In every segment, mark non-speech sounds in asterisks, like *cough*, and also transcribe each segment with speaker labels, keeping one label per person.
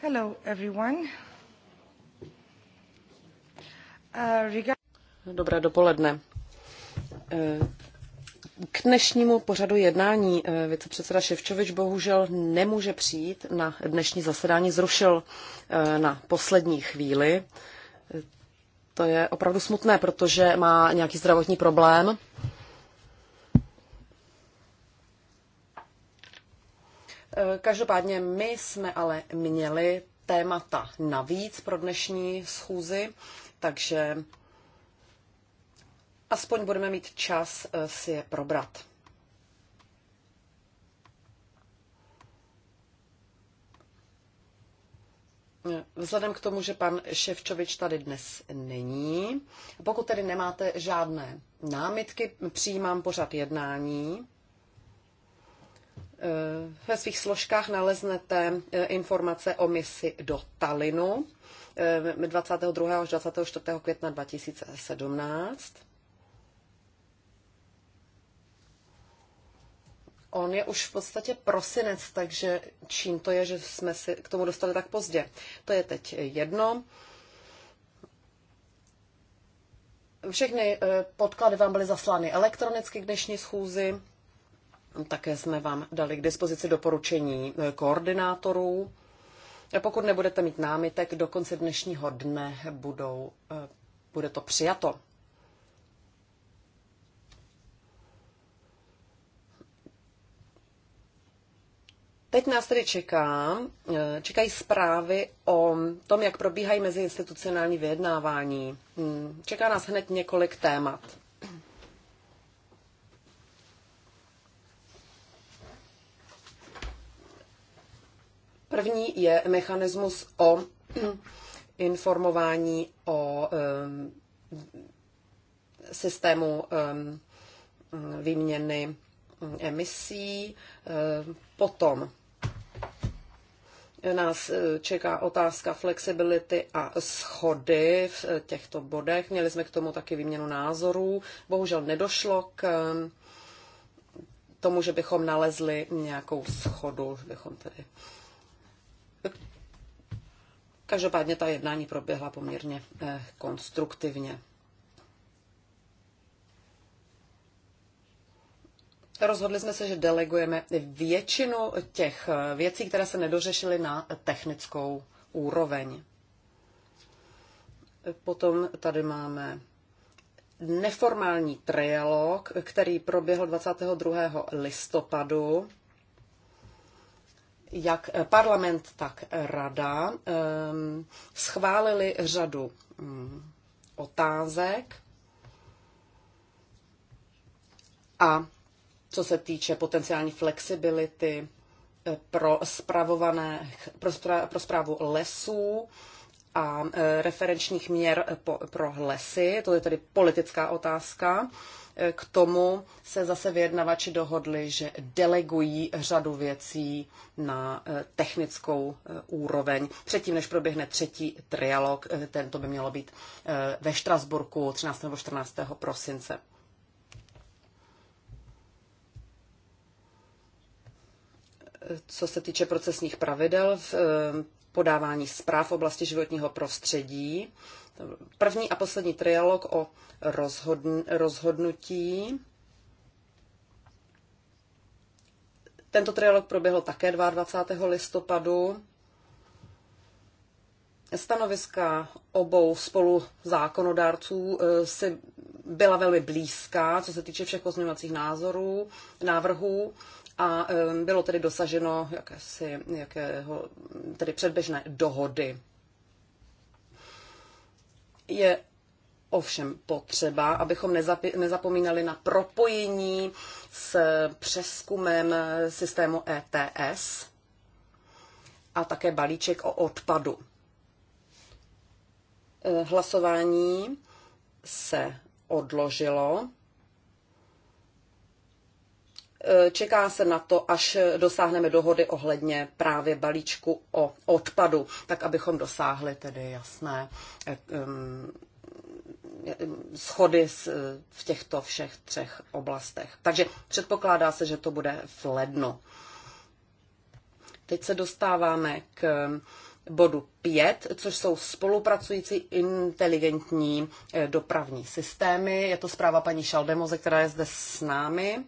Speaker 1: Hello everyone. Uh, Dobré dopoledne. Eh, k dnešnímu pořadu jednání eh, vicepředseda Ševčovič bohužel nemůže přijít na dnešní zasedání, zrušil eh, na poslední chvíli. To je opravdu smutné, protože má nějaký zdravotní problém Eh, každopádně my jsme ale měli témata navíc pro dnešní schůzi, takže aspoň budeme mít čas eh, si je probrat. Eh, vzhledem k tomu, že pan Ševčovič tady dnes není, pokud tedy nemáte žádné námitky, přijímám pořad jednání. Eh, ve svých složkách naleznete eh, informace o misi do Talinu eh, 22. až 24. května 2017. On je už v podstatě prosinec, takže čím to je, že jsme si k tomu dostali tak pozdě? To je teď jedno. Všechny podklady vám byly zaslány elektronicky k dnešní schůzi. Také jsme vám dali k dispozici doporučení eh, koordinátorů. Pokud nebudete mít námitek, do konce dnešního dne budou, eh, bude to přijato. Teď nás tedy čeká, eh, čekají zprávy o tom, jak probíhají meziinstitucionální vyjednávání. Hmm, čeká nás hned několik témat. První je mechanismus o informování o eh, systému eh, výměny emisí. Eh, potom nás čeká otázka flexibility a schody v těchto bodech. Měli jsme k tomu taky výměnu názorů. Bohužel nedošlo k tomu, že bychom nalezli nějakou schodu, že bychom tedy Každopádně ta jednání proběhla poměrně eh, konstruktivně. Rozhodli jsme se, že delegujeme většinu těch eh, věcí, které se nedořešily na technickou úroveň. Potom tady máme neformální trialog, který proběhl 22. listopadu jak eh, parlament, tak eh, rada ehm, schválili řadu mm, otázek a co se týče potenciální flexibility eh, pro, spravované, pro, zprávu správu lesů a referenčních měr pro lesy, to je tedy politická otázka, k tomu se zase vyjednavači dohodli, že delegují řadu věcí na eh, technickou eh, úroveň. Předtím, než proběhne třetí trialog, eh, tento by mělo být ve Štrasburku 13. nebo 14. prosince. Co se týče procesních pravidel v podávání zpráv v oblasti životního prostředí, první a poslední trialog o rozhodn- rozhodnutí. Tento trialog proběhl také 22. listopadu. Stanoviska obou spolu zákonodárců eh, si byla velmi blízká, co se týče všech pozměňovacích názorů, návrhů a eh, bylo tedy dosaženo jakési, jakého, tedy předběžné dohody je ovšem potřeba, abychom nezapomínali na propojení s přeskumem systému ETS a také balíček o odpadu. Eh, hlasování se odložilo Eh, čeká se na to, až dosáhneme dohody ohledně právě balíčku o odpadu, tak abychom dosáhli tedy jasné eh, eh, schody v těchto všech třech oblastech. Takže předpokládá se, že to bude v lednu. Teď se dostáváme k bodu 5, což jsou spolupracující inteligentní dopravní systémy. Je to zpráva paní Šaldemoze, která je zde s námi.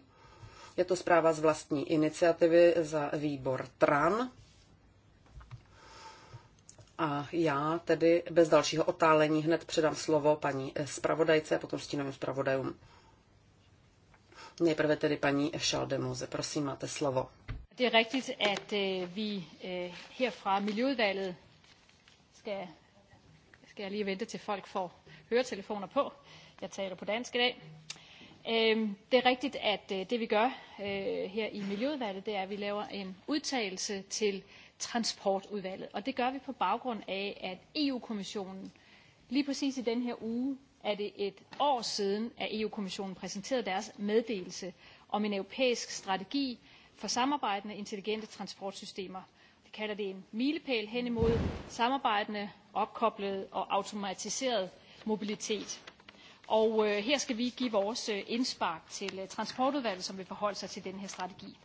Speaker 1: Je to zpráva z vlastní iniciativy za výbor TRAN. A já tedy bez dalšího otálení hned předám slovo paní zpravodajce a potom stínovým zpravodajům. Nejprve tedy paní Šaldemoze. Prosím, máte slovo.
Speaker 2: Det er rigtigt, at øh, vi øh, her fra Miljøudvalget skal, skal jeg lige vente til folk får høretelefoner på. Jeg taler på dansk i dag. Det er rigtigt, at øh, det vi gør øh, her i Miljøudvalget, det er, at vi laver en udtalelse til transportudvalget. Og det gør vi på baggrund af, at EU-kommissionen lige præcis i den her uge er det et år siden, at EU-kommissionen præsenterede deres meddelelse om en europæisk strategi for samarbejdende intelligente transportsystemer. De kalder det en milepæl hen imod samarbejdende, opkoblede og automatiseret mobilitet. Og øh, her skal vi give vores øh, indspark til øh, transportudvalget, som vil forholde sig til den her strategi.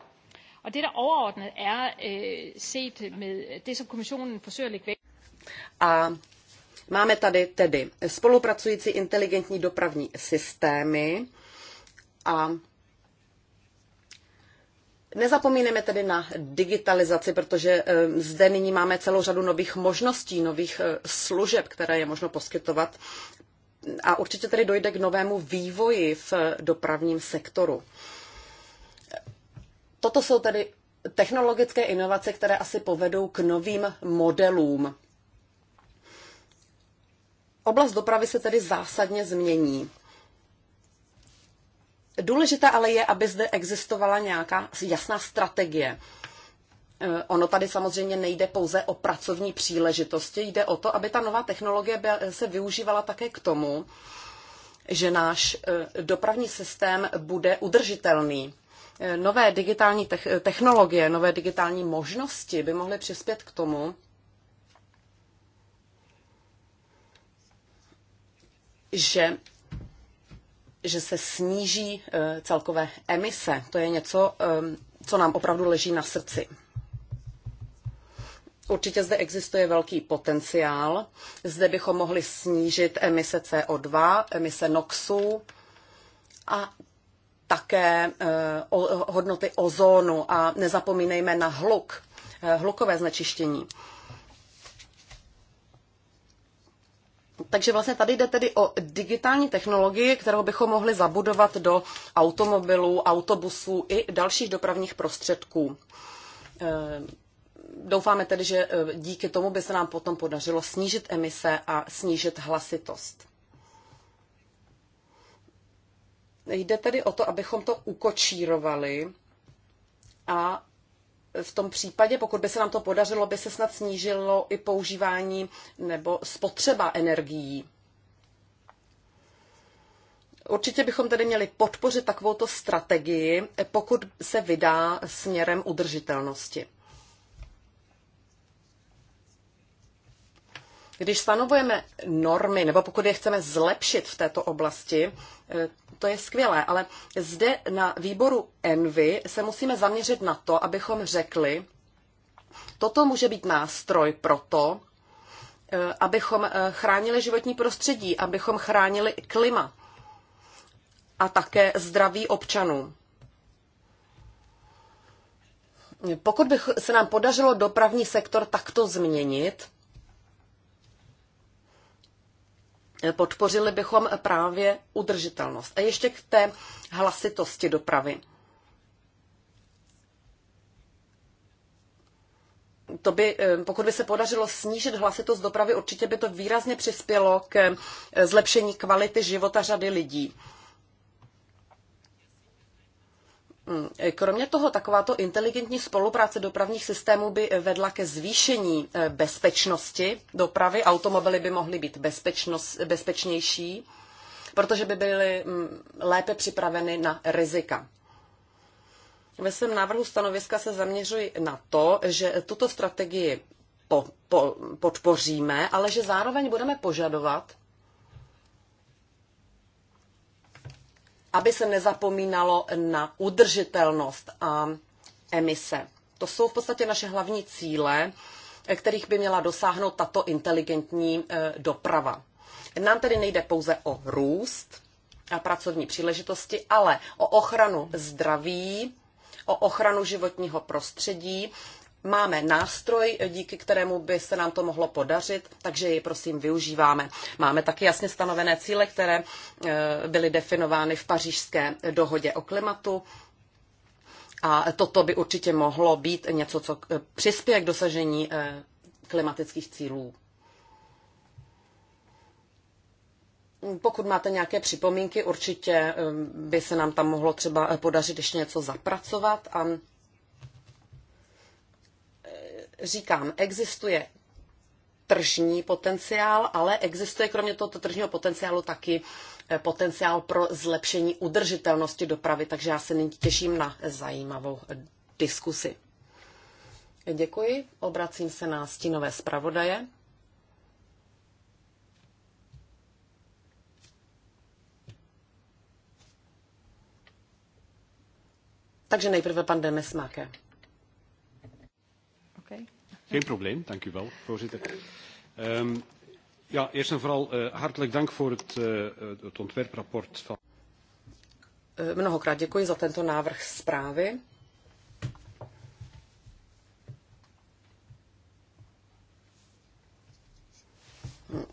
Speaker 2: Og det, der overordnet er øh, set med det, som kommissionen forsøger at lægge væk.
Speaker 1: A máme tady tedy spolupracující inteligentní dopravní systémy a Nezapomínáme tedy na digitalizaci, protože eh, zde nyní máme celou řadu nových možností, nových eh, služeb, které je možno poskytovat a určitě tedy dojde k novému vývoji v dopravním sektoru. Toto jsou tedy technologické inovace, které asi povedou k novým modelům. Oblast dopravy se tedy zásadně změní. Důležité ale je, aby zde existovala nějaká jasná strategie. Eh, ono tady samozřejmě nejde pouze o pracovní příležitosti, jde o to, aby ta nová technologie se využívala také k tomu, že náš eh, dopravní systém bude udržitelný. Eh, nové digitální technologie, nové digitální možnosti by mohly přispět k tomu, že že se sníží celkové emise. To je něco, co nám opravdu leží na srdci. Určitě zde existuje velký potenciál. Zde bychom mohli snížit emise CO2, emise NOXu a také eh, hodnoty ozónu a nezapomínejme na hluk, eh, hlukové znečištění. Takže vlastně tady jde tedy o digitální technologii, kterou bychom mohli zabudovat do automobilů, autobusů i dalších dopravních prostředků. Eh, doufáme tedy, že eh, díky tomu by se nám potom podařilo snížit emise a snížit hlasitost. Jde tedy o to, abychom to ukočírovali a v tom případě, pokud by se nám to podařilo, by se snad snížilo i používání nebo spotřeba energií. Určitě bychom tedy měli podpořit takovouto strategii, pokud se vydá směrem udržitelnosti. Když stanovujeme normy, nebo pokud je chceme zlepšit v této oblasti, eh, to je skvělé, ale zde na výboru Envy se musíme zaměřit na to, abychom řekli, toto může být nástroj pro to, eh, abychom eh, chránili životní prostředí, abychom chránili klima a také zdraví občanů. Pokud by se nám podařilo dopravní sektor takto změnit, podpořili bychom právě udržitelnost. A ještě k té hlasitosti dopravy. to by, eh, pokud by se podařilo snížit hlasitost dopravy, určitě by to výrazně přispělo k eh, zlepšení kvality života řady lidí. Mm, kromě toho, takováto inteligentní spolupráce dopravních systémů by vedla ke zvýšení e, bezpečnosti dopravy. Automobily by mohly být bezpečnější, protože by byly mm, lépe připraveny na rizika. Ve svém návrhu stanoviska se zaměřuji na to, že tuto strategii po, po, podpoříme, ale že zároveň budeme požadovat, aby se nezapomínalo na udržitelnost a emise. To jsou v podstatě naše hlavní cíle, eh, kterých by měla dosáhnout tato inteligentní eh, doprava. Nám tedy nejde pouze o růst a pracovní příležitosti, ale o ochranu zdraví, o ochranu životního prostředí Máme nástroj, díky kterému by se nám to mohlo podařit, takže ji prosím využíváme. Máme taky jasně stanovené cíle, které eh, byly definovány v pařížské dohodě o klimatu. A toto by určitě mohlo být něco, co eh, přispěje k dosažení eh, klimatických cílů. Pokud máte nějaké připomínky, určitě by se nám tam mohlo třeba podařit ještě něco zapracovat a říkám, existuje tržní potenciál, ale existuje kromě tohoto tržního potenciálu taky eh, potenciál pro zlepšení udržitelnosti dopravy, takže já se nyní těším na zajímavou eh, diskusi. Děkuji, obracím se na stínové zpravodaje. Takže nejprve pan Demes Make.
Speaker 3: Geen probleem, dank u wel, voorzitter. Um, ja, eerst en vooral uh, hartelijk dank voor het, uh, het ontwerprapport van.
Speaker 1: Eh, mnohokrát děkuji za tento návrh zprávy.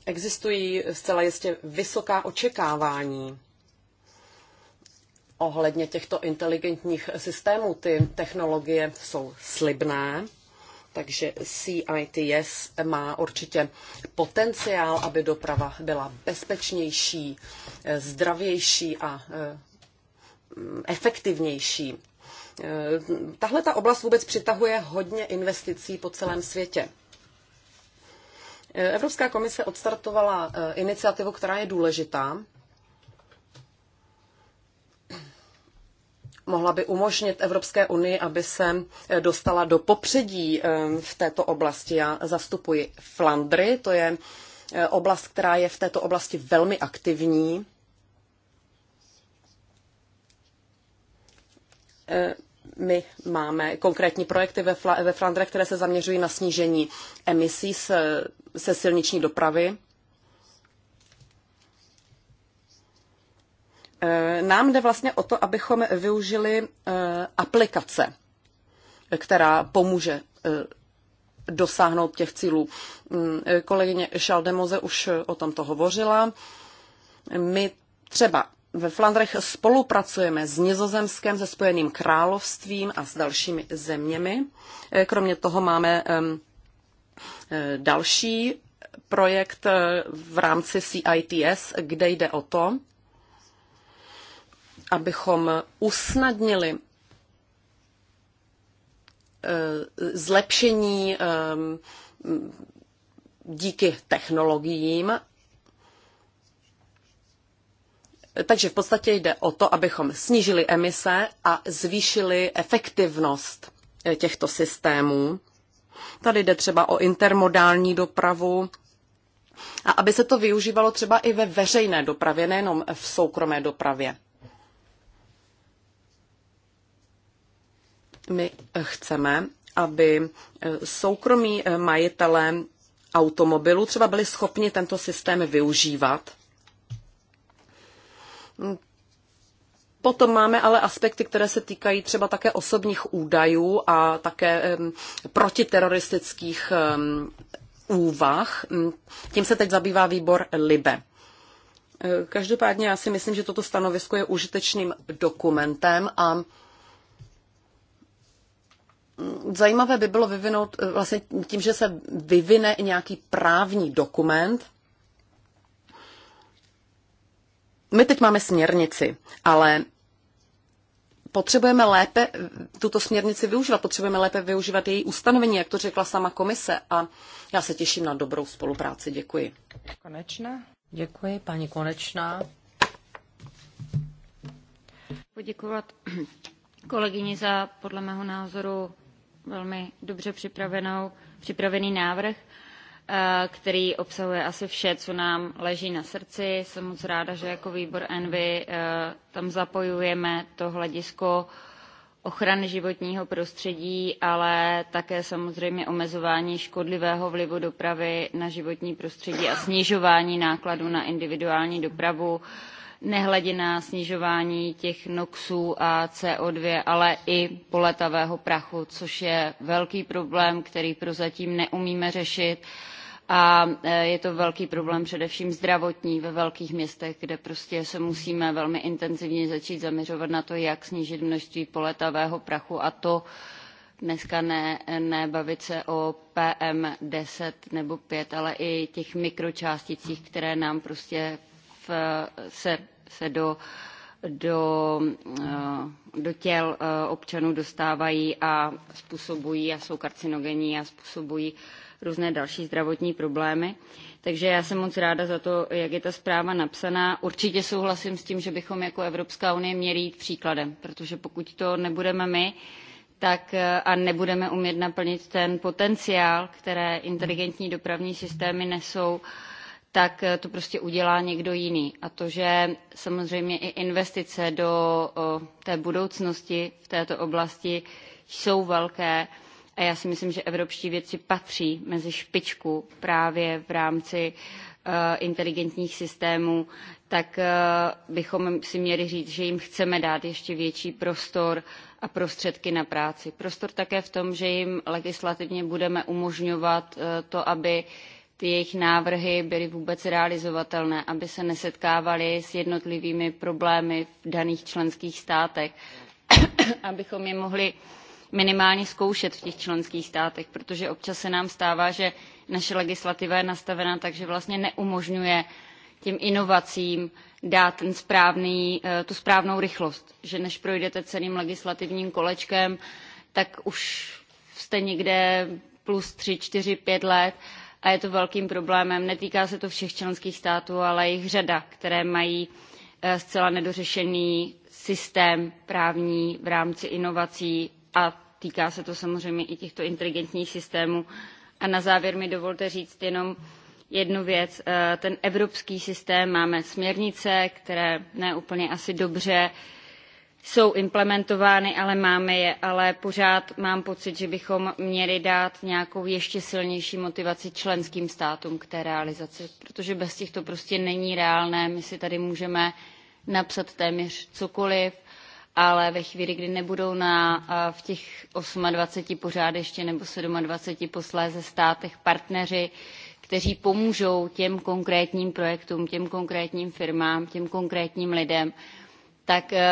Speaker 1: Existují zcela jistě vysoká očekávání ohledně těchto inteligentních systémů. Ty technologie jsou slibné. Takže CITS má určitě potenciál, aby doprava byla bezpečnější, eh, zdravější a eh, efektivnější. Eh, tahle ta oblast vůbec přitahuje hodně investicí po celém světě. Evropská komise odstartovala iniciativu, která je důležitá mohla by umožnit Evropské unii, aby se eh, dostala do popředí eh, v této oblasti. Já zastupuji Flandry, to je eh, oblast, která je v této oblasti velmi aktivní. My máme konkrétní projekty ve Flandre, které se zaměřují na snížení emisí se, se silniční dopravy. Eh, nám jde vlastně o to, abychom využili eh, aplikace, která pomůže eh, dosáhnout těch cílů. Mm, kolegyně Šaldemoze už o tomto hovořila. My třeba ve Flandrech spolupracujeme s Nizozemskem, se Spojeným královstvím a s dalšími zeměmi. Kromě toho máme další projekt v rámci CITS, kde jde o to, abychom usnadnili eh, zlepšení ehm, díky technologiím. Takže v podstatě jde o to, abychom snížili emise a zvýšili efektivnost eh, těchto systémů. Tady jde třeba o intermodální dopravu a aby se to využívalo třeba i ve veřejné dopravě, nejenom v soukromé dopravě. My chceme, aby eh, soukromí eh, majitelé automobilů třeba byli schopni tento systém využívat. Potom máme ale aspekty, které se týkají třeba také osobních údajů a také protiteroristických úvah. Tím se teď zabývá výbor LIBE. Eh, každopádně já si myslím, že toto stanovisko je užitečným dokumentem a zajímavé by bylo vyvinout eh, vlastně tím, že se vyvine nějaký právní dokument. My teď máme směrnici, ale potřebujeme lépe tuto směrnici využívat, potřebujeme lépe využívat její ustanovení, jak to řekla sama komise a já se těším na dobrou spolupráci. Děkuji.
Speaker 4: Konečná. Děkuji, paní Konečná.
Speaker 5: Poděkovat kolegyni za podle mého názoru velmi dobře připravenou, připravený návrh, eh, který obsahuje asi vše, co nám leží na srdci. Jsem moc ráda, že jako výbor Envy eh, tam zapojujeme to hledisko ochrany životního prostředí, ale také samozřejmě omezování škodlivého vlivu dopravy na životní prostředí a snižování nákladů na individuální dopravu. Uh, nehledě na snižování těch noxů a CO2, ale i poletavého prachu, což je velký problém, který prozatím neumíme řešit. A e, je to velký problém především zdravotní ve velkých městech, kde prostě se musíme velmi intenzivně začít zaměřovat na to, jak snížit množství poletavého prachu a to dneska ne, ne bavit se o PM10 nebo 5, ale i těch mikročásticích, které nám prostě v, se se do, do, eh, do těl eh, občanů dostávají a způsobují a jsou karcinogenní a způsobují různé další zdravotní problémy. Takže já jsem moc ráda za to, jak je ta zpráva napsaná. Určitě souhlasím s tím, že bychom jako Evropská unie měli jít příkladem, protože pokud to nebudeme my, tak eh, a nebudeme umět naplnit ten potenciál, které inteligentní dopravní systémy nesou, uh, tak eh, to prostě udělá někdo jiný. A to, že samozřejmě i investice do té budoucnosti v této oblasti jsou velké a já si myslím, že evropští věci patří mezi špičku právě v rámci eh, inteligentních systémů, tak eh, bychom si měli říct, že jim chceme dát ještě větší prostor a prostředky na práci. Prostor také v tom, že jim legislativně budeme umožňovat to, aby ty jejich návrhy byly vůbec realizovatelné, aby se nesetkávaly s jednotlivými problémy v daných členských státech, *coughs* abychom je mohli minimálně zkoušet v těch členských státech, protože občas se nám stává, že naše legislativa je nastavena tak, že vlastně neumožňuje těm inovacím dát ten správný, eh, tu správnou rychlost. Že než projdete celým legislativním kolečkem, tak už jste někde plus 3, 4, 5 let a je to velkým problémem. netýká se to všech členských států ale je jich řada které mají eh, zcela nedořešený systém právní v rámci inovací a týká se to samozřejmě i těchto inteligentních systémů. a na závěr mi dovolte říct jenom jednu věc eh, ten evropský systém máme směrnice které ne úplně asi dobře jsou implementovány ale máme je ale pořád mám pocit že bychom měli dát nějakou ještě silnější motivaci členským státům k té realizaci protože bez těch to prostě není reálné my si tady můžeme napsat téměř cokoliv ale ve chvíli, kdy nebudou na, v těch 28 pořád ještě nebo 27 posléze státech partneři, kteří pomůžou těm konkrétním projektům, těm konkrétním firmám, těm konkrétním lidem, tak eh,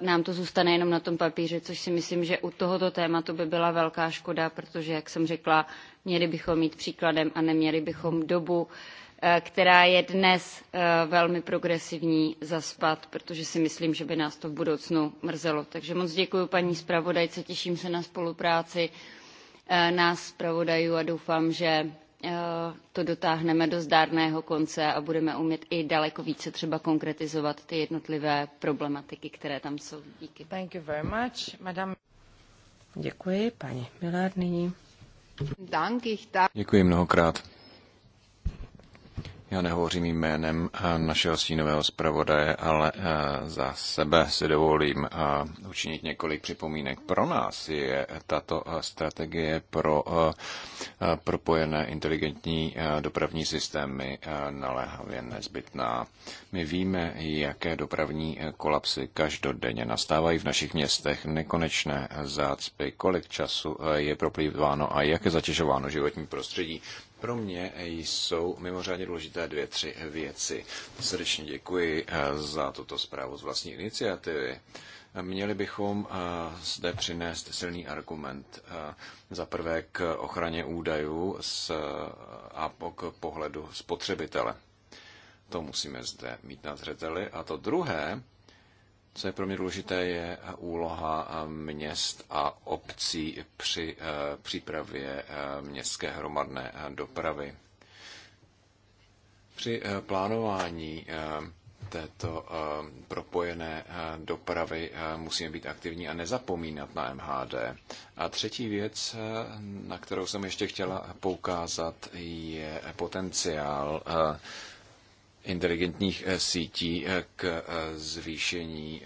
Speaker 5: nám to zůstane jenom na tom papíře, což si myslím, že u tohoto tématu by byla velká škoda, protože, jak jsem řekla, měli bychom mít příkladem a neměli bychom dobu, eh, která je dnes eh, velmi progresivní, zaspat, protože si myslím, že by nás to v budoucnu mrzelo. Takže moc děkuji paní zpravodajce, těším se na spolupráci nás zpravodajů a doufám, že Eh, to dotáhneme do zdárného konce a budeme umět i daleko více třeba konkretizovat ty jednotlivé problematiky, které tam jsou. Díky. Thank you very much, madam.
Speaker 4: Děkuji, paní Milár nyní.
Speaker 6: Děkuji mnohokrát. Já nehovořím jménem eh, našeho stínového zpravodaje, ale eh, za sebe si dovolím eh, učinit několik připomínek. Pro nás je tato strategie pro propojené inteligentní dopravní systémy naléhavě nezbytná. My víme, jaké dopravní kolapsy každodenně nastávají v našich městech, nekonečné zácpy, kolik času je proplýváno a jak je zatěžováno životní prostředí. Pro mě jsou mimořádně důležité dvě, tři věci. Srdečně děkuji eh, za tuto zprávu z vlastní iniciativy. Měli bychom eh, zde přinést silný argument eh, za prvé k ochraně údajů a k pohledu spotřebitele. To musíme zde mít na zřeteli. A to druhé, co je pro mě důležité, je úloha eh, měst a obcí při eh, přípravě eh, městské hromadné dopravy. Při plánování této propojené dopravy musíme být aktivní a nezapomínat na MHD. A třetí věc, na kterou jsem ještě chtěla poukázat, je potenciál inteligentních eh, sítí eh, k eh, zvýšení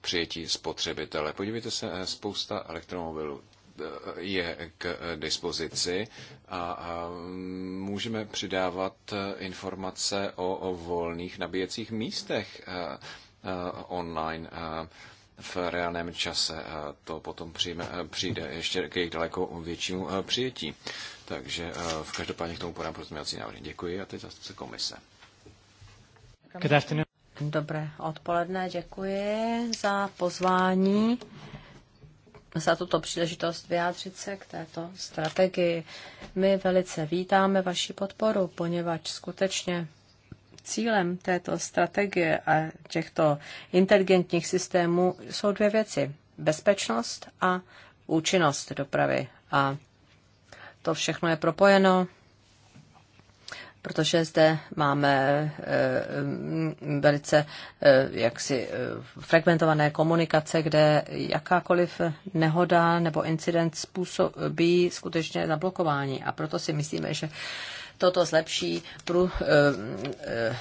Speaker 6: přijetí spotřebitele. Podívejte se, spousta elektromobilů je k dispozici a můžeme přidávat informace o volných nabíjecích místech online v reálném čase. To potom přijme, přijde ještě k jejich daleko většímu přijetí. Takže v každopádně k tomu podám pozměňovací návrhy. Děkuji a teď zase komise.
Speaker 4: Dobré odpoledne, děkuji za pozvání, za tuto příležitost vyjádřit se k této strategii. My velice vítáme vaši podporu, poněvadž skutečně cílem této strategie a těchto inteligentních systémů jsou dvě věci. Bezpečnost a účinnost dopravy. A to všechno je propojeno protože zde máme eh, mm, velice eh, jaksi eh, fragmentované komunikace, kde jakákoliv nehoda nebo incident způsobí skutečně zablokování. A proto si myslíme, že toto zlepší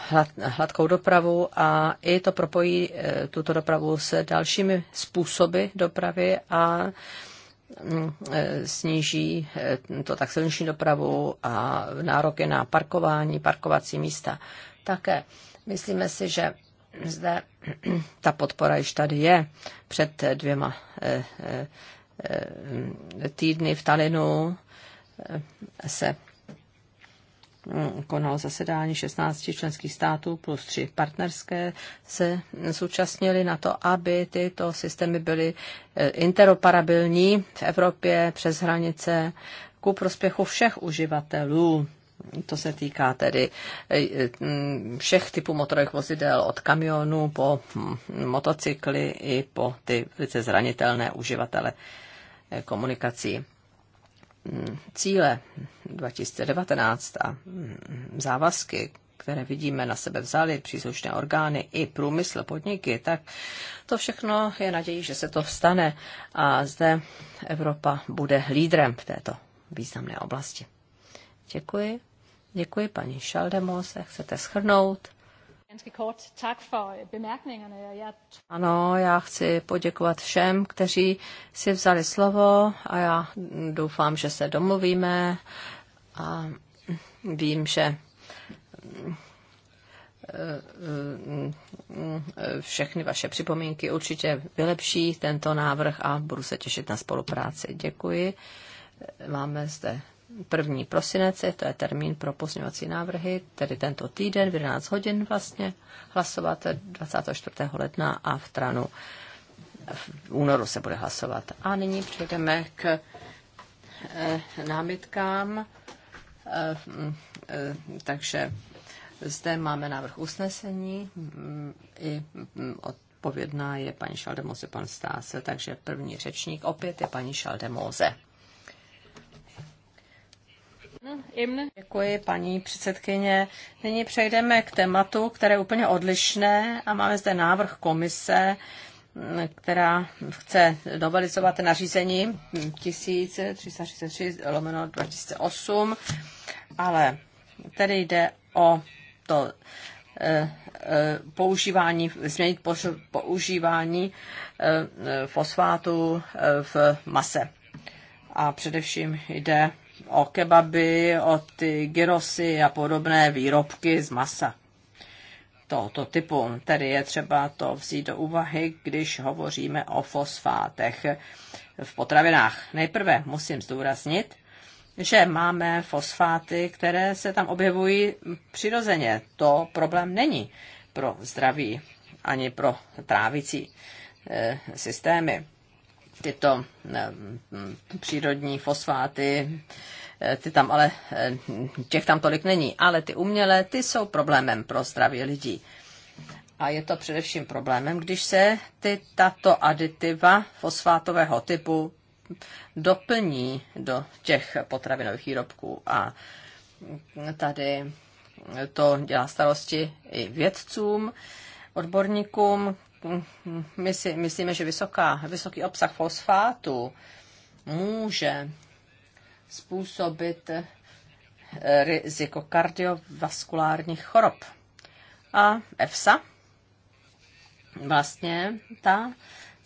Speaker 4: hlad, hladkou dopravu a i to propojí tuto dopravu s dalšími způsoby dopravy a Mm, e, sníží e, to tak silniční dopravu a nároky na parkování, parkovací místa. Také myslíme si, že zde *clears throat* ta podpora již tady je. Před dvěma e, týdny v Talinu se Mm, konalo zasedání 16 členských států plus tři partnerské se zúčastnili na to, aby tyto systémy byly eh, interoperabilní v Evropě přes hranice ku prospěchu všech uživatelů. To se týká tedy eh, mm, všech typů motorových vozidel, od kamionů po hm, motocykly i po ty velice zranitelné uživatele eh, komunikací cíle 2019 a závazky, které vidíme na sebe vzali příslušné orgány i průmysl, podniky, tak to všechno je naději, že se to stane a zde Evropa bude lídrem v této významné oblasti. Děkuji. Děkuji paní Šaldemose. Chcete schrnout?
Speaker 2: Øh,
Speaker 4: ano, já chci poděkovat všem, kteří si vzali slovo a já doufám, že se domluvíme a vím, že eh, eh, všechny vaše připomínky určitě vylepší tento návrh a budu se těšit na spolupráci. Děkuji. Máme zde první prosinec, to je termín pro pozměňovací návrhy, tedy tento týden v 11 hodin vlastně hlasovat 24. ledna a v Tranu v únoru se bude hlasovat. A nyní přejdeme k eh, námitkám. Eh, eh, takže zde máme návrh usnesení mm, i mm, odpovědná je paní Šaldemoze, pan Stáse, takže první řečník opět je paní Šaldemoze. Děkuji, paní předsedkyně. Nyní přejdeme k tématu, které je úplně odlišné a máme zde návrh komise, která chce novelizovat nařízení 1333 lomeno 2008, ale tady jde o to eh, eh, používání, změnit používání eh, fosfátu v mase. A především jde o kebaby, o ty gyrosy a podobné výrobky z masa tohoto typu. Tedy je třeba to vzít do úvahy, když hovoříme o fosfátech v potravinách. Nejprve musím zdůraznit, že máme fosfáty, které se tam objevují přirozeně. To problém není pro zdraví ani pro trávicí eh, systémy tyto eh, přírodní fosfáty, eh, ty tam ale, eh, těch tam tolik není, ale ty umělé, ty jsou problémem pro zdraví lidí. A je to především problémem, když se ty, tato aditiva fosfátového typu doplní do těch potravinových výrobků. A tady to dělá starosti i vědcům, odborníkům, my si myslíme, že vysoká, vysoký obsah fosfátu může způsobit eh, riziko kardiovaskulárních chorob. A EFSA vlastně ta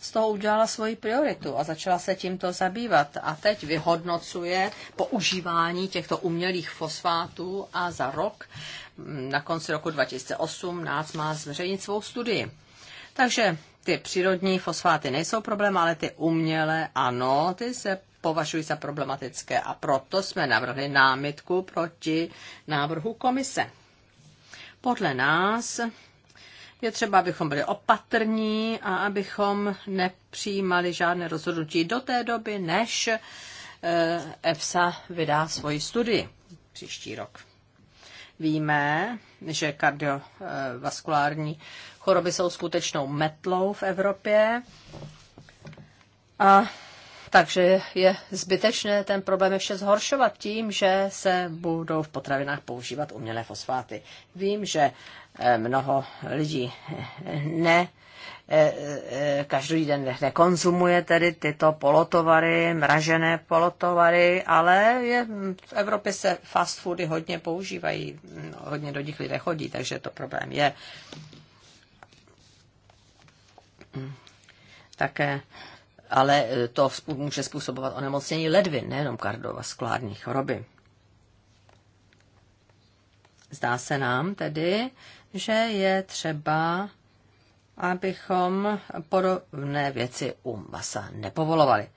Speaker 4: z toho udělala svoji prioritu a začala se tímto zabývat. A teď vyhodnocuje používání těchto umělých fosfátů a za rok, mm, na konci roku 2018, má zveřejnit svou studii. Takže ty přírodní fosfáty nejsou problém, ale ty umělé ano, ty se považují za problematické a proto jsme navrhli námitku proti návrhu komise. Podle nás je třeba, abychom byli opatrní a abychom nepřijímali žádné rozhodnutí do té doby, než eh, EFSA vydá svoji studii příští rok. Víme, že kardiovaskulární choroby jsou skutečnou metlou v Evropě. A takže je zbytečné ten problém ještě zhoršovat tím, že se budou v potravinách používat umělé fosfáty. Vím, že eh, mnoho lidí eh, ne, eh, každý den nekonzumuje tedy tyto polotovary, mražené polotovary, ale je, v Evropě se fast foody hodně používají, hodně do nich lidé chodí, takže to problém je také, ale e, to může způsobovat onemocnění ledvin, nejenom kardiovaskulární choroby. Zdá se nám tedy, že je třeba, abychom podobné věci u masa nepovolovali.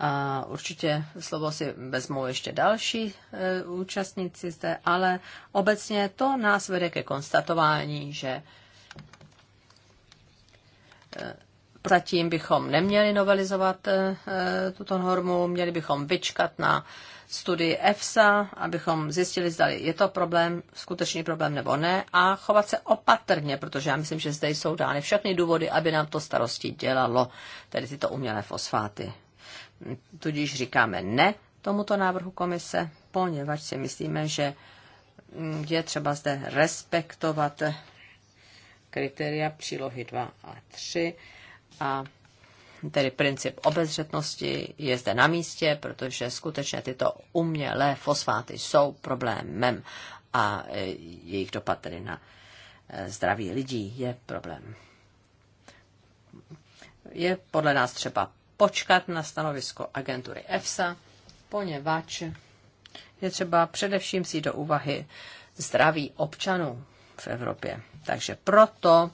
Speaker 4: A určitě slovo si vezmou ještě další e, účastníci zde, ale obecně to nás vede ke konstatování, že e, zatím bychom neměli novelizovat e, e, tuto normu, měli bychom vyčkat na studii EFSA, abychom zjistili, zda je to problém, skutečný problém nebo ne, a chovat se opatrně, protože já myslím, že zde jsou dány všechny důvody, aby nám to starosti dělalo, tedy tyto umělé fosfáty tudíž říkáme ne tomuto návrhu komise, poněvadž si myslíme, že je třeba zde respektovat kritéria přílohy 2 a 3 a tedy princip obezřetnosti je zde na místě, protože skutečně tyto umělé fosfáty jsou problémem a jejich dopad tedy na eh, zdraví lidí je problém. Je podle nás třeba počkat na stanovisko agentury EFSA, poněvadž je třeba především si do úvahy zdraví občanů v Evropě. Takže proto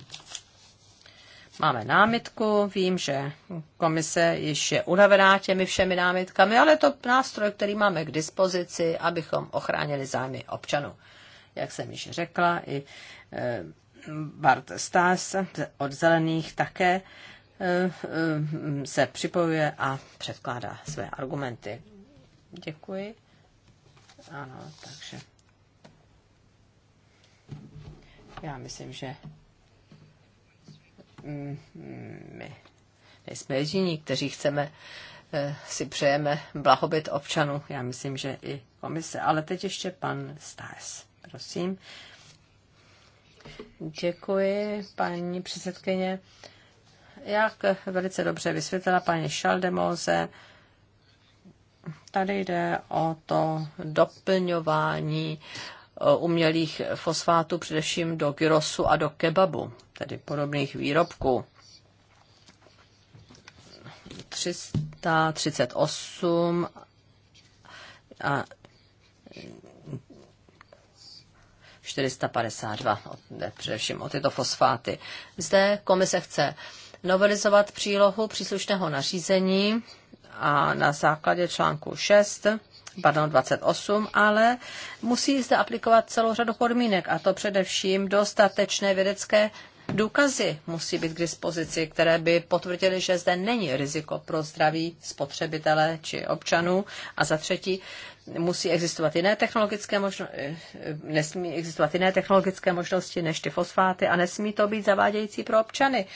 Speaker 4: máme námitku. Vím, že komise již je unavená těmi všemi námitkami, ale je to nástroj, který máme k dispozici, abychom ochránili zájmy občanů. Jak jsem již řekla, i eh, Bart Stas od Zelených také Eh, se připojuje a předkládá své argumenty. Děkuji. Ano, takže já myslím, že mm, my nejsme jediní, kteří chceme eh, si přejeme blahobyt občanů. Já myslím, že i komise. Ale teď ještě pan Stas. Prosím. Děkuji, paní předsedkyně. Jak velice dobře vysvětlila paní Šaldemose, tady jde o to doplňování e, umělých fosfátů především do gyrosu a do kebabu, tedy podobných výrobků. 338 a 452, především o tyto fosfáty. Zde komise chce novelizovat přílohu příslušného nařízení a na základě článku 6 pardon, 28, ale musí zde aplikovat celou řadu podmínek, a to především dostatečné vědecké důkazy musí být k dispozici, které by potvrdily, že zde není riziko pro zdraví spotřebitele či občanů. A za třetí, musí existovat jiné technologické možnosti, eh, nesmí existovat jiné technologické možnosti než ty fosfáty a nesmí to být zavádějící pro občany.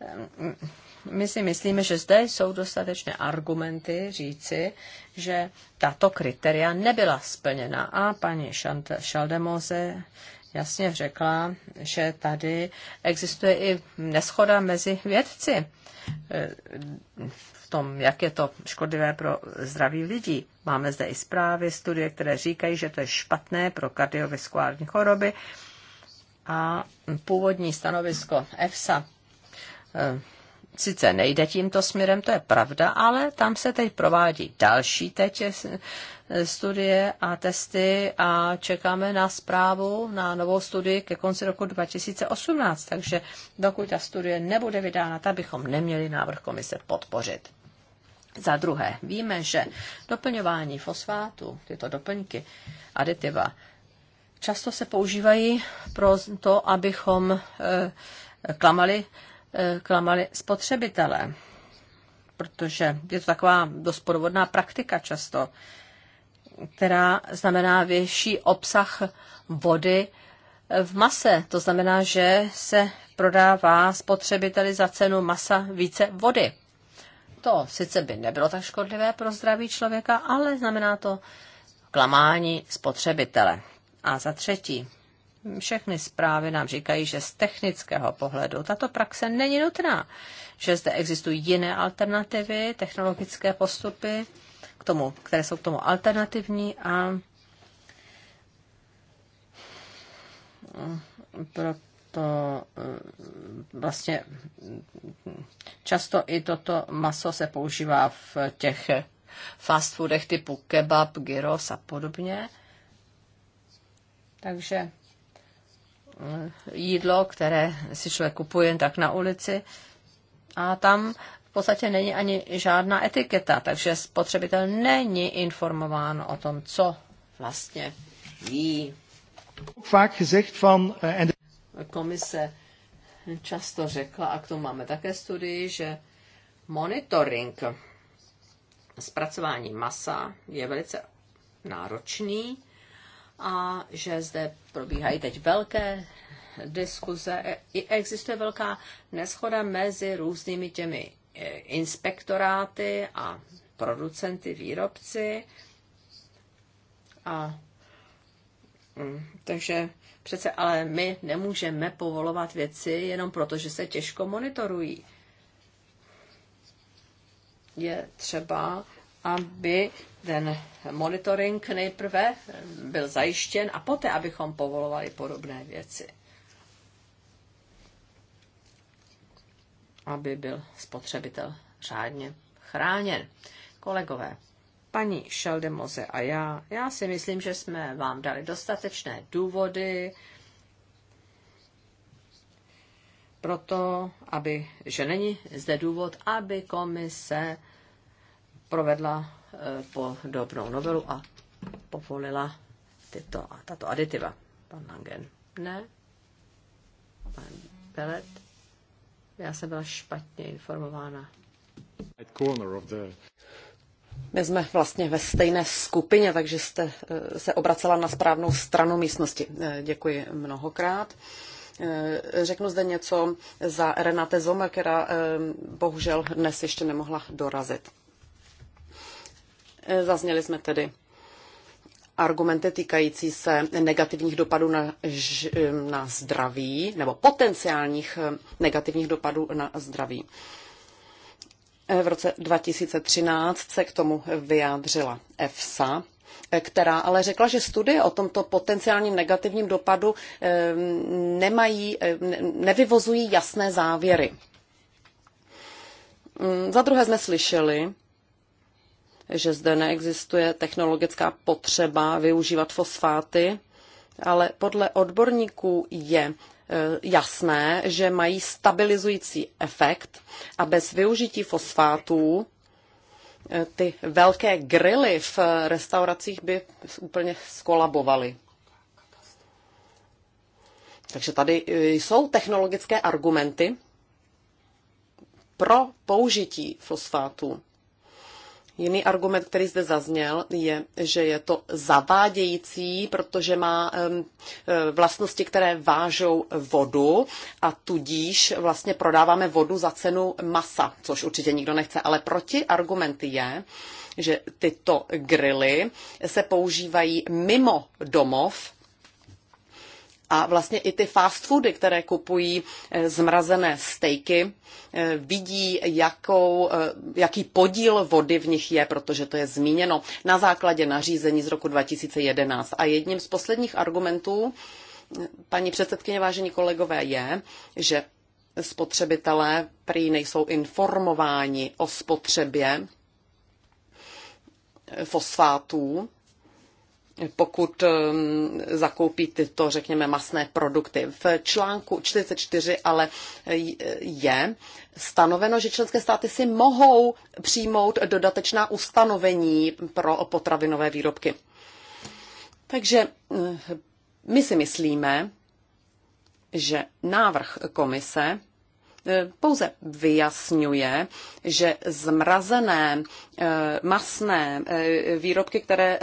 Speaker 4: Ehm, my si myslíme, že zde jsou dostatečné argumenty říci, že tato kritéria nebyla splněna. A paní Šaldemose jasně řekla, že tady existuje i neschoda mezi vědci eh, v tom, jak je to škodlivé pro zdraví lidí. Máme zde i zprávy, studie, které říkají, že to je špatné pro kardiovaskulární choroby. A původní stanovisko EFSA Eh, sice nejde tímto směrem, to je pravda, ale tam se teď provádí další teď eh, studie a testy a čekáme na zprávu, na novou studii ke konci roku 2018. Takže dokud ta studie nebude vydána, tak bychom neměli návrh komise podpořit. Za druhé, víme, že doplňování fosfátu, tyto doplňky, aditiva, často se používají pro to, abychom eh, klamali Eh, klamali spotřebitelé, protože je to taková dospodovodná praktika často, která znamená větší obsah vody v mase. To znamená, že se prodává spotřebiteli za cenu masa více vody. To sice by nebylo tak škodlivé pro zdraví člověka, ale znamená to klamání spotřebitele. A za třetí, všechny zprávy nám říkají, že z technického pohledu tato praxe není nutná, že zde existují jiné alternativy, technologické postupy, k tomu, které jsou k tomu alternativní a mm, proto mm, vlastně mm, často i toto maso se používá v těch fast foodech typu kebab, gyros a podobně. Takže Eh, jídlo, které si člověk kupuje jen tak na ulici. A tam v podstatě není ani žádná etiketa, takže spotřebitel není informován o tom, co vlastně jí.
Speaker 3: Eh,
Speaker 4: Komise často řekla, a k tomu máme také studii, že monitoring zpracování masa je velice náročný a že zde probíhají teď velké diskuze. I existuje velká neschoda mezi různými těmi eh, inspektoráty a producenty, výrobci. A, mm, takže přece ale my nemůžeme povolovat věci jenom proto, že se těžko monitorují. Je třeba aby ten monitoring nejprve byl zajištěn a poté, abychom povolovali podobné věci. Aby byl spotřebitel řádně chráněn. Kolegové, paní Šeldemoze a já, já si myslím, že jsme vám dali dostatečné důvody pro to, aby, že není zde důvod, aby komise provedla eh, po dobrou novelu a povolila tyto, tato aditiva. Pan Langen. Ne. Pan Belet. Já jsem byla špatně informována. My jsme
Speaker 1: vlastně ve stejné skupině, takže jste eh, se obracela na správnou stranu místnosti. Eh, děkuji mnohokrát. Řeknu zde něco za Renate Zomer, která bohužel dnes ještě nemohla dorazit. Eh, Zazněli jsme tedy argumenty týkající se negativních dopadů na, eh, na zdraví nebo potenciálních eh, negativních dopadů na zdraví. V roce 2013 se k tomu vyjádřila EFSA, která ale řekla, že studie o tomto potenciálním negativním dopadu nemají, nevyvozují jasné závěry. Mm, za druhé jsme slyšeli, že zde neexistuje technologická potřeba využívat fosfáty, ale podle odborníků je e, jasné, že mají stabilizující efekt a bez využití fosfátů e, ty velké grily v restauracích by úplně skolabovaly. Takže tady e, jsou technologické argumenty pro použití fosfátů. Jiný argument, který zde zazněl, je, že je to zavádějící, protože má e, vlastnosti, které vážou vodu a tudíž vlastně prodáváme vodu za cenu masa, což určitě nikdo nechce. Ale proti argument je, že tyto grily se používají mimo domov a vlastně i ty fast foody, které kupují eh, zmrazené stejky, eh, vidí, jakou, eh, jaký podíl vody v nich je, protože to je zmíněno na základě nařízení z roku 2011. A jedním z posledních argumentů, paní předsedkyně, vážení kolegové, je, že spotřebitelé prý nejsou informováni o spotřebě fosfátů pokud ehm, zakoupí tyto, řekněme, masné produkty. V článku 44 ale je stanoveno, že členské státy si mohou přijmout dodatečná ustanovení pro potravinové výrobky. Takže eh, my si myslíme, že návrh komise Eh, pouze vyjasňuje, že zmrazené eh, masné eh, výrobky, které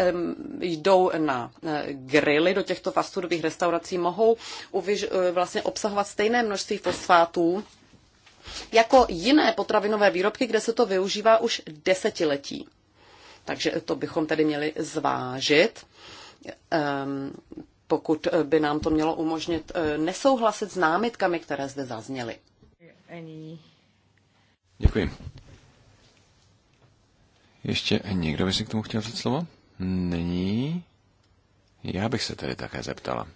Speaker 1: jdou na grily do těchto fastfoodových restaurací, mohou vlastně obsahovat stejné množství fosfátů jako jiné potravinové výrobky, kde se to využívá už desetiletí. Takže to bychom tedy měli zvážit, ehm, pokud by nám to mělo umožnit nesouhlasit s námitkami, které zde zazněly
Speaker 3: any...
Speaker 6: Děkuji. Ještě někdo by si k tomu chtěl říct slovo? Není. Já bych se tedy také zeptala.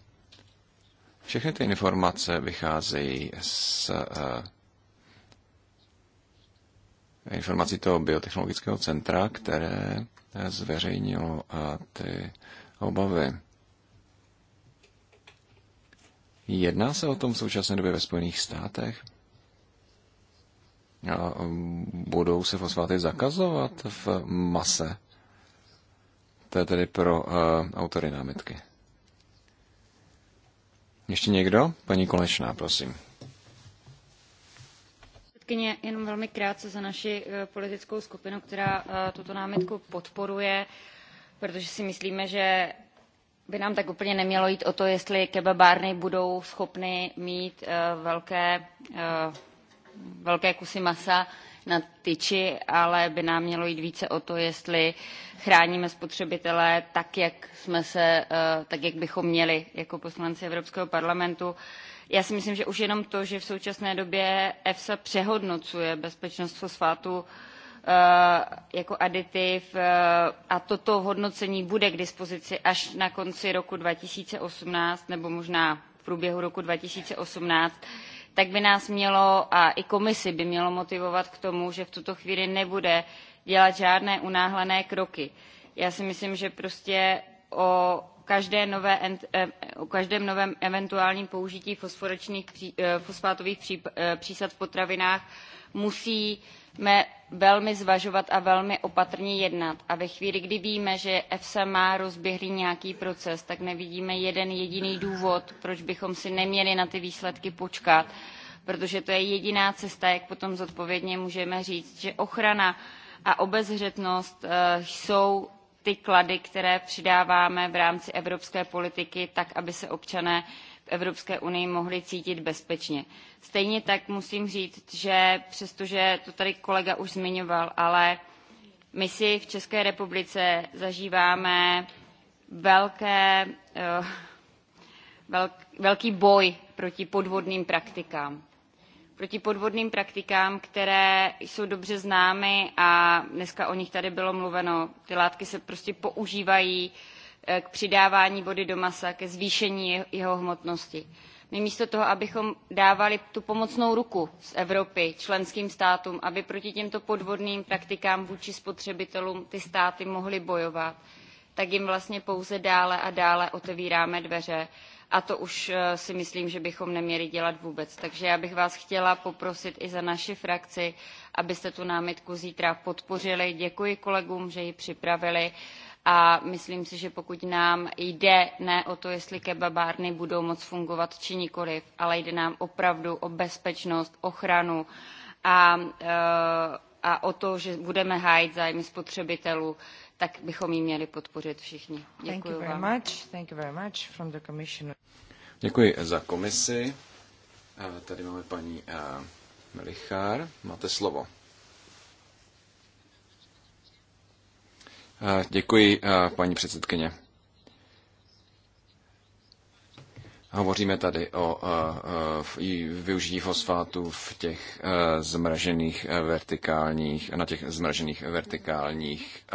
Speaker 6: Všechny ty informace vycházejí z uh, informací toho biotechnologického centra, které zveřejnilo uh, ty obavy. Jedná se o tom v současné době ve Spojených státech? A budou se fosfáty zakazovat v mase? To je tedy pro uh, autory námitky. Ještě někdo? Paní Konečná, prosím.
Speaker 5: Předkyně, jenom velmi krátce za naši e, politickou skupinu, která e, tuto námitku podporuje, protože si myslíme, že by nám tak úplně nemělo jít o to, jestli kebabárny budou schopny mít e, velké velké kusy masa na tyči, ale by nám mělo jít více o to, jestli chráníme spotřebitele tak, jak, jsme se, eh, tak, jak bychom měli jako poslanci Evropského parlamentu. Já si myslím, že už jenom to, že v současné době EFSA přehodnocuje bezpečnost fosfátu eh, jako aditiv eh, a toto hodnocení bude k dispozici až na konci roku 2018 nebo možná v průběhu roku 2018 tak by nás mělo a i komisi by mělo motivovat k tomu, že v tuto chvíli nebude dělat žádné unáhlené kroky. Já si myslím, že prostě o, každé nové, eh, o každém novém eventuálním použití fosforečných, eh, fosfátových eh, přísad v potravinách musíme velmi zvažovat a velmi opatrně jednat. A ve chvíli, kdy víme, že EFSA má rozběhlý nějaký proces, tak nevidíme jeden jediný důvod, proč bychom si neměli na ty výsledky počkat, protože to je jediná cesta, jak potom zodpovědně můžeme říct, že ochrana a obezřetnost eh, jsou ty klady, které přidáváme v rámci evropské politiky, tak aby se občané v Evropské unii mohli cítit bezpečně. Stejně tak musím říct, že přestože to tady kolega už zmiňoval, ale my si v České republice zažíváme velké, eh, velk, velký boj proti podvodným praktikám. Proti podvodným praktikám, které jsou dobře známy a dneska o nich tady bylo mluveno. Ty látky se prostě používají uh, Eh, k přidávání vody do masa, ke zvýšení jeho hmotnosti. My místo toho, abychom dávali tu pomocnou ruku z Evropy členským státům, aby proti těmto podvodným praktikám vůči spotřebitelům ty státy mohly bojovat, tak jim vlastně pouze dále a dále otevíráme dveře. A to už eh, si myslím, že bychom neměli dělat vůbec. Takže já bych vás chtěla poprosit i za naši frakci, abyste tu námitku zítra podpořili. Děkuji kolegům, že ji připravili a myslím si, že pokud nám jde ne o to, jestli kebabárny budou moc fungovat či nikoliv, ale jde nám opravdu o bezpečnost, ochranu a, eh, a o to, že budeme hájit zájmy spotřebitelů, tak bychom ji měli podpořit všichni. Děkuji vám.
Speaker 6: Děkuji za komisi. Tady máme paní eh, Melichár. Máte slovo. Děkuji, paní předsedkyně. Hovoříme tady o využití fosfátu v těch zmražených vertikálních, na těch zmražených vertikálních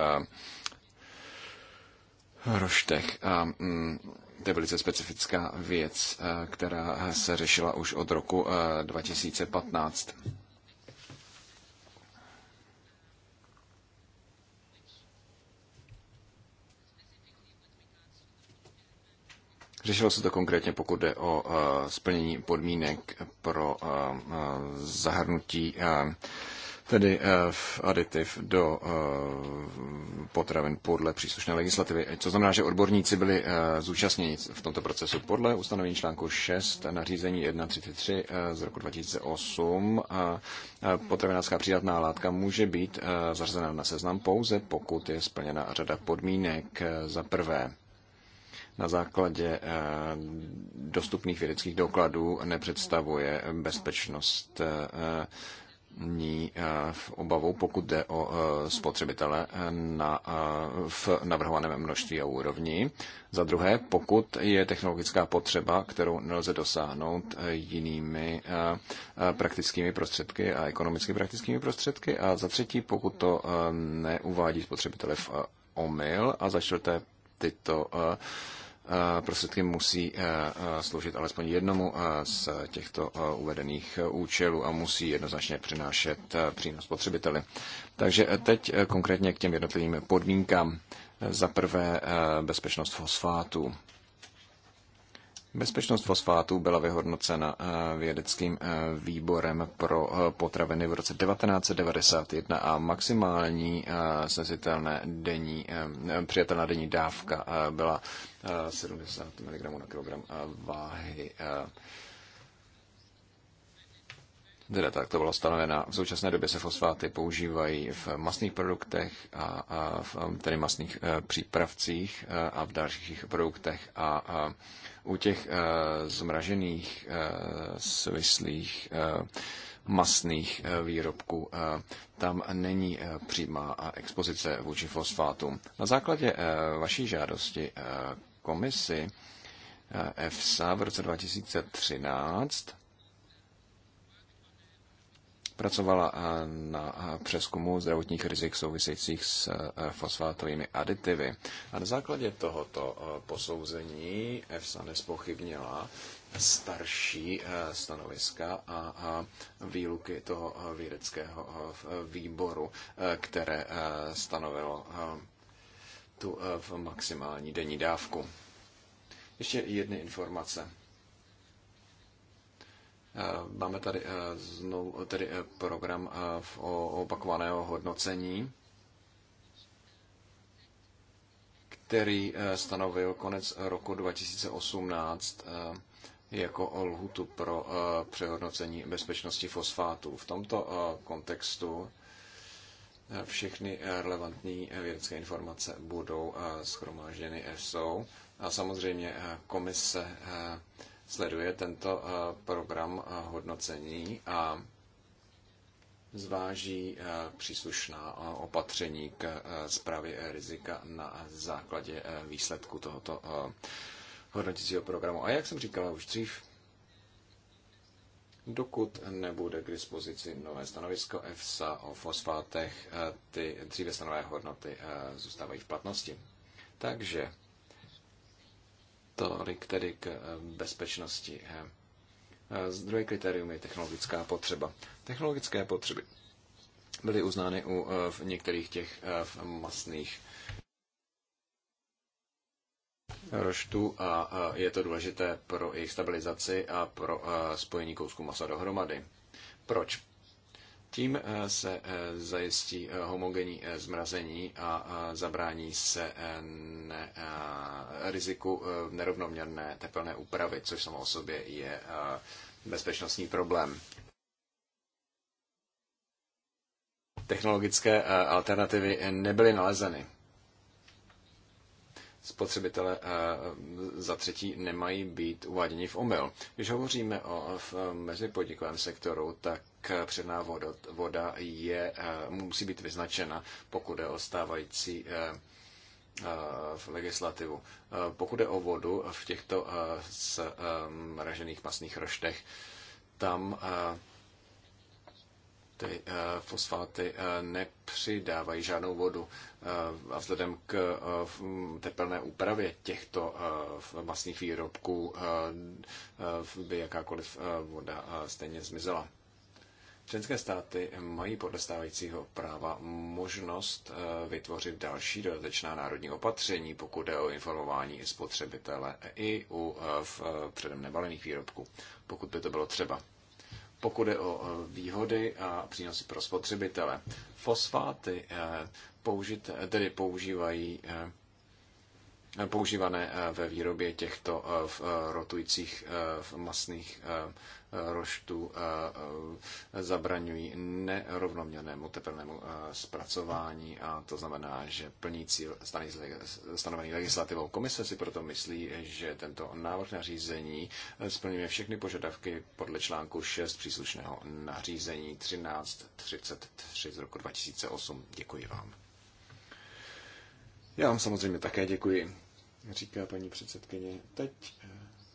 Speaker 6: roštech. A mm, to je velice specifická věc, která se řešila už od roku 2015. Řešilo se to konkrétně, pokud jde o eh, splnění podmínek pro eh, eh, zahrnutí tedy v aditiv do potravin podle příslušné legislativy. Co znamená, že odborníci byli zúčastněni v tomto procesu podle ustanovení článku 6 nařízení 133 z roku 2008. Potravinářská přidatná látka může být zařazena na seznam pouze, pokud je splněna řada podmínek za prvé na základě eh, dostupných vědeckých dokladů nepředstavuje bezpečnost eh, ní eh, v obavu, pokud jde o spotřebitele na, v navrhovaném množství a úrovni. Za druhé, pokud je technologická potřeba, kterou nelze dosáhnout jinými praktickými prostředky a ekonomicky praktickými prostředky. A za třetí, pokud to neuvádí spotřebitele v omyl. A za čtvrté, tyto uh, prostředky musí eh, eh, sloužit alespoň jednomu eh, z těchto uvedených účelů a musí jednoznačně přinášet přínos spotřebiteli. Takže teď konkrétně k těm jednotlivým podmínkám. Za prvé bezpečnost fosfátů. Bezpečnost fosfátů byla vyhodnocena eh, vědeckým eh, výborem pro eh, potraviny v roce 1991 a maximální snesitelné denní, přijatelná denní dávka byla 70 mg na kilogram váhy teda tak to bylo stanovena. V současné době se fosfáty používají v masných produktech, a, a v, um, tedy masných e, přípravcích eh, a v dalších produktech a, a u těch e, zmražených e, svislých e, masných výrobků. Tam není přímá expozice vůči fosfátům. Na základě vaší žádosti komisi EFSA v roce 2013 pracovala eh, na eh, přeskumu zdravotních rizik souvisejících s eh, fosfátovými aditivy. A na základě tohoto posouzení EFSA nespochybnila starší stanoviska a výluky toho vědeckého výboru, které stanovilo tu maximální denní dávku. Ještě jedny informace. Eh, máme tady, eh, znovu, tady eh, program o opakovaného hodnocení, který stanovil konec roku 2018 jako lhutu pro přehodnocení bezpečnosti fosfátů. V tomto kontextu všechny relevantní vědecké informace budou schromážděny ESO a samozřejmě komise sleduje tento eh, program eh, hodnocení a zváží eh, příslušná opatření k zprávě rizika na základě výsledku tohoto hodnotícího programu. A jak jsem říkala už dřív, dokud nebude k dispozici nové stanovisko EFSA o fosfátech, ty dříve stanové hodnoty zůstávají v platnosti. Takže Tolik tedy k eh, bezpečnosti. Eh. Eh, Druhé kritérium je technologická potřeba. Technologické potřeby byly uznány u v některých těch v masných roštů a je to důležité pro jejich stabilizaci a pro spojení kousku masa dohromady. Proč? Tím eh, se eh, zajistí eh, homogenní zmrazení a zabrání se ne, riziku nerovnoměrné tepelné úpravy, což samo o sobě je bezpečnostní problém. Technologické alternativy nebyly nalezeny. Spotřebitele za třetí nemají být uváděni v omyl. Když hovoříme o v mezipodnikovém sektoru, tak předná voda, voda je, eh, musí být vyznačena, pokud je o stávající v eh, eh, legislativu. Pokud je o vodu v těchto zmražených masných roštech, tam ty fosfáty nepřidávají žádnou vodu. A vzhledem k tepelné úpravě těchto masných výrobků by jakákoliv voda stejně zmizela. Členské státy mají podle stávajícího práva možnost eh, vytvořit další dodatečná národní opatření, pokud jde o informování spotřebitele i u eh, v eh, předem nebalených výrobků, pokud by to bylo třeba. Pokud jde o výhody a přínosy pro spotřebitele, fosfáty použit, tedy používají používané eh, ve výrobě těchto eh, eh, rotujících masných roštů zabraňují nerovnoměrnému tepelnému zpracování a to znamená, že plní cíl stanovený legislativou. Komise si proto myslí, že tento návrh nařízení splňuje všechny požadavky podle článku 6 příslušného nařízení 1333 z roku 2008. Děkuji vám. Já vám samozřejmě také děkuji, říká paní předsedkyně. Teď eh,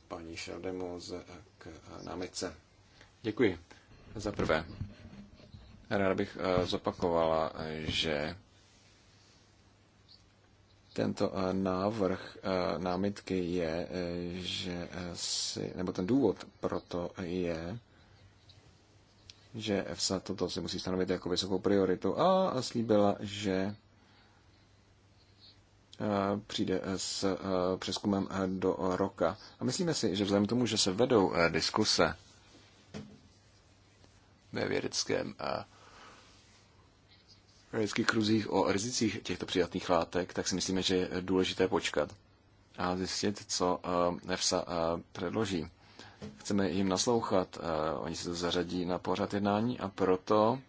Speaker 6: paní Šardemo z, eh, k eh, námitce. Děkuji. Za prvé, ráda bych zopakovala, že tento návrh námitky je, že si, nebo ten důvod pro to je, že EFSA toto si musí stanovit jako vysokou prioritu a slíbila, že Eh, přijde eh, s eh, přeskumem do roka. A myslíme si, že vzhledem k tomu, že se vedou diskuse ve vědeckém vědeckých kruzích o rizicích těchto přijatných látek, tak si myslíme, že je důležité počkat a zjistit, co EFSA předloží. Chceme jim naslouchat, oni se to zařadí na pořad jednání a proto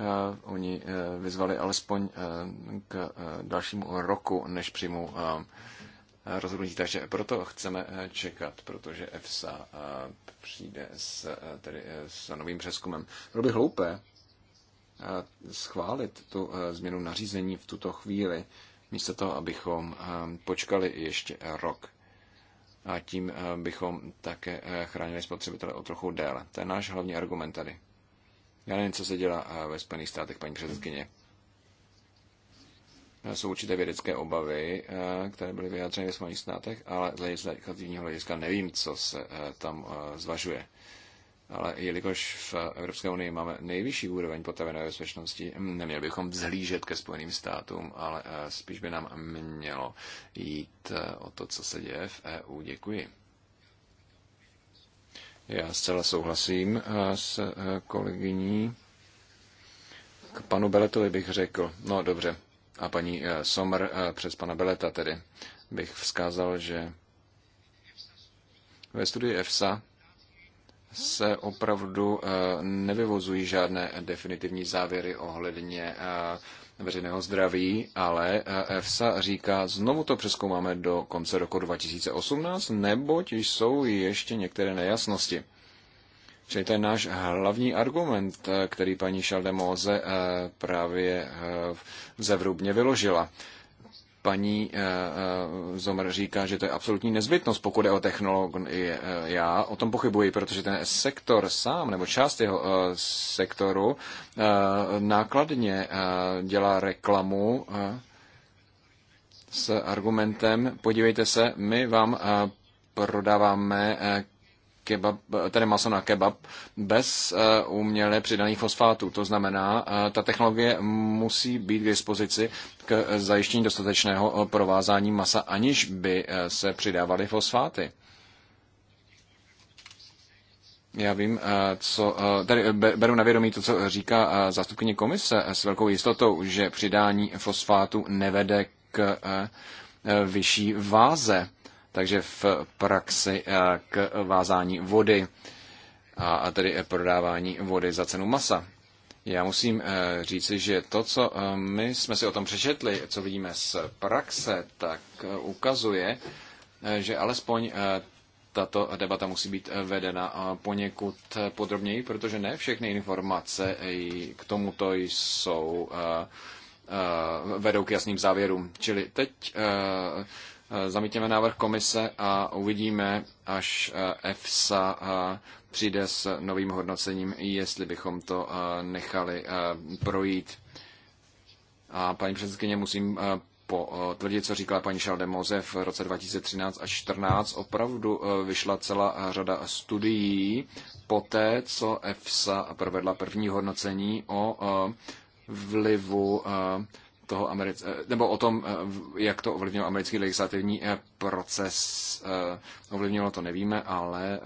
Speaker 6: Eh, oni eh, vyzvali alespoň eh, k dalšímu roku, než přijmou rozhodnutí. Takže proto chceme čekat, protože EFSA přijde s, tedy s novým přeskumem. Bylo by hloupé schválit tu změnu nařízení v tuto chvíli, místo toho, abychom počkali ještě rok. A tím bychom také chránili spotřebitele o trochu déle. To je náš hlavní argument tady. Já nevím, co se dělá ve Spojených státech, paní předsedkyně. Eh, jsou určité vědecké obavy, eh, které byly vyjádřeny ve Spojených státech, ale z legislativního hlediska nevím, co se eh, tam zvažuje. Ale jelikož v Evropské unii máme nejvyšší úroveň potravinové bezpečnosti, hm, neměli bychom vzhlížet ke Spojeným státům, ale spíš by nám mělo jít o to, co se děje v EU. Děkuji. Já zcela souhlasím eh, s eh, kolegyní. K panu Beletovi bych řekl, no dobře, a paní eh, Somr přes pana Beleta tedy, bych vzkázal, že ve studii EFSA se opravdu nevyvozují žádné definitivní závěry ohledně veřejného zdraví, ale eh, EFSA říká, znovu to přeskoumáme do konce roku 2018, neboť jsou ještě některé nejasnosti. Čili ten náš hlavní argument, eh, který paní Šaldemóze eh, právě zevrubně vyložila paní eh, eh, Zomer říká, že to je absolutní nezbytnost, pokud je o technologii. Eh, já o tom pochybuji, protože ten sektor sám, nebo část jeho sektoru, nákladně dělá reklamu s argumentem, podívejte se, my vám prodáváme kebab, tedy maso na kebab bez eh, uměle přidaných fosfátů. To znamená, eh, ta technologie musí být k dispozici k zajištění dostatečného eh, provázání masa, aniž by se přidávaly fosfáty. Já vím, co, tady beru na vědomí to, co říká zástupkyně komise s velkou jistotou, že přidání fosfátu nevede k vyšší váze takže v praxi eh, k vázání vody a tedy prodávání vody za cenu masa. Já musím eh, říci, že to, co eh, my jsme si o tom přečetli, co vidíme z praxe, tak ukazuje, že alespoň tato debata musí být vedena poněkud podrobněji, protože ne všechny informace k tomuto jsou vedou k jasným závěrům. Čili teď Eh, zamítněme návrh komise a uvidíme, až eh, EFSA eh, přijde s novým hodnocením, jestli bychom to nechali projít. A paní předsedkyně, musím potvrdit, co říkala paní Šaldemoze v roce 2013 až 2014. Opravdu vyšla celá řada studií po té, co EFSA provedla první hodnocení o vlivu toho Americ- eh, nebo o tom, eh, jak to ovlivnilo americký legislativní eh, proces. Ovlivnilo to nevíme, ale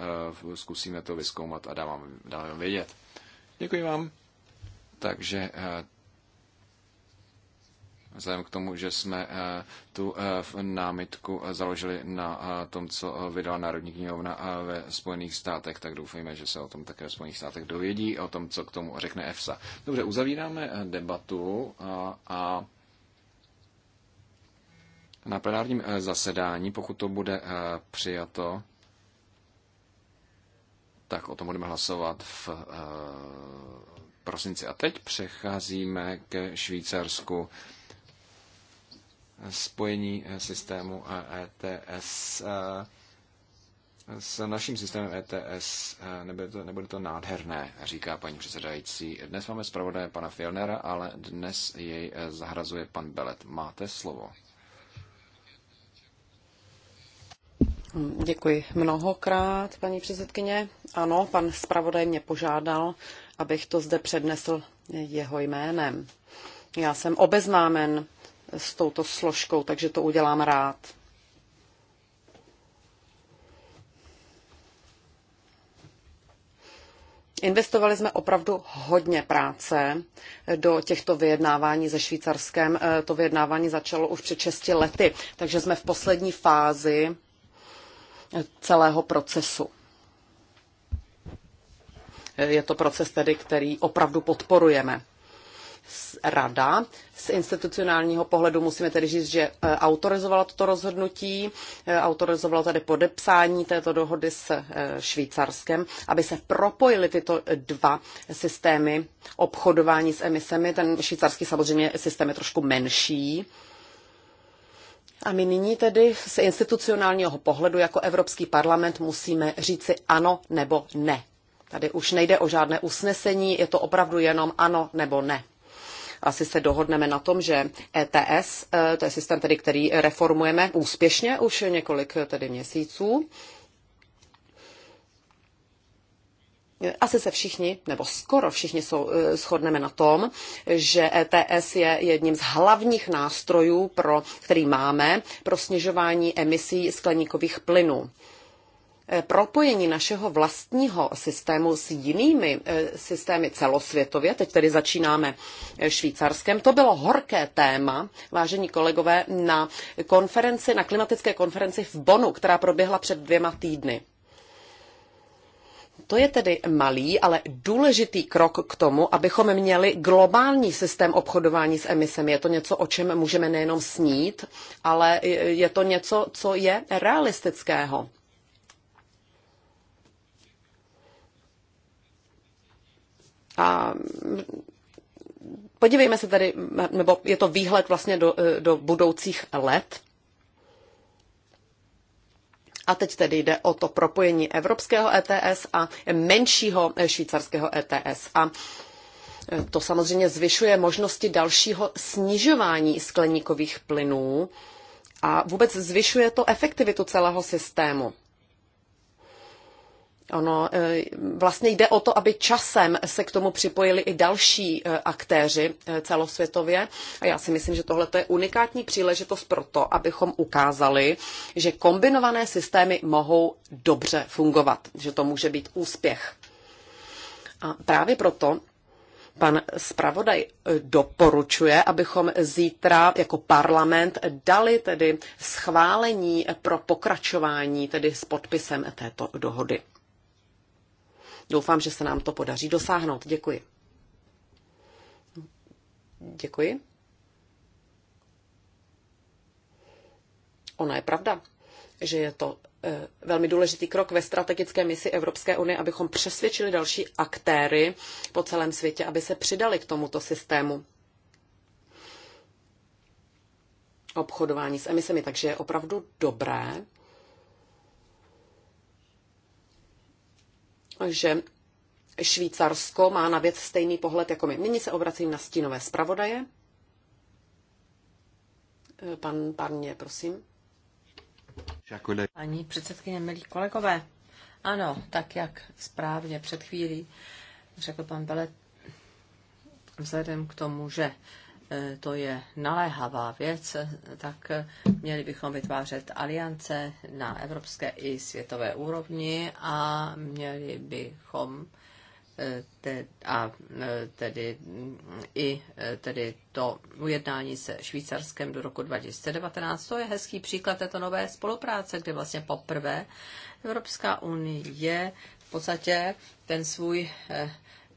Speaker 6: zkusíme to vyzkoumat a dávám, dávám vědět. Děkuji vám. Takže vzhledem k tomu, že jsme tu námitku založili na tom, co vydala Národní knihovna ve Spojených státech, tak doufejme, že se o tom také ve Spojených státech dovědí, o tom, co k tomu řekne EFSA. Dobře, uzavíráme debatu a na plenárním eh, zasedání, pokud to bude eh, přijato, tak o tom budeme hlasovat v eh, prosinci. A teď přecházíme ke Švýcarsku. Spojení systému ETS e s naším systémem ETS nebude to, nebude to nádherné, říká paní předsedající. Dnes máme zpravodaje pana Filnera, ale dnes jej zahrazuje pan Belet. Máte slovo.
Speaker 1: Děkuji mnohokrát, paní předsedkyně. Ano, pan zpravodaj mě požádal, abych to zde přednesl jeho jménem. Já jsem obeznámen s touto složkou, takže to udělám rád. Investovali jsme opravdu hodně práce do těchto vyjednávání ze Švýcarskem. E, to vyjednávání začalo už před 6 lety, takže jsme v poslední fázi celého procesu. Je to proces tedy, který opravdu podporujeme. Rada z institucionálního pohledu musíme tedy říct, že e, autorizovala toto rozhodnutí, e, autorizovala tady podepsání této dohody s e, Švýcarskem, aby se propojily tyto dva systémy obchodování s emisemi. Ten švýcarský samozřejmě systém je trošku menší, a my nyní tedy z institucionálního pohledu jako Evropský parlament musíme říci ano nebo ne. Tady už nejde o žádné usnesení, je to opravdu jenom ano nebo ne. Asi se dohodneme na tom, že ETS, eh, to je systém, tedy, který reformujeme úspěšně už několik eh, tedy měsíců, asi se všichni, nebo skoro všichni jsou, eh, shodneme na tom, že ETS je jedním z hlavních nástrojů, pro, který máme pro snižování emisí skleníkových plynů. Eh, propojení našeho vlastního systému s jinými eh, systémy celosvětově, teď tedy začínáme Švýcarskem, to bylo horké téma, vážení kolegové, na konferenci, na klimatické konferenci v Bonu, která proběhla před dvěma týdny. To je tedy malý, ale důležitý krok k tomu, abychom měli globální systém obchodování s emisemi. Je to něco, o čem můžeme nejenom snít, ale je to něco, co je realistického. A podívejme se tady, nebo je to výhled vlastně do, do budoucích let. A teď tedy jde o to propojení evropského ETS a menšího švýcarského ETS. A e, to samozřejmě zvyšuje možnosti dalšího snižování skleníkových plynů a vůbec zvyšuje to efektivitu celého systému. Ono e, vlastně jde o to, aby časem se k tomu připojili i další e, aktéři e, celosvětově. A já si myslím, že tohle je unikátní příležitost pro to, abychom ukázali, že kombinované systémy mohou dobře fungovat, že to může být úspěch. A právě proto pan zpravodaj doporučuje, abychom zítra jako parlament dali tedy schválení pro pokračování tedy s podpisem této dohody. Doufám, že se nám to podaří dosáhnout. Děkuji. Děkuji. Ona je pravda, že je to eh, velmi důležitý krok ve strategické misi Evropské unie, abychom přesvědčili další aktéry po celém světě, aby se přidali k tomuto systému obchodování s emisemi. Takže je opravdu dobré, že Švýcarsko má na věc stejný pohled jako my. Nyní se obracím na stínové zpravodaje. E, pan Parně, prosím.
Speaker 4: Paní předsedkyně, milí kolegové, ano, tak jak správně před chvílí řekl pan Belet, vzhledem k tomu, že Eh, to je naléhavá věc, tak měli bychom vytvářet aliance na evropské i světové úrovni a měli bychom eh, te, a eh, tedy mm, i tedy to ujednání se Švýcarskem do roku 2019. To je hezký příklad této nové spolupráce, kde vlastně poprvé Evropská unie v podstatě ten svůj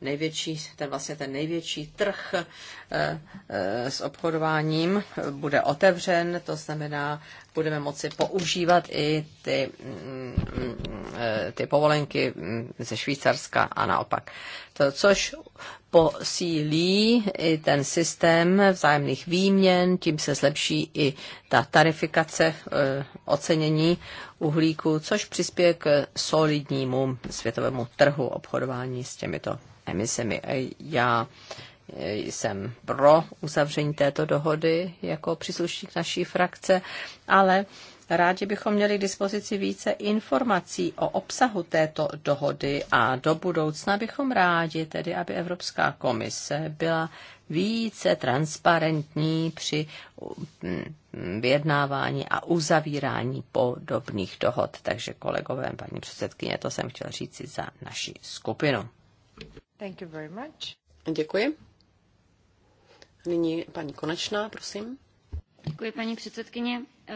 Speaker 4: největší, ten vlastně ten největší trh eh, eh, s obchodováním bude otevřen, to znamená, budeme moci používat i ty, mm, eh, ty povolenky mm, ze Švýcarska a naopak. To, což posílí i ten systém vzájemných výměn, tím se zlepší i ta tarifikace ocenění uhlíku, což přispěje k solidnímu světovému trhu obchodování s těmito emisemi. E, Já e, jsem pro uzavření této dohody jako příslušník naší frakce, ale Rádi bychom měli k dispozici více informací o obsahu této dohody a do budoucna bychom rádi tedy, aby Evropská komise byla více transparentní při mm, vyjednávání a uzavírání podobných dohod. Takže kolegové, paní předsedkyně, to jsem chtěl říci za naši skupinu.
Speaker 1: Thank you very much. Děkuji. Nyní paní Konečná, prosím.
Speaker 5: Děkuji, paní předsedkyně. Eh,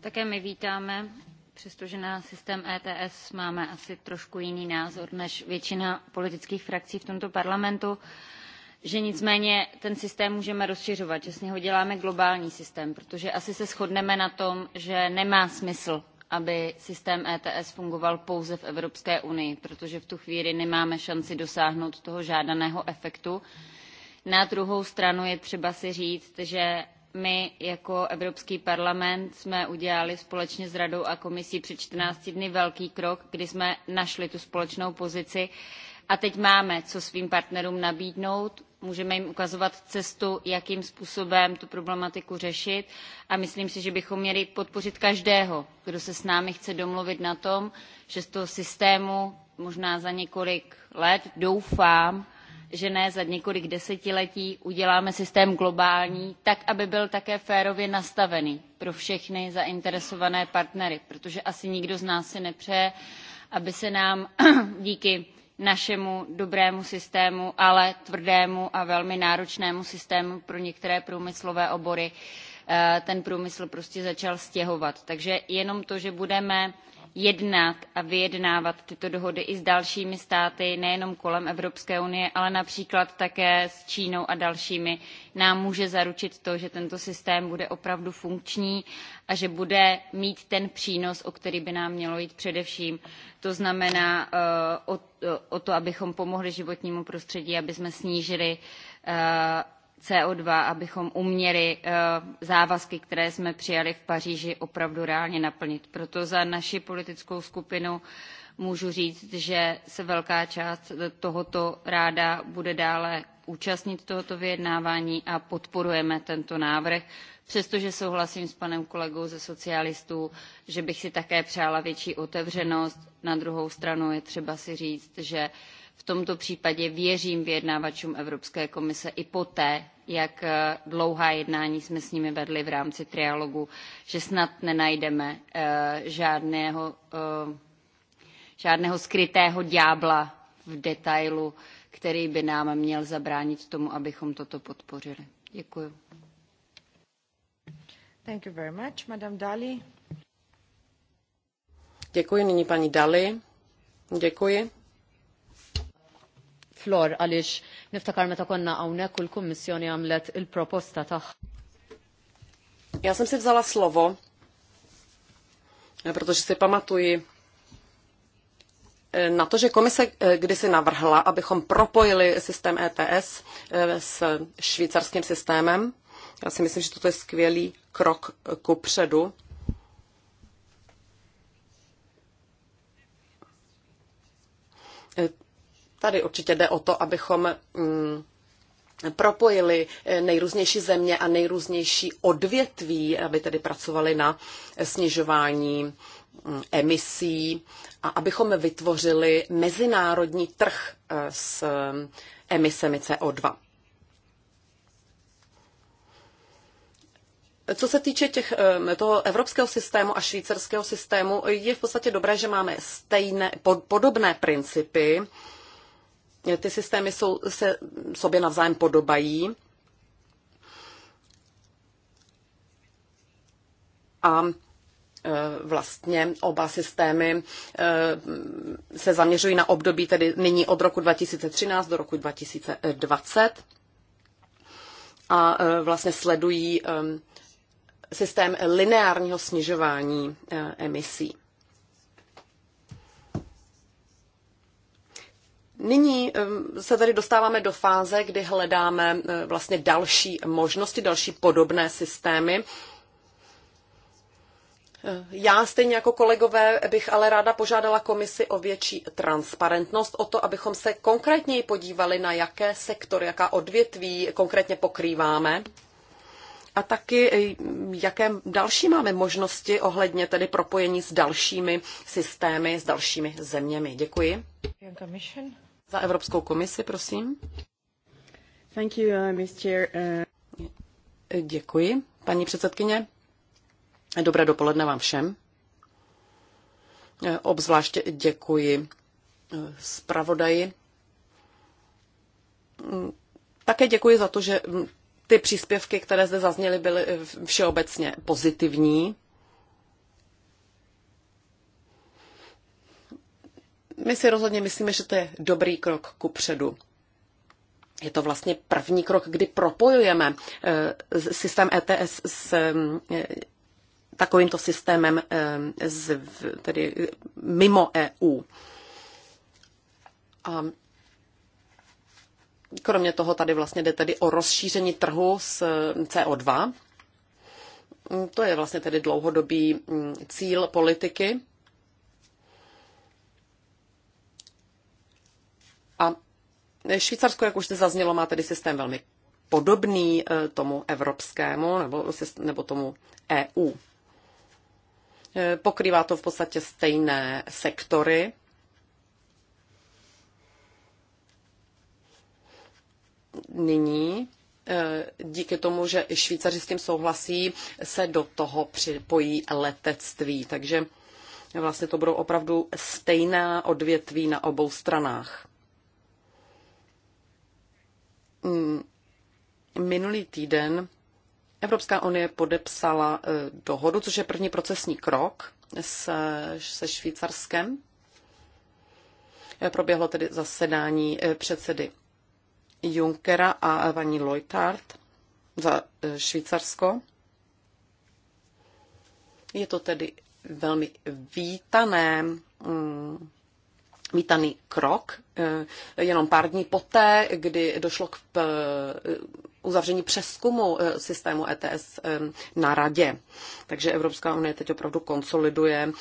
Speaker 5: také my vítáme, přestože na systém ETS máme asi trošku jiný názor než většina politických frakcí v tomto parlamentu, že nicméně ten systém můžeme rozšiřovat, že s něho děláme globální systém, protože asi se shodneme na tom, že nemá smysl aby systém ETS fungoval pouze v Evropské unii, protože v tu chvíli nemáme šanci dosáhnout toho žádaného efektu. Na druhou stranu je třeba si říct, že my jako Evropský parlament jsme udělali společně s Radou a komisí před 14 dny velký krok, kdy jsme našli tu společnou pozici a teď máme co svým partnerům nabídnout, můžeme jim ukazovat cestu jakým způsobem tu problematiku řešit a myslím si že bychom měli podpořit každého kdo se s námi chce domluvit na tom že z toho systému možná za několik let doufám že ne za několik desetiletí uděláme systém globální tak aby byl také férově nastavený pro všechny zainteresované partnery protože asi nikdo z nás si nepřeje aby se nám *clears throat* díky našemu dobrému systému, ale tvrdému a velmi náročnému systému pro některé průmyslové obory eh, ten průmysl prostě začal stěhovat. Takže jenom to, že budeme jednat a vyjednávat tyto dohody i s dalšími státy nejenom kolem evropské unie ale například také s čínou a dalšími nám může zaručit to že tento systém bude opravdu funkční a že bude mít ten přínos o který by nám mělo jít především to znamená eh, o, o to abychom pomohli životnímu prostředí abychom snížili eh, CO2, abychom uměli eh, závazky, které jsme přijali v Paříži, opravdu reálně naplnit. Proto za naši politickou skupinu můžu říct, že se velká část tohoto ráda bude dále účastnit tohoto vyjednávání a podporujeme tento návrh Přestože souhlasím s panem kolegou ze socialistů, že bych si také přála větší otevřenost, na druhou stranu je třeba si říct, že v tomto případě věřím vyjednávačům Evropské komise i poté, jak eh, dlouhá jednání jsme s nimi vedli v rámci trialogu, že snad nenajdeme eh, žádného, eh, žádného skrytého ďábla v detailu, který by nám měl zabránit tomu, abychom toto podpořili. Děkuji.
Speaker 1: Děkuji nyní paní Dali.
Speaker 4: Děkuji. Flor, għaliex niftakar meta konna hawnhekk u l-Kummissjoni għamlet il-proposta tagħha. Já jsem si vzala
Speaker 1: slovo, protože si pamatuji eh, na to, že komise eh, kdysi navrhla, abychom propojili systém ETS eh, s švýcarským systémem. Já si myslím, že toto je skvělý krok ku předu. Tady určitě jde o to, abychom mm, propojili eh, nejrůznější země a nejrůznější odvětví, aby tedy pracovali na snižování mm, emisí a abychom vytvořili mezinárodní trh eh, s mm, emisemi CO2. Co se týče těch, toho evropského systému a švýcarského systému, je v podstatě dobré, že máme stejné, podobné principy. Ty systémy jsou, se sobě navzájem podobají. A vlastně oba systémy se zaměřují na období tedy nyní od roku 2013 do roku 2020 a vlastně sledují systém lineárního snižování eh, emisí. Nyní eh, se tady dostáváme do fáze, kdy hledáme eh, vlastně další možnosti, další podobné systémy. Já stejně jako kolegové bych ale ráda požádala komisi o větší transparentnost, o to, abychom se konkrétněji podívali, na jaké sektory, jaká odvětví konkrétně pokrýváme. A taky, e, jaké další máme možnosti ohledně tedy propojení s dalšími systémy, s dalšími zeměmi. Děkuji. Za Evropskou komisi, prosím. Thank you, uh, Mr. Uh... E, děkuji, paní předsedkyně. Dobré dopoledne vám všem. E, obzvláště děkuji zpravodaji. Mm, také děkuji za to, že mm, ty příspěvky, které zde zazněly, byly eh, všeobecně pozitivní. My si rozhodně myslíme, že to je dobrý krok ku předu. Je to vlastně první krok, kdy propojujeme eh, systém ETS s eh, takovýmto systémem z, tedy mimo EU. A Kromě toho tady vlastně jde tedy o rozšíření trhu s mm, CO2. Mm, to je vlastně tedy dlouhodobý mm, cíl politiky. A Švýcarsko, jak už se zaznělo, má tedy systém velmi podobný e, tomu evropskému nebo, nebo tomu EU. E, pokrývá to v podstatě stejné sektory. nyní eh, díky tomu, že i Švýcaři s tím souhlasí, se do toho připojí letectví. Takže vlastně to budou opravdu stejná odvětví na obou stranách. Hmm. Minulý týden Evropská unie podepsala eh, dohodu, což je první procesní krok se, se Švýcarskem. Eh, proběhlo tedy zasedání předsedy Junckera a paní Leutard za e, Švýcarsko. Je to tedy velmi vítané, mm, vítaný krok. E, jenom pár dní poté, kdy došlo k e, uzavření přeskumu systému ETS na radě. Takže Evropská unie teď opravdu konsoliduje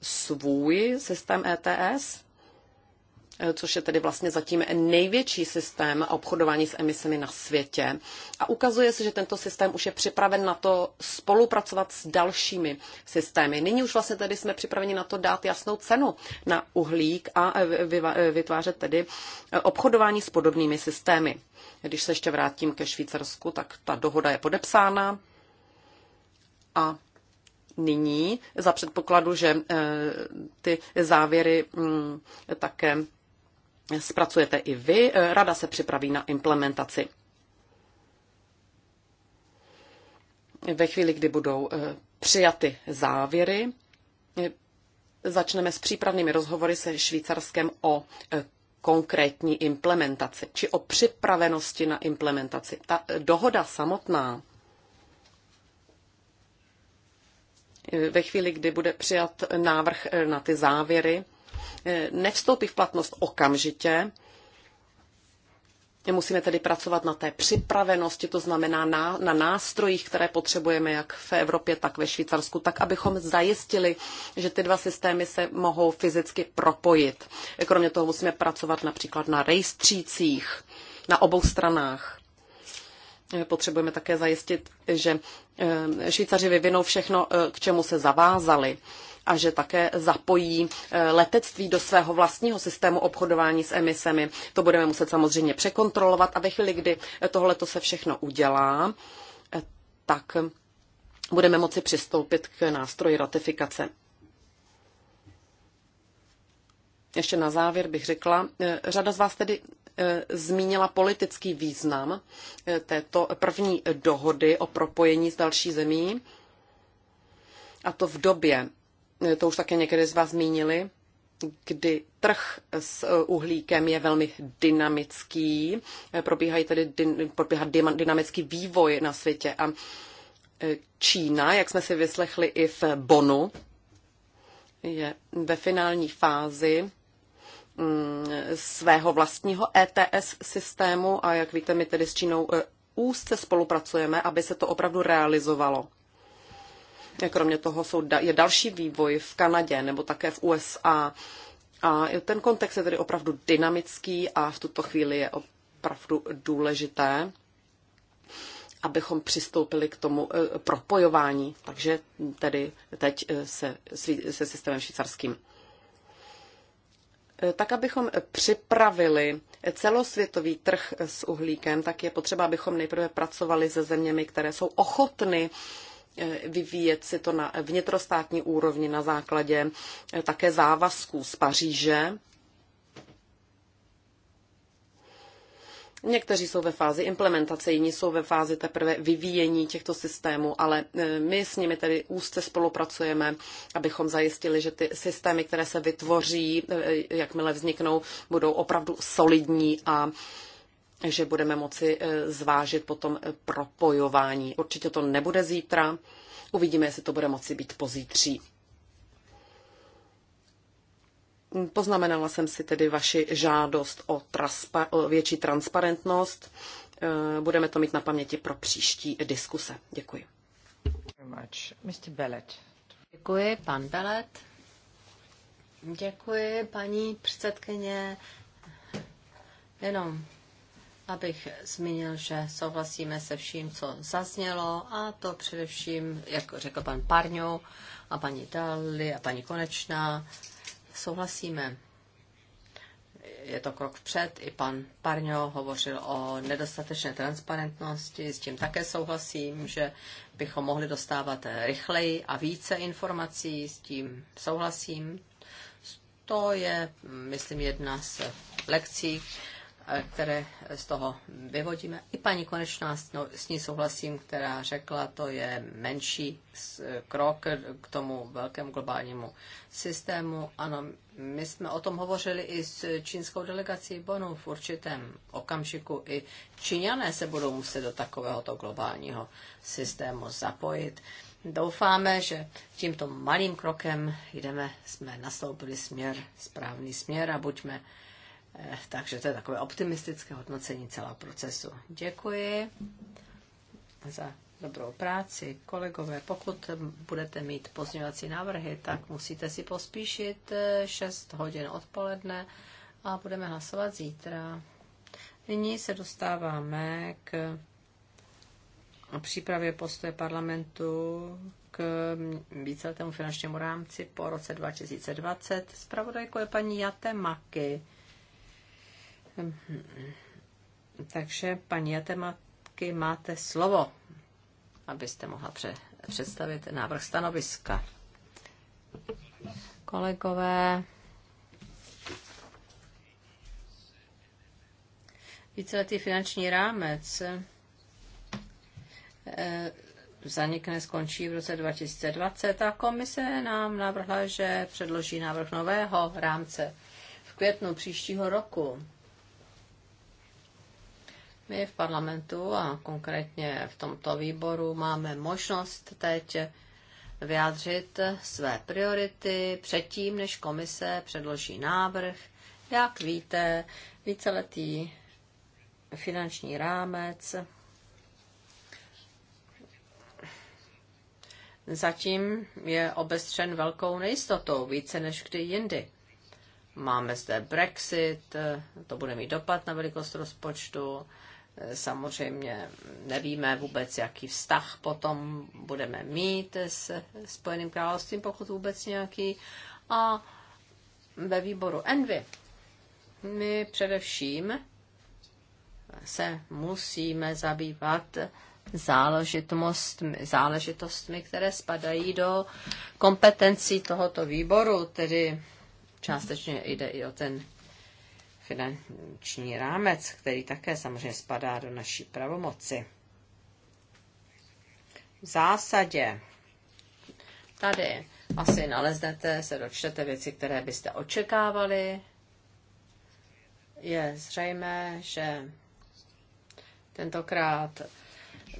Speaker 1: svůj systém ETS Eh, což je tedy vlastně zatím největší systém obchodování s emisemi na světě. A ukazuje se, že tento systém už je připraven na to spolupracovat s dalšími systémy. Nyní už vlastně tedy jsme připraveni na to dát jasnou cenu na uhlík a eh, eh, vytvářet tedy obchodování s podobnými systémy. Když se ještě vrátím ke Švýcarsku, tak ta dohoda je podepsána a nyní za předpokladu, že ty závěry mm, také zpracujete i vy. Eh, Rada se připraví na implementaci. Ve chvíli, kdy budou eh, přijaty závěry, eh, začneme s přípravnými rozhovory se Švýcarskem o konkrétní implementaci, či o připravenosti na implementaci. Ta dohoda samotná ve chvíli, kdy bude přijat návrh na ty závěry, Eh, nevstoupí v platnost okamžitě. Musíme tedy pracovat na té připravenosti, to znamená na, na nástrojích, které potřebujeme jak v Evropě, tak ve Švýcarsku, tak abychom zajistili, že ty dva systémy se mohou fyzicky propojit. Kromě toho musíme pracovat například na rejstřících, na obou stranách. Eh, potřebujeme také zajistit, že eh, Švýcaři vyvinou všechno, k čemu se zavázali a že také zapojí eh, letectví do svého vlastního systému obchodování s emisemi. To budeme muset samozřejmě překontrolovat a ve chvíli, kdy tohle se všechno udělá, eh, tak budeme moci přistoupit k nástroji ratifikace. Ještě na závěr bych řekla, eh, řada z vás tedy zmínila politický význam této první dohody o propojení s další zemí. A to v době, to už také někdy z vás zmínili, kdy trh s uhlíkem je velmi dynamický, probíhají tedy probíhá dynamický vývoj na světě a e, Čína, jak jsme si vyslechli i v Bonu, je ve finální fázi mm, svého vlastního ETS systému a jak víte, my tedy s Čínou e, úzce spolupracujeme, aby se to opravdu realizovalo. Kromě toho jsou, je další vývoj v Kanadě nebo také v USA. A ten kontext je tedy opravdu dynamický a v tuto chvíli je opravdu důležité, abychom přistoupili k tomu e, propojování. Takže tedy teď e, se, se systémem švýcarským. E, tak, abychom připravili celosvětový trh s uhlíkem, tak je potřeba, abychom nejprve pracovali se zeměmi, které jsou ochotny Eh, vyvíjet si to na vnitrostátní úrovni na základě eh, také závazků z Paříže. Někteří jsou ve fázi implementace, jiní jsou ve fázi teprve vyvíjení těchto systémů, ale eh, my s nimi tedy úzce spolupracujeme, abychom zajistili, že ty systémy, které se vytvoří, jakmile vzniknou, budou opravdu solidní a že budeme moci e, zvážit potom e, propojování. Určitě to nebude zítra, uvidíme, jestli to bude moci být pozítří. Poznamenala jsem si tedy vaši žádost o, transpa- o větší transparentnost. E, budeme to mít na paměti pro příští diskuse. Děkuji.
Speaker 4: Děkuji, pan Belet. Děkuji, paní předsedkyně. Jenom abych zmínil, že souhlasíme se vším, co zaznělo, a to především, jak řekl pan Parňo a paní Dali a paní Konečná, souhlasíme. Je to krok vpřed, i pan Parňo hovořil o nedostatečné transparentnosti, s tím také souhlasím, že bychom mohli dostávat rychleji a více informací, s tím souhlasím. To je, myslím, jedna z lekcí, které z toho vyvodíme. I paní Konečná s no, ní souhlasím, která řekla, to je menší krok k tomu velkému globálnímu systému. Ano, my jsme o tom hovořili i s čínskou delegací Bonu v určitém okamžiku. I Číňané se budou muset do takovéhoto globálního systému zapojit. Doufáme, že tímto malým krokem jdeme, jsme nastoupili směr, správný směr a buďme Eh, takže to je takové optimistické hodnocení celého procesu. Děkuji za dobrou práci. Kolegové, pokud budete mít pozměňovací návrhy, tak musíte si pospíšit 6 eh, hodin odpoledne a budeme hlasovat zítra. Nyní se dostáváme k přípravě postoje parlamentu k víceletému finančnímu rámci po roce 2020. Spravodajkou je paní Jate Maky. Mhm. Takže, paní Jatematky, máte slovo, abyste mohla pře- představit návrh stanoviska. Kolegové, víceletý finanční rámec eh, zanikne, skončí v roce 2020 a komise nám navrhla, že předloží návrh nového rámce v květnu příštího roku. My v parlamentu a konkrétně v tomto výboru máme možnost teď vyjádřit své priority předtím, než komise předloží návrh. Jak víte, víceletý finanční rámec zatím je obestřen velkou nejistotou, více než kdy jindy. Máme zde Brexit, to bude mít dopad na velikost rozpočtu, samozřejmě nevíme vůbec, jaký vztah potom budeme mít s Spojeným královstvím, pokud vůbec nějaký. A ve výboru Envy my především se musíme zabývat záležitostmi, záležitostmi, které spadají do kompetencí tohoto výboru, tedy částečně jde i o ten finanční rámec, který také samozřejmě spadá do naší pravomoci. V zásadě tady asi naleznete, se dočtete věci, které byste očekávali. Je zřejmé, že tentokrát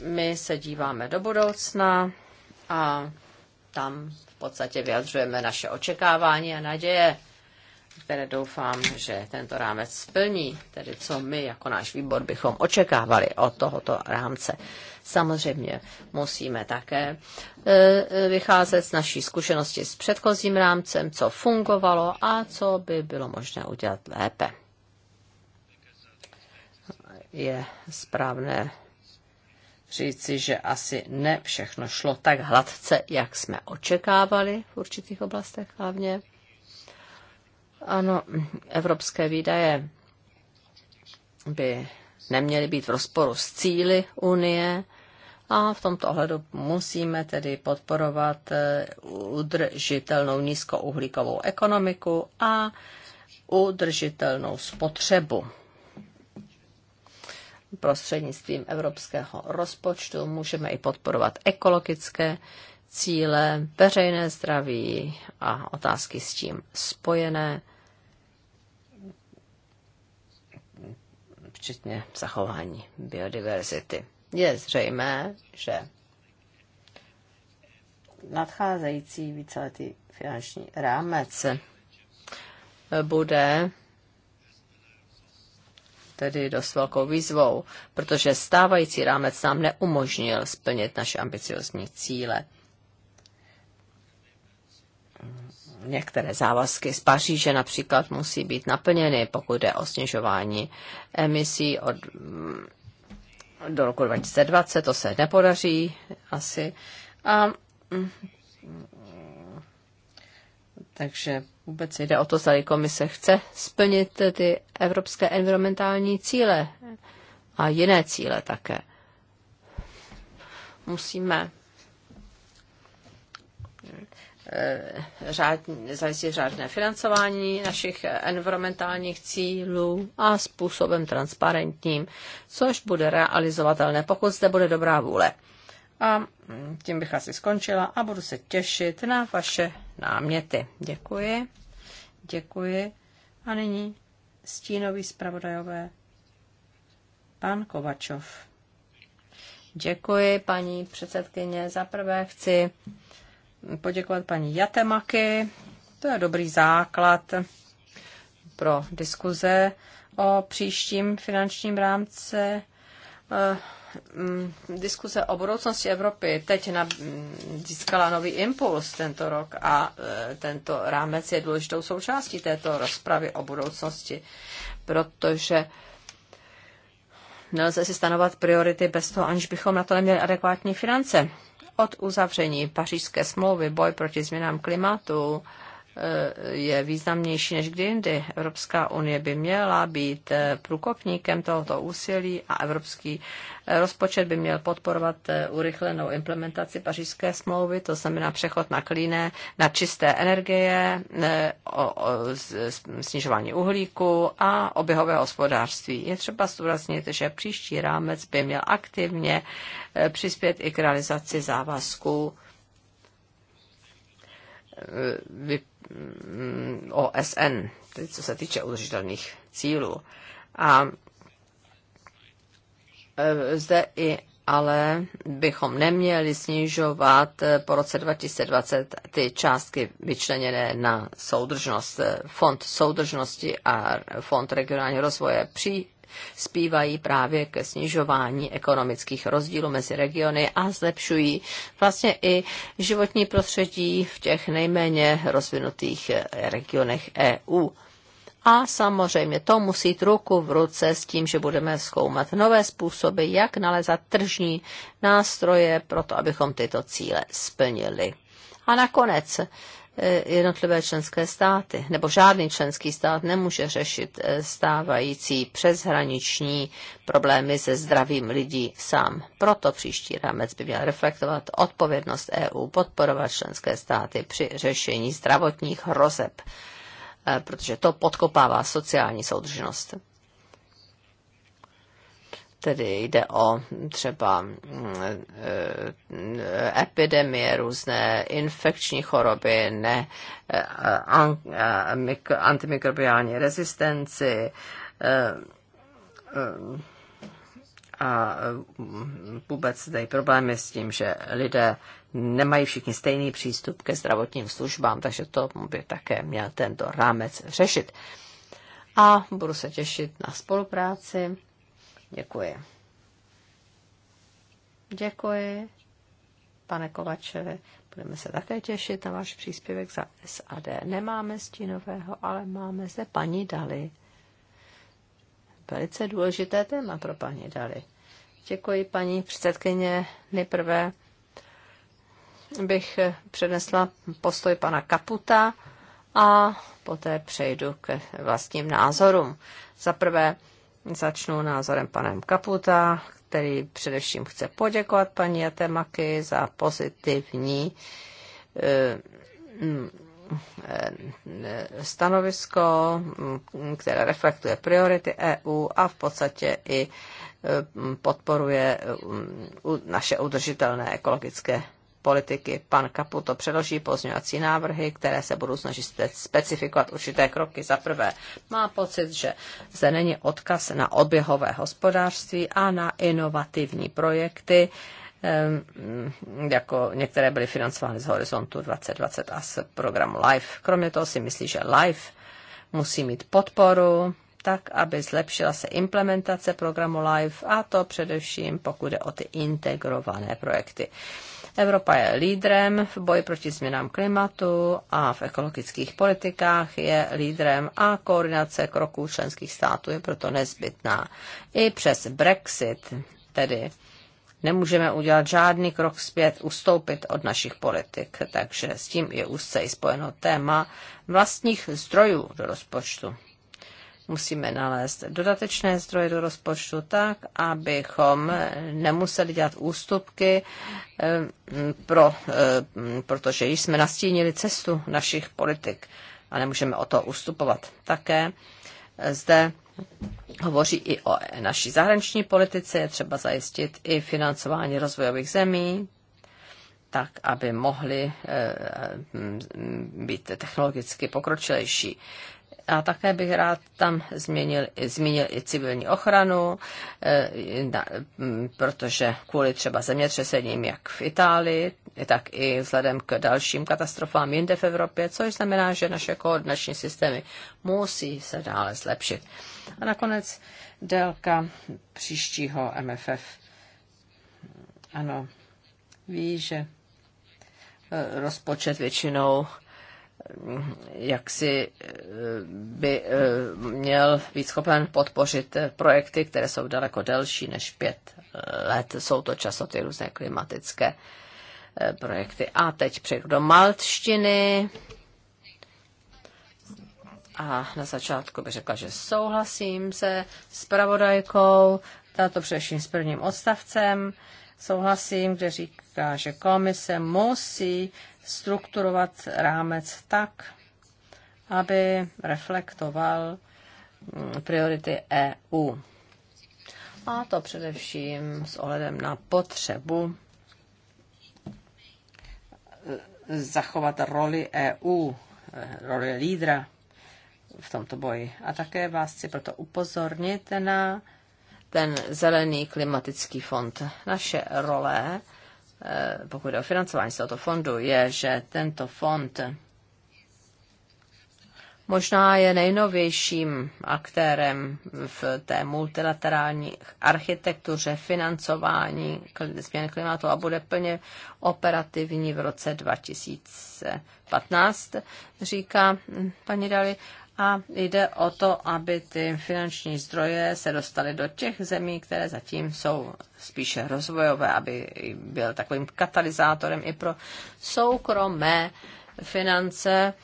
Speaker 4: my se díváme do budoucna a tam v podstatě vyjadřujeme naše očekávání a naděje které doufám, že tento rámec splní, tedy co my jako náš výbor bychom očekávali od tohoto rámce. Samozřejmě musíme také e, e, vycházet z naší zkušenosti s předchozím rámcem, co fungovalo a co by bylo možné udělat lépe. Je správné říci, že asi ne všechno šlo tak hladce, jak jsme očekávali v určitých oblastech hlavně. Ano, evropské výdaje by neměly být v rozporu s cíly Unie a v tomto ohledu musíme tedy podporovat eh, udržitelnou nízkouhlíkovou ekonomiku a udržitelnou spotřebu. Prostřednictvím evropského rozpočtu můžeme i podporovat ekologické cíle, veřejné zdraví a otázky s tím spojené včetně zachování biodiverzity. Je zřejmé, že nadcházející víceletý finanční rámec bude tedy dost velkou výzvou, protože stávající rámec nám neumožnil splnit naše ambiciozní cíle. některé závazky z Paříže například musí být naplněny, pokud jde o snižování emisí od, mm, do roku 2020, to se nepodaří asi. A, mm, takže vůbec jde o to, zda komise chce splnit ty evropské environmentální cíle a jiné cíle také. Musíme Eh, řád, zajistit řádné financování našich environmentálních cílů a způsobem transparentním, což bude realizovatelné, pokud zde bude dobrá vůle. A tím bych asi skončila a budu se těšit na vaše náměty. Děkuji. Děkuji. A nyní stínový zpravodajové pan Kovačov. Děkuji, paní předsedkyně. Za prvé chci poděkovat paní Jatemaky. To je dobrý základ pro diskuze o příštím finančním rámci eh, mm, diskuze o budoucnosti Evropy teď na, mm, získala nový impuls tento rok a eh, tento rámec je důležitou součástí této rozpravy o budoucnosti, protože nelze si stanovat priority bez toho, aniž bychom na to neměli adekvátní finance od uzavření pařížské smlouvy boj proti změnám klimatu, Eh, je významnější než kdy jindy. Evropská unie by měla být eh, průkopníkem tohoto úsilí a evropský eh, rozpočet by měl podporovat urychlenou implementaci pařížské smlouvy, to znamená přechod na klíné, na čisté energie, o, o, snižování uhlíku a oběhové hospodářství. Je třeba zdůraznit, že příští rámec by měl aktivně přispět i k realizaci závazků Mm, OSN, tedy co se týče udržitelných cílů. A e, zde i ale bychom neměli snižovat e, po roce 2020 ty částky vyčleněné na soudržnost, fond soudržnosti a fond regionálního rozvoje. Při zpívají právě ke snižování ekonomických rozdílů mezi regiony a zlepšují vlastně i životní prostředí v těch nejméně rozvinutých eh, regionech EU. A samozřejmě to musí jít ruku v ruce s tím, že budeme zkoumat nové způsoby, jak nalezat tržní nástroje pro to, abychom tyto cíle splnili. A nakonec E, jednotlivé členské státy, nebo žádný členský stát nemůže řešit e, stávající přeshraniční problémy se zdravím lidí sám. Proto příští rámec by měl reflektovat odpovědnost EU podporovat členské státy při řešení zdravotních hrozeb, e, protože to podkopává sociální soudržnost tedy jde o třeba mm, e, e, epidemie, různé infekční choroby, ne e, antimikrobiální rezistenci a mm, vůbec tady problémy s tím, že lidé nemají všichni stejný přístup ke zdravotním službám, takže to by také měl tento rámec řešit. A budu se těšit na spolupráci Děkuji. Děkuji, pane Kovačeve. Budeme se také těšit na váš příspěvek za SAD. Nemáme stínového, ale máme zde paní Dali. Velice důležité téma pro paní Dali. Děkuji, paní předsedkyně. Nejprve bych přednesla postoj pana Kaputa a poté přejdu k vlastním názorům. Za prvé, Začnu názorem panem Kaputa, který především chce poděkovat paní Jatemaky za pozitivní eh, eh, stanovisko, které reflektuje priority EU a v podstatě i eh, podporuje naše udržitelné ekologické politiky. Pan Kaputo předloží pozměňovací návrhy, které se budou snažit specifikovat určité kroky. Za prvé, má pocit, že zde není odkaz na oběhové hospodářství a na inovativní projekty, jako některé byly financovány z Horizontu 2020 a z programu LIFE. Kromě toho si myslí, že LIFE musí mít podporu tak, aby zlepšila se implementace programu LIFE a to především pokud jde o ty integrované projekty. Evropa je lídrem v boji proti změnám klimatu a v ekologických politikách je lídrem a koordinace kroků členských států je proto nezbytná. I přes Brexit, tedy nemůžeme udělat žádný krok zpět, ustoupit od našich politik, takže s tím je úzce i spojeno téma vlastních zdrojů do rozpočtu. Musíme nalézt dodatečné zdroje do rozpočtu tak, abychom nemuseli dělat ústupky, eh, pro, eh, protože již jsme nastínili cestu našich politik a nemůžeme o to ustupovat. Také zde hovoří i o naší zahraniční politice, je třeba zajistit i financování rozvojových zemí, tak, aby mohly eh, být technologicky pokročilejší. A také bych rád tam změnil, zmínil i civilní ochranu, eh, mm, protože kvůli třeba zemětřesením, jak v Itálii, tak i vzhledem k dalším katastrofám jinde v Evropě, což znamená, že naše koordinační systémy musí se dále zlepšit. A nakonec délka příštího MFF. Ano, ví, že eh, rozpočet většinou jak si eh, by eh, měl být schopen podpořit projekty, které jsou daleko delší než pět eh, let. Jsou to často ty různé klimatické projekty. A teď přejdu do maltštiny. A na začátku bych řekla, že souhlasím se s pravodajkou, tato především s prvním odstavcem, souhlasím, kde říká, že komise musí strukturovat rámec tak, aby reflektoval mm, priority EU. A to především s ohledem na potřebu eh, zachovat roli EU, eh, roli lídra v tomto boji. A také vás chci proto upozornit na ten zelený klimatický fond. Naše role, eh, pokud je o financování z tohoto fondu, je, že tento fond možná je nejnovějším aktérem v té multilaterální architektuře financování změn klimatu a bude plně operativní v roce 2015, říká hm, paní Dali. A jde o to, aby ty finanční zdroje se dostaly do těch zemí, které zatím jsou spíše rozvojové, aby byl takovým katalyzátorem i pro soukromé finance,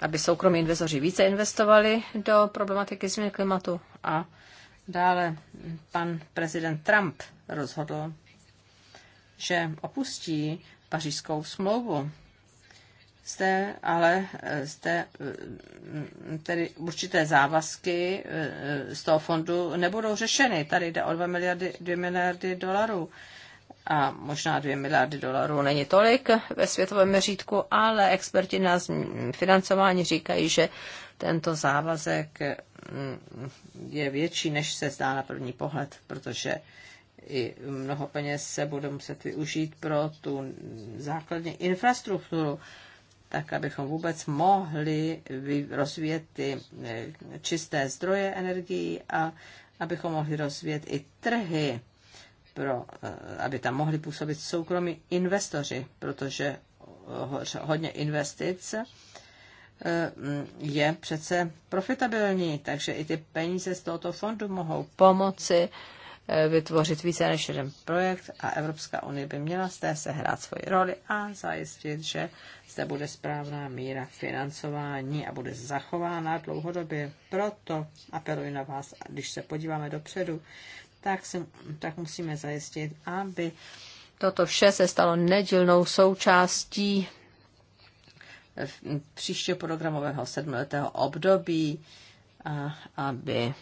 Speaker 4: aby soukromí investoři více investovali do problematiky změny klimatu. A dále pan prezident Trump rozhodl, že opustí pařížskou smlouvu zde, ale zde eh, eh, mm, tedy určité závazky eh, z toho fondu nebudou řešeny. Tady jde o 2 miliardy, 2 miliardy dolarů. A možná 2 miliardy dolarů není tolik ve světovém měřítku, ale experti na financování říkají, že tento závazek mm, je větší, než se zdá na první pohled, protože i mnoho peněz se bude muset využít pro tu základní infrastrukturu, tak abychom vůbec mohli rozvíjet ty eh, čisté zdroje energií a abychom mohli rozvíjet i trhy, pro, eh, aby tam mohli působit soukromí investoři, protože hodně investic eh, mm, je přece profitabilní, takže i ty peníze z tohoto fondu mohou pomoci Eh, vytvořit více než jeden projekt a Evropská unie by měla z té sehrát svoji roli a zajistit, že zde bude správná míra financování a bude zachována dlouhodobě. Proto apeluji na vás, když se podíváme dopředu, tak, se, tak musíme zajistit, aby toto vše se stalo nedílnou součástí eh, příštího programového sedmiletého období, a aby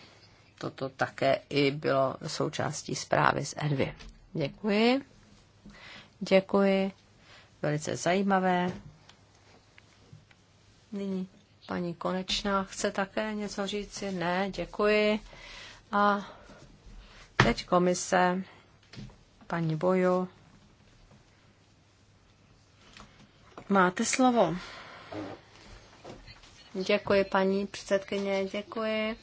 Speaker 4: toto také i bylo součástí zprávy z Edvy. Děkuji. Děkuji. Velice zajímavé. Nyní paní Konečná chce také něco říci? Ne, děkuji. A teď komise, paní Boju. Máte slovo. Děkuji, paní předsedkyně, děkuji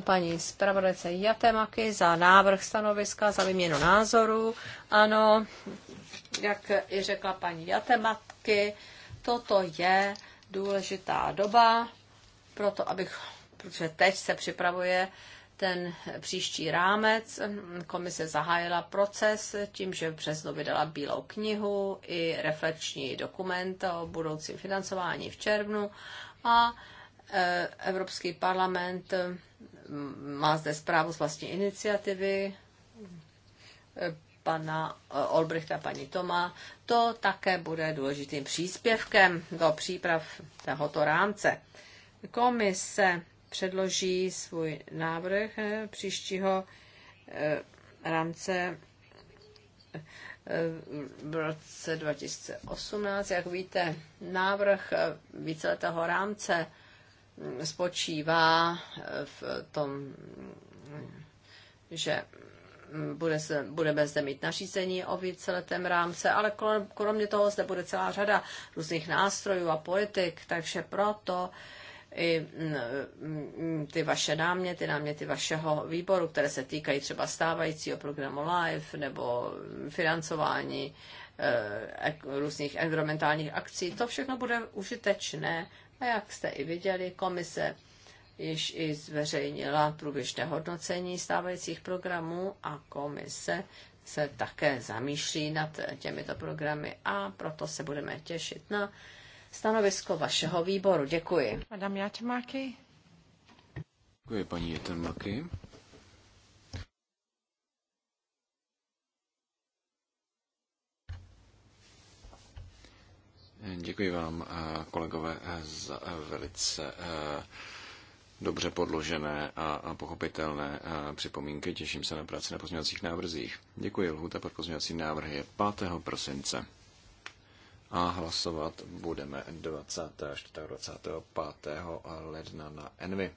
Speaker 4: paní zpravodajce Jatemaky za návrh stanoviska, za vyměnu názoru. Ano, jak i řekla paní Jatemaky, toto je důležitá doba, proto abych, protože teď se připravuje ten příští rámec. Komise zahájila proces tím, že v březnu vydala bílou knihu i reflekční dokument o budoucím financování v červnu a Eh, Evropský parlament eh, má zde zprávu z vlastní iniciativy eh, pana Olbrichta, paní Toma. To také bude důležitým příspěvkem do příprav tohoto rámce. Komise předloží svůj návrh příštího rámce v roce 2018. Jak víte, návrh víceletého rámce spočívá eh, v tom, že bude se, budeme zde mít nařízení o víceletém rámce, ale kromě toho zde bude celá řada různých nástrojů a politik, takže proto i mm, mm, ty vaše náměty, náměty vašeho výboru, které se týkají třeba stávajícího programu LIFE nebo financování eh, různých environmentálních akcí, to všechno bude užitečné a jak jste i viděli, komise již i zveřejnila průběžné hodnocení stávajících programů a komise se také zamýšlí nad těmito programy a proto se budeme těšit na stanovisko vašeho výboru. Děkuji. Madame Jatmáky.
Speaker 6: Děkuji paní Jatmáky. Děkuji vám, eh, kolegové, eh, za eh, velice dobře podložené a pochopitelné připomínky. Těším se na práci na pozměňovacích návrzích. Děkuji. Lhuta pod pozměňovací návrhy je 5. prosince. A hlasovat budeme 20. až 25. ledna na Envy.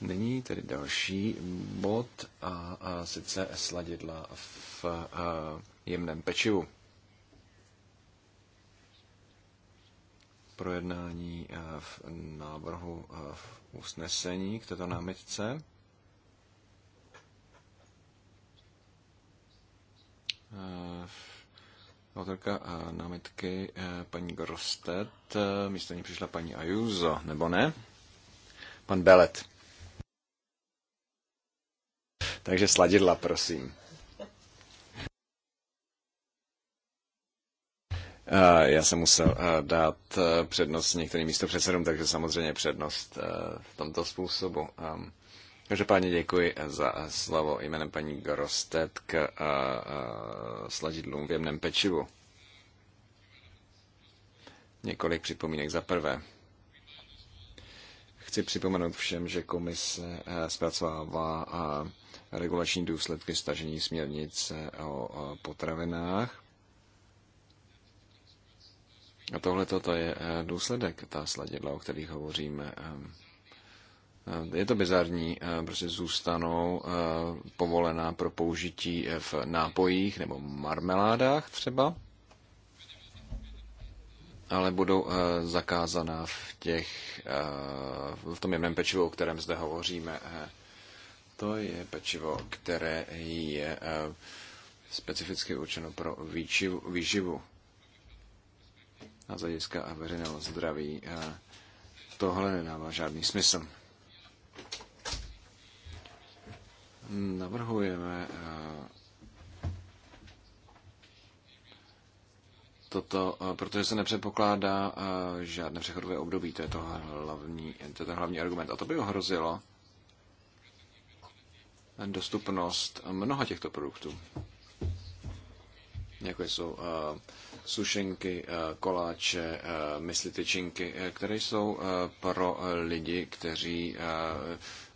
Speaker 6: Nyní tedy další bod a, a sice sladidla v a, jemném pečivu. projednání eh, v návrhu eh, v usnesení k této námitce. Eh, autorka námitky paní Grostet, místo ní přišla paní Ajuzo, nebo ne? Pan Belet. Takže sladidla, prosím. Já jsem musel dát přednost některým předsedům, takže samozřejmě přednost v tomto způsobu. Každopádně děkuji za slovo jménem paní Grostet k sladidlům v jemném pečivu. Několik připomínek za prvé. Chci připomenout všem, že komise zpracovává regulační důsledky stažení směrnice o potravinách a tohle toto je eh, důsledek, ta sladidla, o kterých hovoříme. Eh, eh, je to bizarní, prostě zůstanou povolená pro použití v nápojích nebo marmeládách třeba, ale budou zakázaná v, těch, v tom jemném pečivu, o kterém zde hovoříme. To je pečivo, které je specificky určeno pro výživu a z hlediska veřejného zdraví eh, tohle nedává žádný smysl. Navrhujeme eh, toto, eh, protože se nepředpokládá žádné přechodové období, to je, to hlavní, to je to hlavní argument. A to by ohrozilo dostupnost mnoha těchto produktů jako jsou eh, sušenky, eh, koláče, eh, mysli tyčinky, které jsou pro lidi, kteří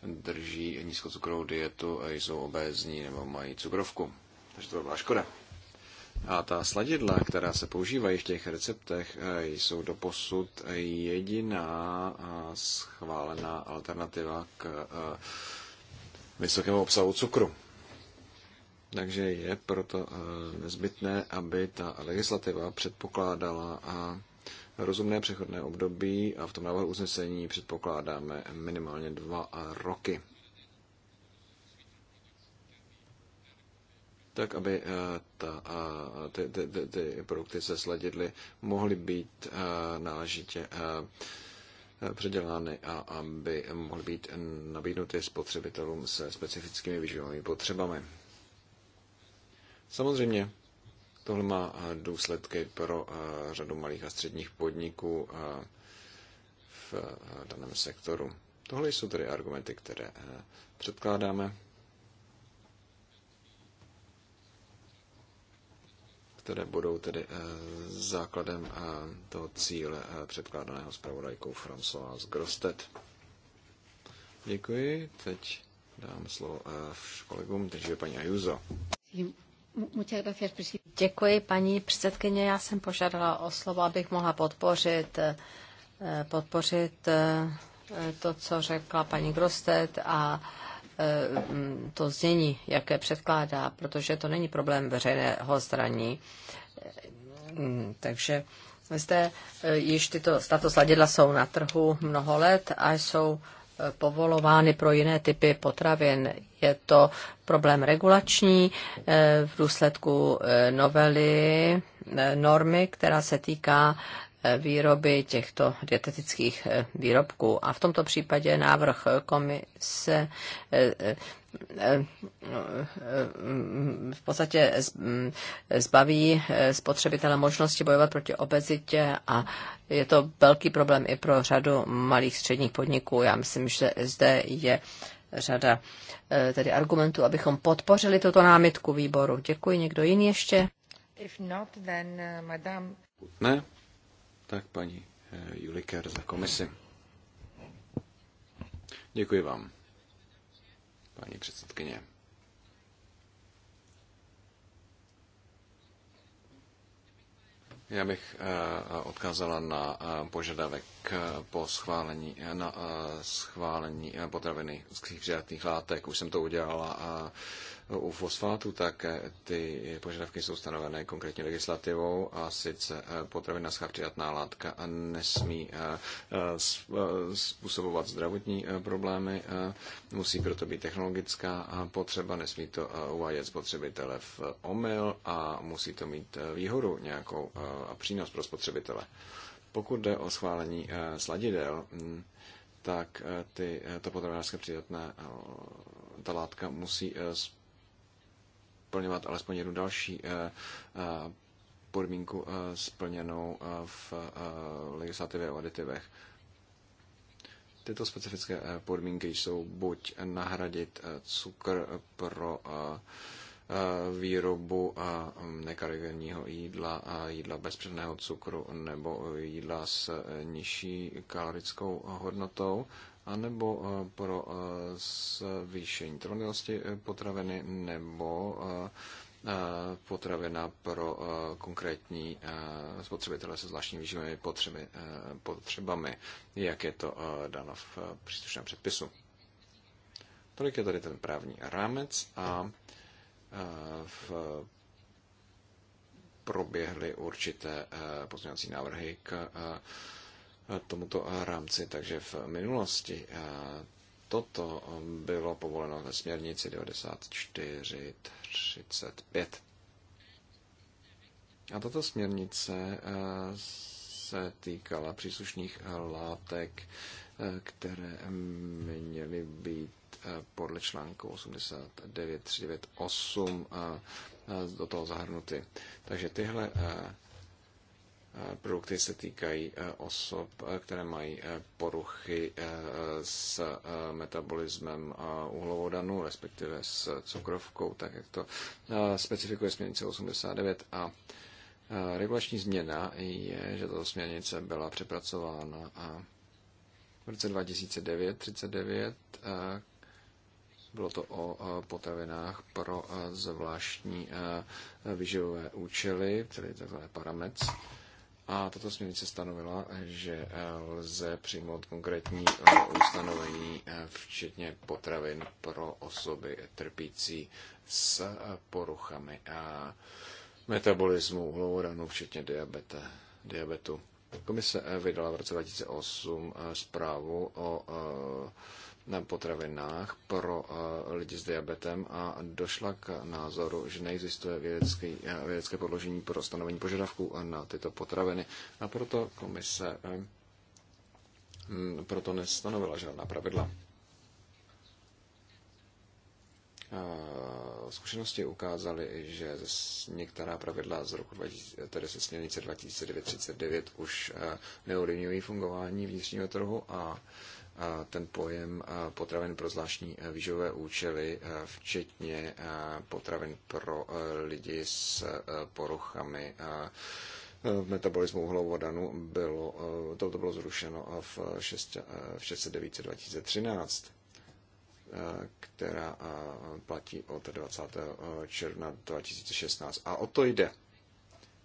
Speaker 6: drží nízkocukrovou dietu, jsou obézní nebo mají cukrovku. Takže to by byla škoda. A ta sladidla, která se používají v těch receptech, jsou doposud jediná schválená alternativa k vysokému obsahu cukru. Takže je proto eh, nezbytné, aby ta legislativa předpokládala a rozumné přechodné období a v tom návrhu usnesení předpokládáme minimálně dva eh, roky. tak aby eh, ta, ty, ty, ty, ty produkty se sledidly, mohly být náležitě předělány a aby mohly být nabídnuty spotřebitelům se specifickými výživovými potřebami. Samozřejmě, tohle má eh, důsledky pro eh, řadu malých a středních podniků eh, v daném sektoru. Tohle jsou tedy argumenty, které předkládáme, které budou tedy základem toho cíle předkládaného zpravodajkou François z Grostet. Děkuji. Teď dám slovo kolegům, takže paní Ajuzo.
Speaker 4: Děkuji, paní předsedkyně. Já jsem požádala o slovo, abych mohla podpořit, eh, podpořit eh, to, co řekla paní Grostet a eh, to znění, jaké předkládá, protože to není problém veřejného zdraní. Takže zde již tyto, tato sladidla jsou na trhu mnoho let a jsou povolovány pro jiné typy potravin. Je to problém regulační eh, v důsledku eh, novely eh, normy, která se týká výroby těchto dietetických eh, výrobků. A v tomto případě návrh komise eh, eh, v podstatě mm, zbaví spotřebitele možnosti bojovat proti obezitě a je to velký problém i pro řadu malých středních podniků. Já myslím, že zde je řada tedy argumentů, abychom podpořili tuto námitku výboru. Děkuji. Někdo jiný ještě?
Speaker 1: If not, then, madame...
Speaker 6: Ne, tak paní eh, Juliker za komisi. Děkuji vám, paní předsedkyně. Já bych eh, odkázala na eh, požadavek po schválení, na schválení potraviny z křivřátných látek. Už jsem to udělala u fosfátu tak eh, ty požadavky jsou stanovené konkrétně legislativou a sice eh, potravina s charčiatná látka nesmí eh, způsobovat zdravotní problémy, musí proto být technologická potřeba, nesmí to uvádět spotřebitele v omyl a musí to mít výhodu nějakou a přínos pro spotřebitele. Pokud jde o schválení sladidel, mm, tak ty, to potravinářské přidatné ta látka musí splňovat alespoň jednu další eh, eh, podmínku eh, splněnou v legislativě o aditivech. Tyto specifické podmínky jsou buď nahradit cukr pro výrobu nekarigenního jídla, jídla bez předného cukru nebo jídla s nižší kalorickou hodnotou anebo eh, pro eh, zvýšení trvanlivosti eh, potraviny, nebo potravina pro konkrétní spotřebitele se zvláštními výživovými potřeby, potřebami, jak je to dáno v příslušném předpisu. Tolik je tady ten právní rámec a v proběhly určité pozměňovací návrhy k tomuto rámci. Takže v minulosti toto bylo povoleno ve směrnici 9435. A tato směrnice se týkala příslušných látek, které měly být podle článku 89398 do toho zahrnuty. Takže tyhle produkty se týkají eh, osob, eh, které mají eh, poruchy s metabolismem uhlovodanu, respektive s cukrovkou, tak jak to specifikuje směrnice 89 a regulační změna je, že tato směrnice byla přepracována v roce 2009 39 bylo to o potravinách pro zvláštní vyživové účely, tedy takzvané parametry. A tato směrnice stanovila, že eh, lze přijmout konkrétní eh, ustanovení, eh, včetně potravin pro osoby trpící s poruchami a metabolismu uhlovodanu, včetně diabete, diabetu. Komise vydala v roce 2008 zprávu o potravinách pro eh, lidi s diabetem a došla k názoru, že neexistuje vědecké, eh, vědecké podložení pro stanovení požadavků eh, na tyto potraviny a proto komise proto nestanovila žádná pravidla. Zkušenosti ukázaly, že některá pravidla z roku 2000, tedy se směrnice 2939 už neovlivňují fungování vnitřního trhu a ten pojem potravin pro zvláštní e, výživové účely, e, včetně e, potravin pro lidi s poruchami v metabolismu uhlovodanu bylo, to, to bylo zrušeno v 609 2013 která platí od 20. června 2016. A o to jde,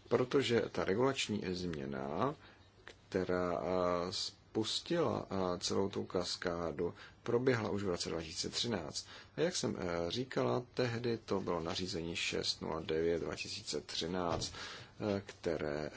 Speaker 6: protože ta regulační změna, která spustila celou tu kaskádu, proběhla už v roce 2013. A jak jsem e, říkala, tehdy to bylo nařízení 609 2013, e, které e,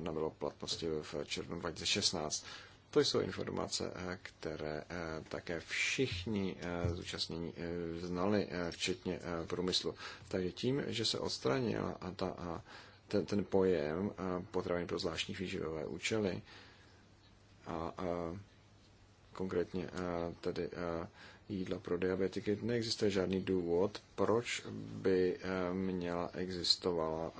Speaker 6: nabylo platnosti v červnu 2016. To jsou informace, které také všichni zúčastnění znali, včetně průmyslu. Takže tím, že se odstranila ta, ten, ten pojem potravin pro zvláštní výživové účely, a, a konkrétně tedy jídla pro diabetiky, neexistuje žádný důvod, proč by e, měla existovala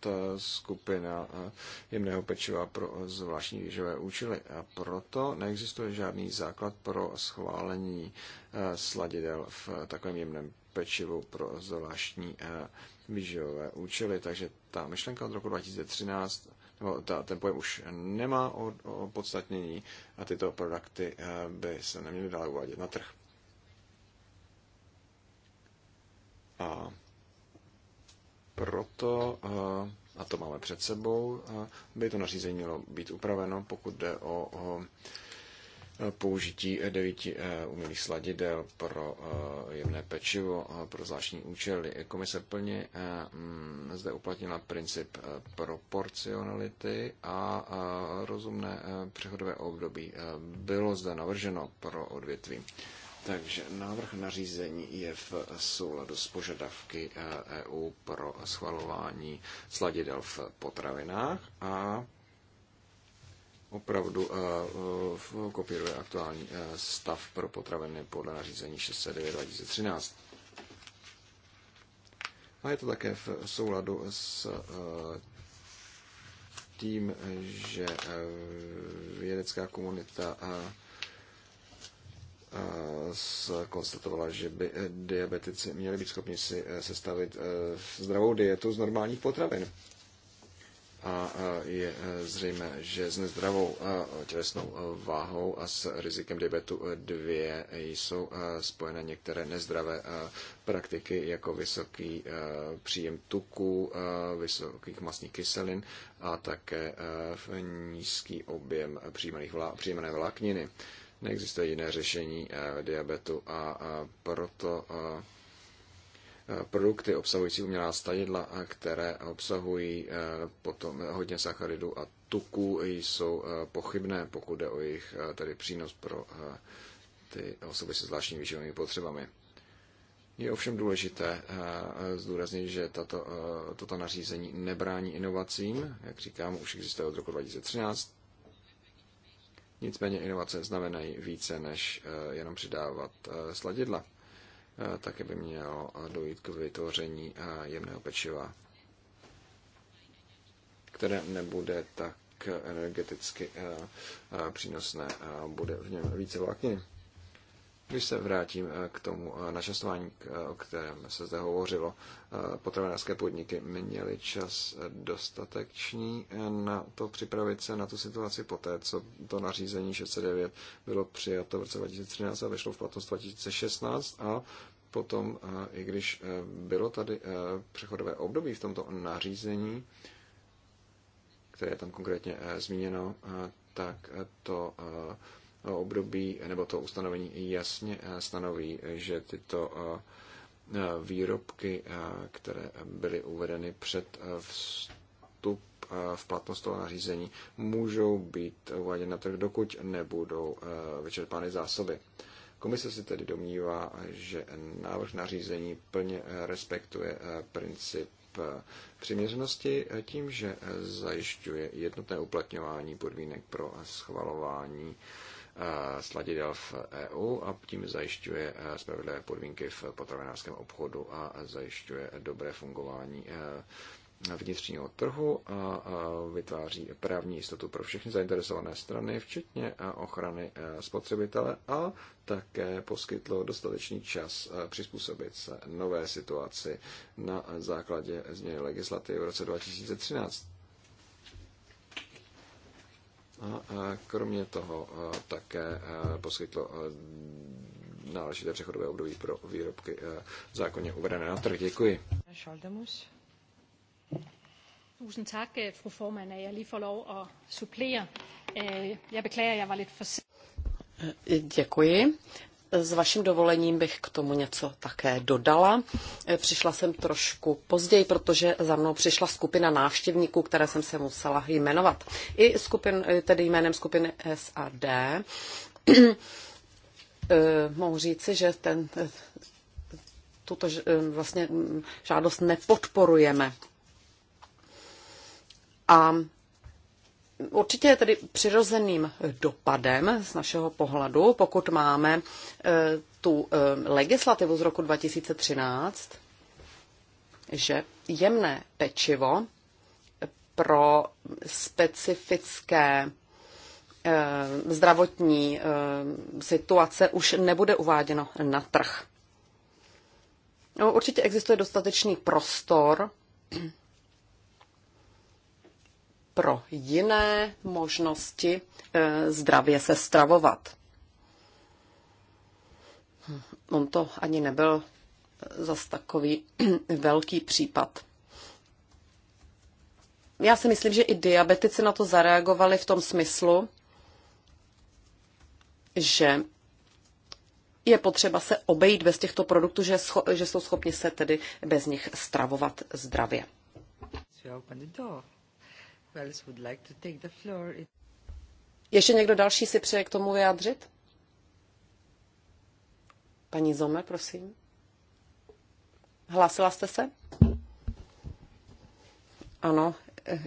Speaker 6: ta skupina e, jemného pečiva pro zvláštní výživové účely. A proto neexistuje žádný základ pro schválení e, sladidel v takovém jemném pečivu pro zvláštní výživové účely. Takže ta myšlenka od roku 2013 nebo ta, ten pojem už nemá opodstatnění a tyto produkty eh, by se neměly dále uvádět na trh. A proto, eh, a to máme před sebou, eh, by to nařízení mělo být upraveno, pokud jde o, o použití devíti eh, umělých sladidel pro eh, jemné pečivo pro zvláštní účely. Komise plně eh, mm, zde uplatnila princip proporcionality a rozumné přechodové období bylo zde navrženo pro odvětví. Takže návrh nařízení je v souladu s požadavky EU e pro schvalování sladidel v potravinách a opravdu eh, kopíruje aktuální eh, stav pro potraviny podle nařízení 609 2013. A je to také v souladu s eh, tím, že vědecká komunita konstatovala, že by diabetici měli být schopni si sestavit zdravou dietu z normálních potravin a je e, zřejmé, že s nezdravou e, tělesnou e, váhou a s rizikem diabetu 2 jsou spojené některé nezdravé praktiky jako vysoký příjem tuku, vysokých masných kyselin a také nízký objem přijímané vlákniny. Neexistuje jiné řešení diabetu a proto produkty obsahující umělá stajidla, které obsahují eh, potom hodně sacharidů a tuků, jsou eh, pochybné, pokud jde o jejich eh, tedy přínos pro ty osoby se zvláštními výživovými potřebami. Je ovšem důležité zdůraznit, že tato, toto nařízení nebrání inovacím, jak říkám, už existuje od roku 2013. Nicméně inovace znamenají více, než jenom přidávat sladidla. Eh, také by mělo eh, dojít k vytvoření eh, jemného pečiva, které nebude tak energeticky přínosné a bude v něm více vlákniny. Když se vrátím k tomu načasování, o kterém se zde hovořilo, potravinářské podniky měly čas dostatečný na to připravit se na tu situaci poté, co to nařízení 609 bylo přijato v roce 2013 a vešlo v platnost 2016 a potom, eh, i když eh, bylo tady eh, přechodové období v tomto nařízení, které je tam konkrétně zmíněno, tak to období nebo to ustanovení jasně stanoví, že tyto výrobky, které byly uvedeny před vstup v platnost toho nařízení, můžou být uváděny na trh, dokud nebudou vyčerpány zásoby. Komise si tedy domnívá, že návrh nařízení plně respektuje eh, princip eh, přiměřenosti eh, tím, že zajišťuje jednotné uplatňování podmínek pro schvalování sladidel v EU a tím zajišťuje spravedlivé podmínky v potravinářském obchodu a zajišťuje dobré fungování vnitřního trhu a vytváří právní jistotu pro všechny zainteresované strany, včetně ochrany e, spotřebitele a také poskytlo dostatečný čas e, přizpůsobit se nové situaci na základě změny legislativy v roce 2013. A kromě toho e, také poskytlo náležité přechodové období pro výrobky zákonně uvedené na trh. Děkuji.
Speaker 3: Šaldemus.
Speaker 2: Tusind tak, øh, fru formand, at jeg lige får lov at supplere. Øh, jeg beklager, jeg var lidt for
Speaker 1: øh, Děkuji. S vaším dovolením bych k tomu něco také dodala. Eh, přišla jsem trošku později, protože za mnou přišla skupina návštěvníků, které jsem se musela jmenovat. I skupin, eh, tedy jménem skupiny SAD. Eh, mohu říci, že ten, tuto vlastně mm, žádost nepodporujeme. A Určitě je tedy přirozeným dopadem z našeho pohledu, pokud máme e, tu e, legislativu z roku 2013, že jemné pečivo pro specifické e, zdravotní situace už nebude uváděno na trh. No, určitě existuje dostatečný prostor pro jiné možnosti eh, zdravě se stravovat. Hm, on to ani nebyl eh, zas takový *clears throat* velký případ. Já si myslím, že i diabetici na to zareagovali v tom smyslu, že je potřeba se obejít bez těchto produktů, že, scho- že jsou schopni se tedy bez nich stravovat zdravě. Ještě někdo další si přeje k tomu vyjádřit? Paní Zomer, prosím. Hlásila jste se? Ano, eh,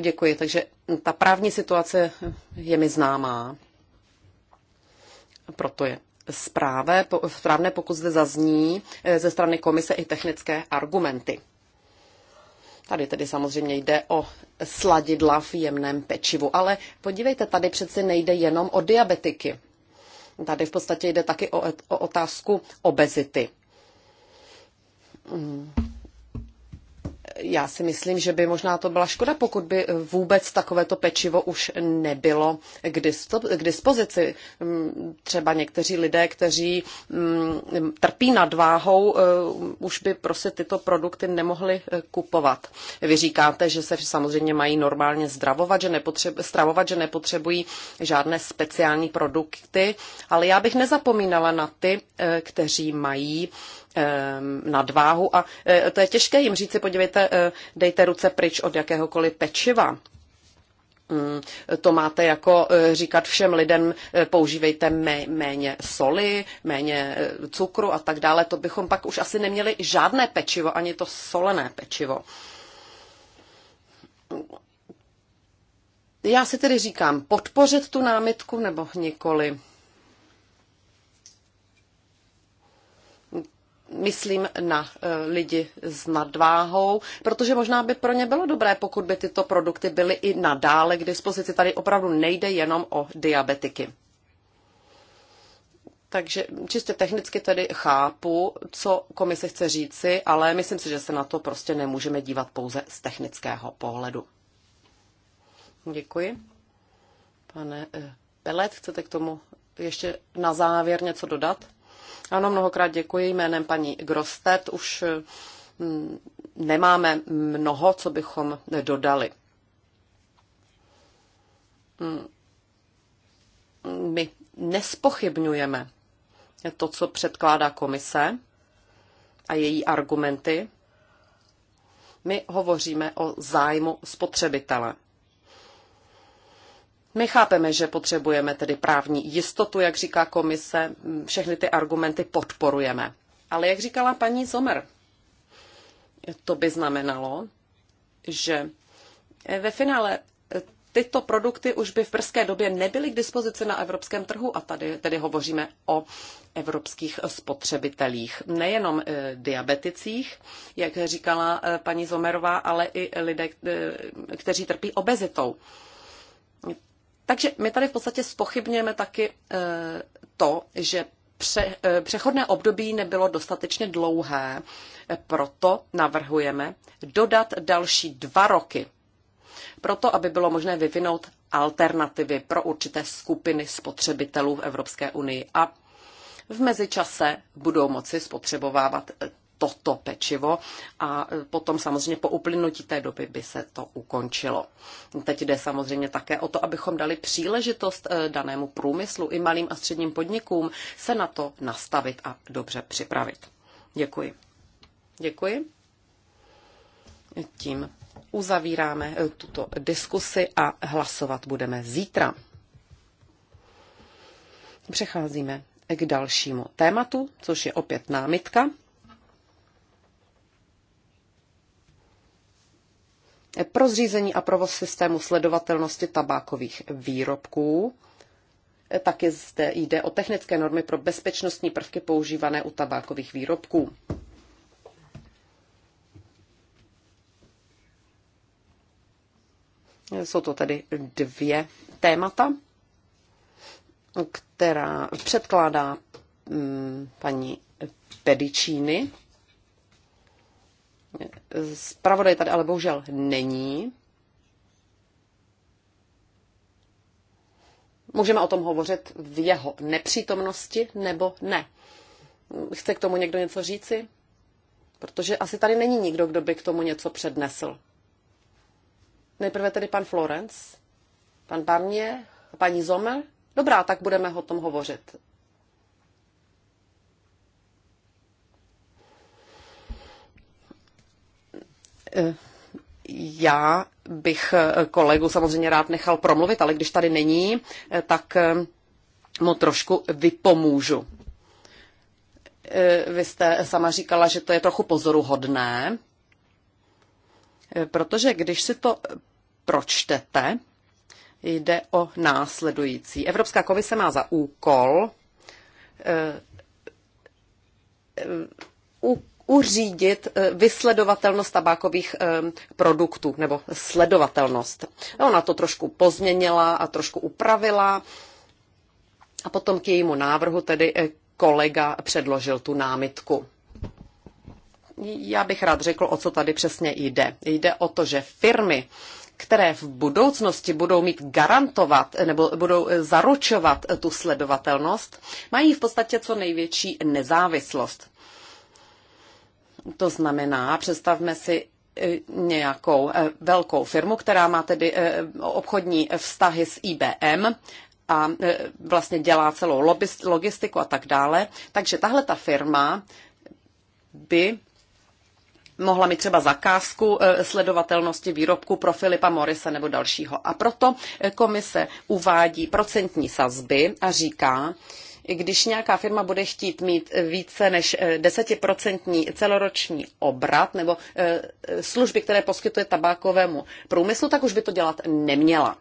Speaker 1: děkuji. Takže ta právní situace je mi známá. Proto je správné, pokud zde zazní eh, ze strany komise i technické argumenty. Tady tedy samozřejmě jde o sladidla v jemném pečivu, ale podívejte, tady přeci nejde jenom o diabetiky. Tady v podstatě jde taky o, o otázku obezity. Hmm já si myslím, že by možná to byla škoda, pokud by vůbec takovéto pečivo už nebylo k dispozici. Mm, třeba někteří lidé, kteří mm, trpí nad váhou, eh, už by prostě tyto produkty nemohli eh, kupovat. Vy říkáte, že se samozřejmě mají normálně zdravovat, že nepotřebu, stravovat, že nepotřebují žádné speciální produkty, ale já bych nezapomínala na ty, eh, kteří mají Ehm, nadváhu a eh, to je těžké jim si, podívejte, eh, dejte ruce pryč od jakéhokoliv pečiva. Mm, to máte jako eh, říkat všem lidem, používejte méně soli, méně cukru a tak dále. To bychom pak už asi neměli žádné pečivo, ani to solené pečivo. Já si tedy říkám, podpořit tu námitku nebo nikoli. myslím na e, lidi s nadváhou, protože možná by pro ně bylo dobré, pokud by tyto produkty byly i nadále k dispozici. Tady opravdu nejde jenom o diabetiky. Takže čistě technicky tedy chápu, co komise chce říci, ale myslím si, že se na to prostě nemůžeme dívat pouze z technického pohledu. Děkuji. Pane e, Pelet, chcete k tomu ještě na závěr něco dodat? Ano, mnohokrát děkuji jménem paní Grostet. Už mm, nemáme mnoho, co bychom dodali. Mm, my nespochybňujeme to, co předkládá komise a její argumenty. My hovoříme o zájmu spotřebitele. My chápeme, že potřebujeme tedy právní jistotu, jak říká komise, všechny ty argumenty podporujeme. Ale jak říkala paní Zomer, to by znamenalo, že e, ve finále e, tyto produkty už by v brzké době nebyly k dispozici na evropském trhu a tady tedy hovoříme o evropských spotřebitelích. Nejenom e, diabeticích, jak říkala e, paní Zomerová, ale i lidé, kteří trpí obezitou. Takže my tady v podstatě spochybněme taky eh, to, že pře, eh, přechodné období nebylo dostatečně dlouhé, proto navrhujeme dodat další dva roky. Proto, aby bylo možné vyvinout alternativy pro určité skupiny spotřebitelů v Evropské unii a v mezičase budou moci spotřebovávat toto pečivo a e, potom samozřejmě po uplynutí té doby by se to ukončilo. Teď jde samozřejmě také o to, abychom dali příležitost e, danému průmyslu i malým a středním podnikům se na to nastavit a dobře připravit. Děkuji. Děkuji. Tím uzavíráme e, tuto diskusi a hlasovat budeme zítra. Přecházíme k dalšímu tématu, což je opět námitka. pro zřízení a provoz systému sledovatelnosti tabákových výrobků. Eh, Taky zde jde o technické normy pro bezpečnostní prvky používané u tabákových výrobků. Jsou to tedy dvě témata, která předkládá mm, paní Pedicini. Spravodaj tady ale bohužel není. Můžeme o tom hovořit v jeho nepřítomnosti nebo ne. Chce k tomu někdo něco říci? Protože asi tady není nikdo, kdo by k tomu něco přednesl. Nejprve tedy pan Florence, pan Barnier, paní Zomer. Dobrá, tak budeme o tom hovořit. Já bych kolegu samozřejmě rád nechal promluvit, ale když tady není, tak mu trošku vypomůžu. Vy jste sama říkala, že to je trochu pozoruhodné, protože když si to pročtete, jde o následující. Evropská komise má za úkol u eh, eh, uřídit eh, vysledovatelnost tabákových eh, produktů nebo sledovatelnost. Ona to trošku pozměnila a trošku upravila a potom k jejímu návrhu tedy eh, kolega předložil tu námitku. Já bych rád řekl, o co tady přesně jde. Jde o to, že firmy, které v budoucnosti budou mít garantovat nebo budou zaručovat tu sledovatelnost, mají v podstatě co největší nezávislost. To znamená, představme si e, nějakou e, velkou firmu, která má tedy e, obchodní vztahy s IBM a vlastně dělá celou logistiku a tak dále. Takže tahle ta firma by mohla mít třeba zakázku sledovatelnosti výrobku pro Filipa Morise nebo dalšího. A proto komise uvádí procentní sazby a říká, když nějaká firma bude chtít mít eh, více než eh, desetiprocentní celoroční obrat nebo eh, služby, které poskytuje tabákovému průmyslu, tak už by to dělat neměla.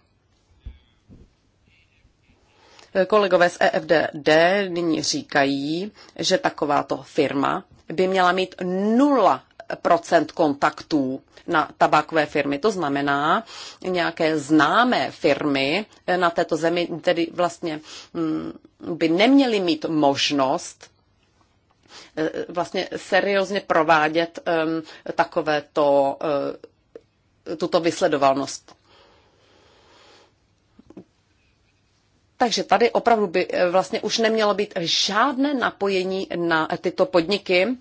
Speaker 1: Kolegové z EFDD nyní říkají, že takováto firma by měla mít nula procent kontaktů na tabákové firmy. To znamená, nějaké známé firmy na této zemi tedy vlastně mm, by neměly mít možnost eh, vlastně seriózně provádět ehm, takovéto eh, tuto vysledovalnost. Takže tady opravdu by eh, vlastně už nemělo být žádné napojení na tyto podniky,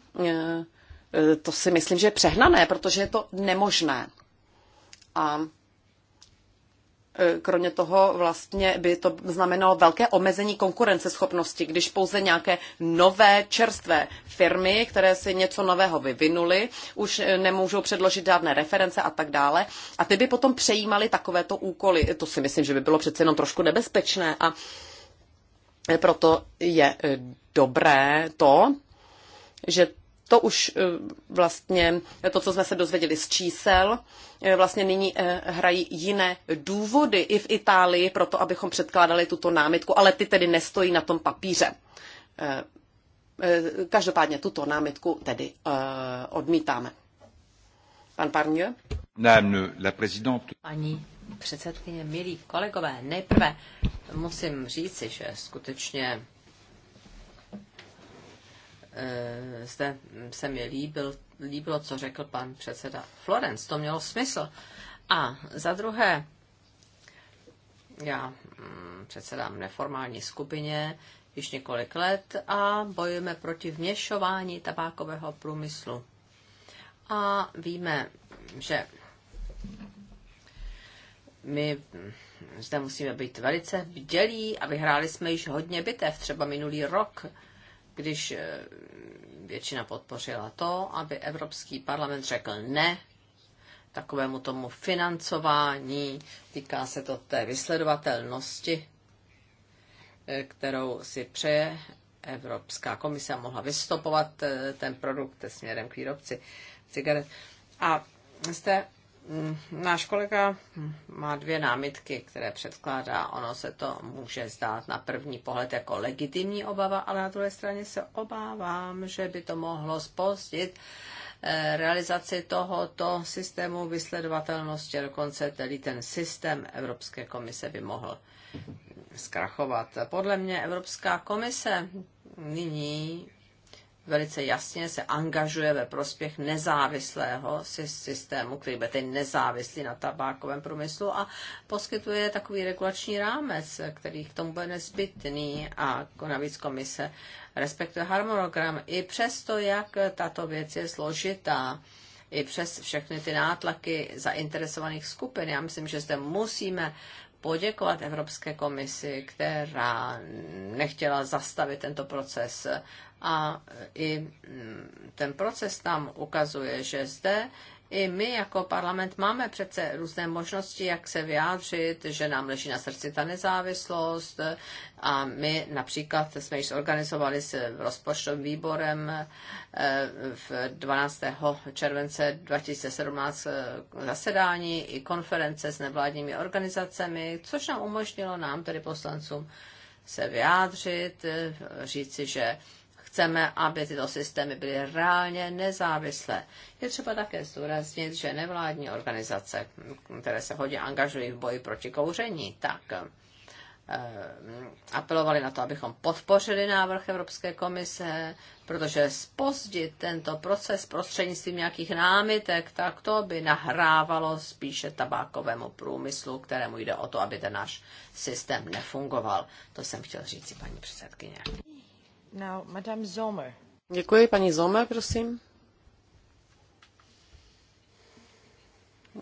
Speaker 1: E, to si myslím, že je přehnané, protože je to nemožné. A e, kromě toho vlastně by to znamenalo velké omezení konkurenceschopnosti, když pouze nějaké nové, čerstvé firmy, které si něco nového vyvinuly, už e, nemůžou předložit žádné reference a tak dále. A ty by potom přejímaly takovéto úkoly. To si myslím, že by bylo přece jenom trošku nebezpečné a proto je dobré to, že to už eh, vlastně, to, co jsme se dozvěděli z čísel, eh, vlastně nyní eh, hrají jiné důvody i v Itálii pro to, abychom předkládali tuto námitku, ale ty tedy nestojí na tom papíře. Každopádně tuto námitku tedy odmítáme.
Speaker 6: Pan Parnieu?
Speaker 4: Paní předsedkyně, milí kolegové, nejprve musím říci, že skutečně Eh, zde se mi líbil, líbilo, co řekl pan předseda Florence. To mělo smysl. A za druhé, já mm, předsedám neformální skupině již několik let a bojujeme proti vněšování tabákového průmyslu. A víme, že my mm, zde musíme být velice vdělí a vyhráli jsme již hodně bitev, třeba minulý rok když eh, většina podpořila to, aby Evropský parlament řekl ne takovému tomu financování, týká se to té vysledovatelnosti, eh, kterou si přeje Evropská komise mohla vystopovat eh, ten produkt směrem k výrobci cigaret. A zde Mm, náš kolega má dvě námitky, které předkládá. Ono se to může zdát na první pohled jako legitimní obava, ale na druhé straně se obávám, že by to mohlo spozdit eh, realizaci tohoto systému vysledovatelnosti, dokonce tedy ten systém Evropské komise by mohl zkrachovat. Podle mě Evropská komise nyní velice jasně se angažuje ve prospěch nezávislého systému, který bude teď nezávislý na tabákovém průmyslu a poskytuje takový regulační rámec, který k tomu bude nezbytný a navíc komise respektuje harmonogram i přesto, jak tato věc je složitá i přes všechny ty nátlaky zainteresovaných skupin. Já myslím, že zde musíme poděkovat Evropské komisi, která nechtěla zastavit tento proces a i mm, ten proces tam ukazuje, že zde i my jako parlament máme přece různé možnosti, jak se vyjádřit, že nám leží na srdci ta nezávislost a my například jsme již zorganizovali s rozpočtovým výborem eh, v 12. července 2017 eh, zasedání i konference s nevládními organizacemi, což nám umožnilo nám, tedy poslancům, se vyjádřit, eh, říci, že Chceme, aby tyto systémy byly reálně nezávislé. Je třeba také zdůraznit, že nevládní organizace, které se hodně angažují v boji proti kouření, tak eh, apelovali na to, abychom podpořili návrh Evropské komise, protože spozdit tento proces prostřednictvím nějakých námitek, tak to by nahrávalo spíše tabákovému průmyslu, kterému jde o to, aby ten náš systém nefungoval. To jsem chtěl říct si paní předsedkyně.
Speaker 1: Děkuji, paní Zomer, prosím.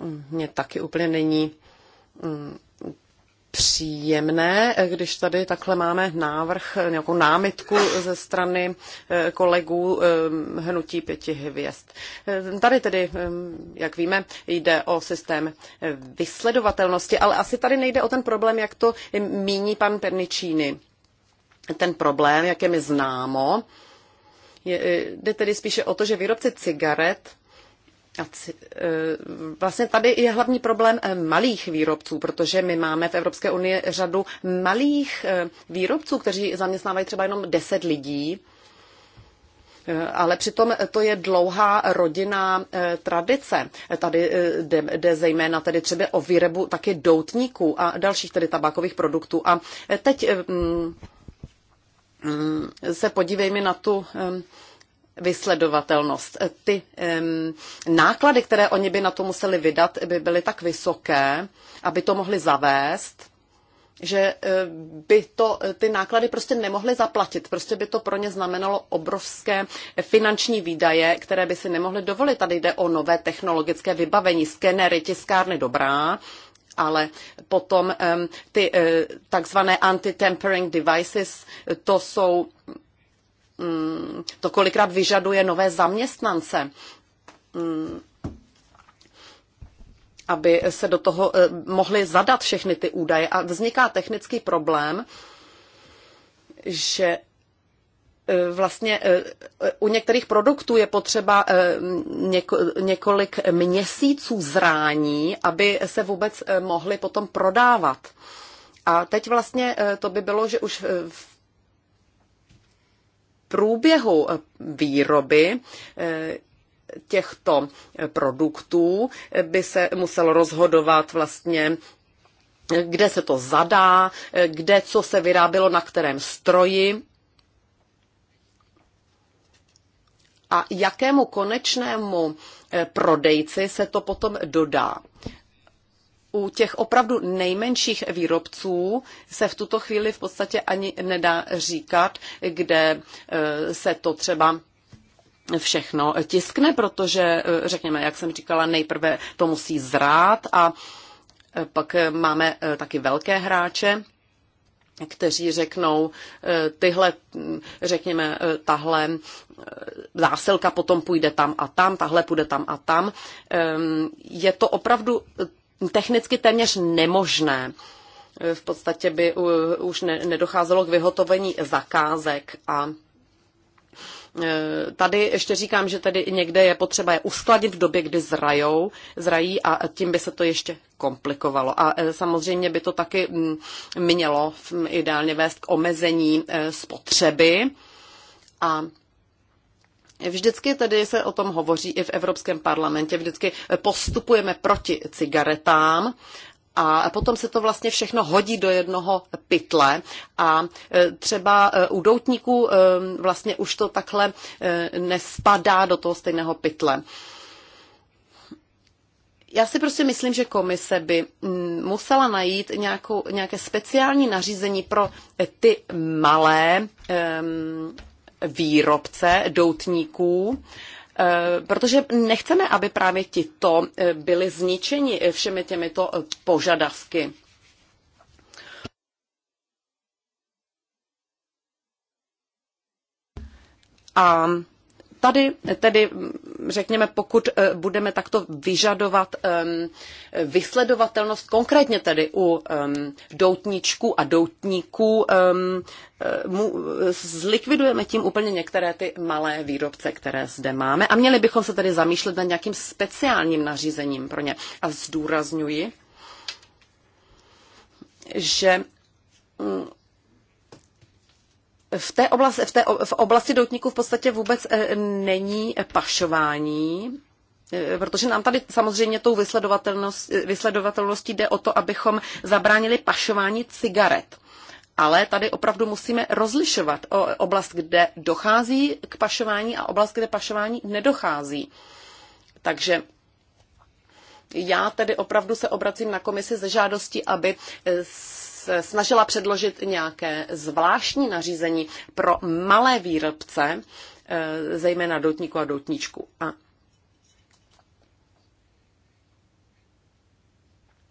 Speaker 1: Mm, Mně taky úplně není mm, příjemné, eh, když tady takhle máme návrh, eh, nějakou námitku ze strany eh, kolegů Hnutí pěti hvězd. Tady tedy, jak víme, jde o systém vysledovatelnosti, ale asi tady nejde o ten problém, jak to míní pan Perničíny ten problém, jak je mi známo. Je, e, jde tedy spíše o to, že výrobci cigaret a c, e, vlastně tady je hlavní problém e, malých výrobců, protože my máme v Evropské unii řadu malých výrobců, kteří zaměstnávají třeba jenom 10 lidí, ale přitom to je dlouhá rodinná tradice. Tady jde, jde zejména tedy třeba o výrobu taky doutníků a dalších tedy tabákových produktů. A teď Mm, se podívejme na tu vysledovatelnost. Ty náklady, které oni by na to museli vydat, by byly tak vysoké, aby to mohli zavést, že eh, by to eh, ty náklady prostě nemohly zaplatit. Prostě by to pro ně znamenalo obrovské finanční výdaje, které by si nemohly dovolit. Tady jde o nové technologické vybavení, skenery, tiskárny, dobrá, ale potom ty eh, takzvané anti-tampering devices, to jsou mm, to kolikrát vyžaduje nové zaměstnance, mm, aby se do toho eh, mohly zadat všechny ty údaje. A vzniká technický problém, že E, vlastně e, e, u některých produktů je potřeba několik měsíců zrání, aby se vůbec mohly potom prodávat. A teď vlastně to by bylo, že už v průběhu výroby těchto produktů by se muselo rozhodovat vlastně kde se to zadá, kde co se vyrábělo na kterém stroji a jakému konečnému eh, prodejci se to potom dodá. U těch opravdu nejmenších výrobců se v tuto chvíli v podstatě ani nedá říkat, kde eh, se to třeba všechno tiskne, protože, eh, řekněme, jak jsem říkala, nejprve to musí zrát a pak máme taky velké hráče, kteří řeknou, eh, tyhle, hm, řekněme, eh, tahle eh, zásilka potom půjde tam a tam, tahle půjde tam a tam. Ehm, je to opravdu technicky téměř nemožné. V podstatě by už nedocházelo k vyhotovení zakázek a Eh, tady ještě říkám, že tedy někde je potřeba je uskladit v době, kdy zrajou, zrají a tím by se to ještě komplikovalo. A eh, samozřejmě by to taky mm, mělo ideálně vést k omezení eh, spotřeby a Vždycky tedy se o tom hovoří i v Evropském parlamentě, vždycky postupujeme proti cigaretám a potom se to vlastně všechno hodí do jednoho pytle a e, třeba e, u doutníků e, vlastně už to takhle nespadá do toho stejného pytle. Já si prostě myslím, že komise by musela najít nějakou, nějaké speciální nařízení pro ty malé um, výrobce doutníků, Eh, protože nechceme, aby právě tito eh, byli zničeni eh, všemi těmito požadavky. A Tady tedy, řekněme, pokud eh, budeme takto vyžadovat ehm, vysledovatelnost, konkrétně tedy u ehm, doutníčků a doutníků, ehm, eh, zlikvidujeme tím úplně některé ty malé výrobce, které zde máme a měli bychom se tedy zamýšlet nad nějakým speciálním nařízením pro ně. A zdůrazňuji, že mm, v té, oblasti, v té v oblasti doutníků v podstatě vůbec eh, není pašování, eh, protože nám tady samozřejmě tou vysledovatelnost, eh, vysledovatelností jde o to, abychom zabránili pašování cigaret. Ale tady opravdu musíme rozlišovat oblast, kde dochází k pašování a oblast, kde pašování nedochází. Takže já tedy opravdu se obracím na komisi ze žádostí, aby s se snažila předložit nějaké zvláštní nařízení pro malé výrobce, eh, zejména doutníku a doutníčku. A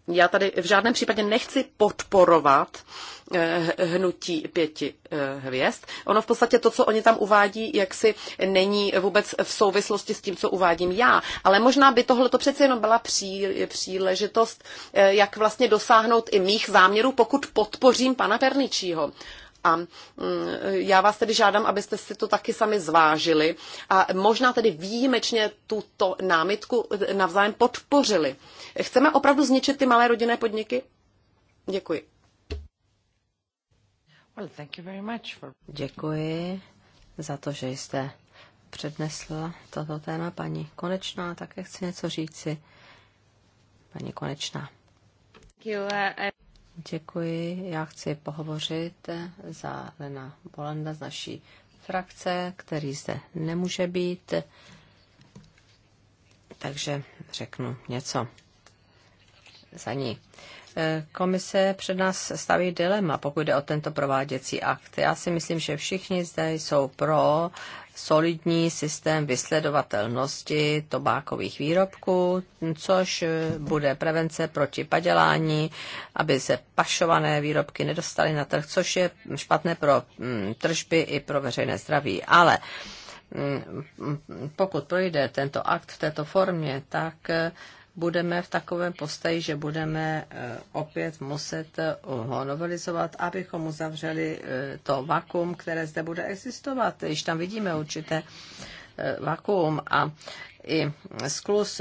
Speaker 1: já tady v žádném případě nechci podporovat Eh, hnutí pěti eh, hvězd. Ono v podstatě to, co oni tam uvádí, jaksi není vůbec v souvislosti s tím, co uvádím já. Ale možná by tohle to přece jenom byla příležitost, eh, jak vlastně dosáhnout i mých záměrů, pokud podpořím pana Perničího. A mm, já vás tedy žádám, abyste si to taky sami zvážili a možná tedy výjimečně tuto námitku navzájem podpořili. Chceme opravdu zničit ty malé rodinné podniky? Děkuji.
Speaker 4: Děkuji za to, že jste přednesla toto téma. Paní Konečná také chci něco říci. Paní Konečná. Uh, Děkuji. Já chci pohovořit za Lena Bolanda z naší frakce, který zde nemůže být. Takže řeknu něco za ní. Eh, komise před nás staví dilema, pokud jde o tento prováděcí akt. Já si myslím, že všichni zde jsou pro solidní systém vysledovatelnosti tobákových výrobků, což eh, bude prevence proti padělání, aby se pašované výrobky nedostaly na trh, což je špatné pro mm, tržby i pro veřejné zdraví. Ale mm, pokud projde tento akt v této formě, tak eh, budeme v takovém postoji, že budeme eh, opět muset ho eh, novelizovat, abychom uzavřeli eh, to vakuum, které zde bude existovat. Již tam vidíme určité vakuum a i sklus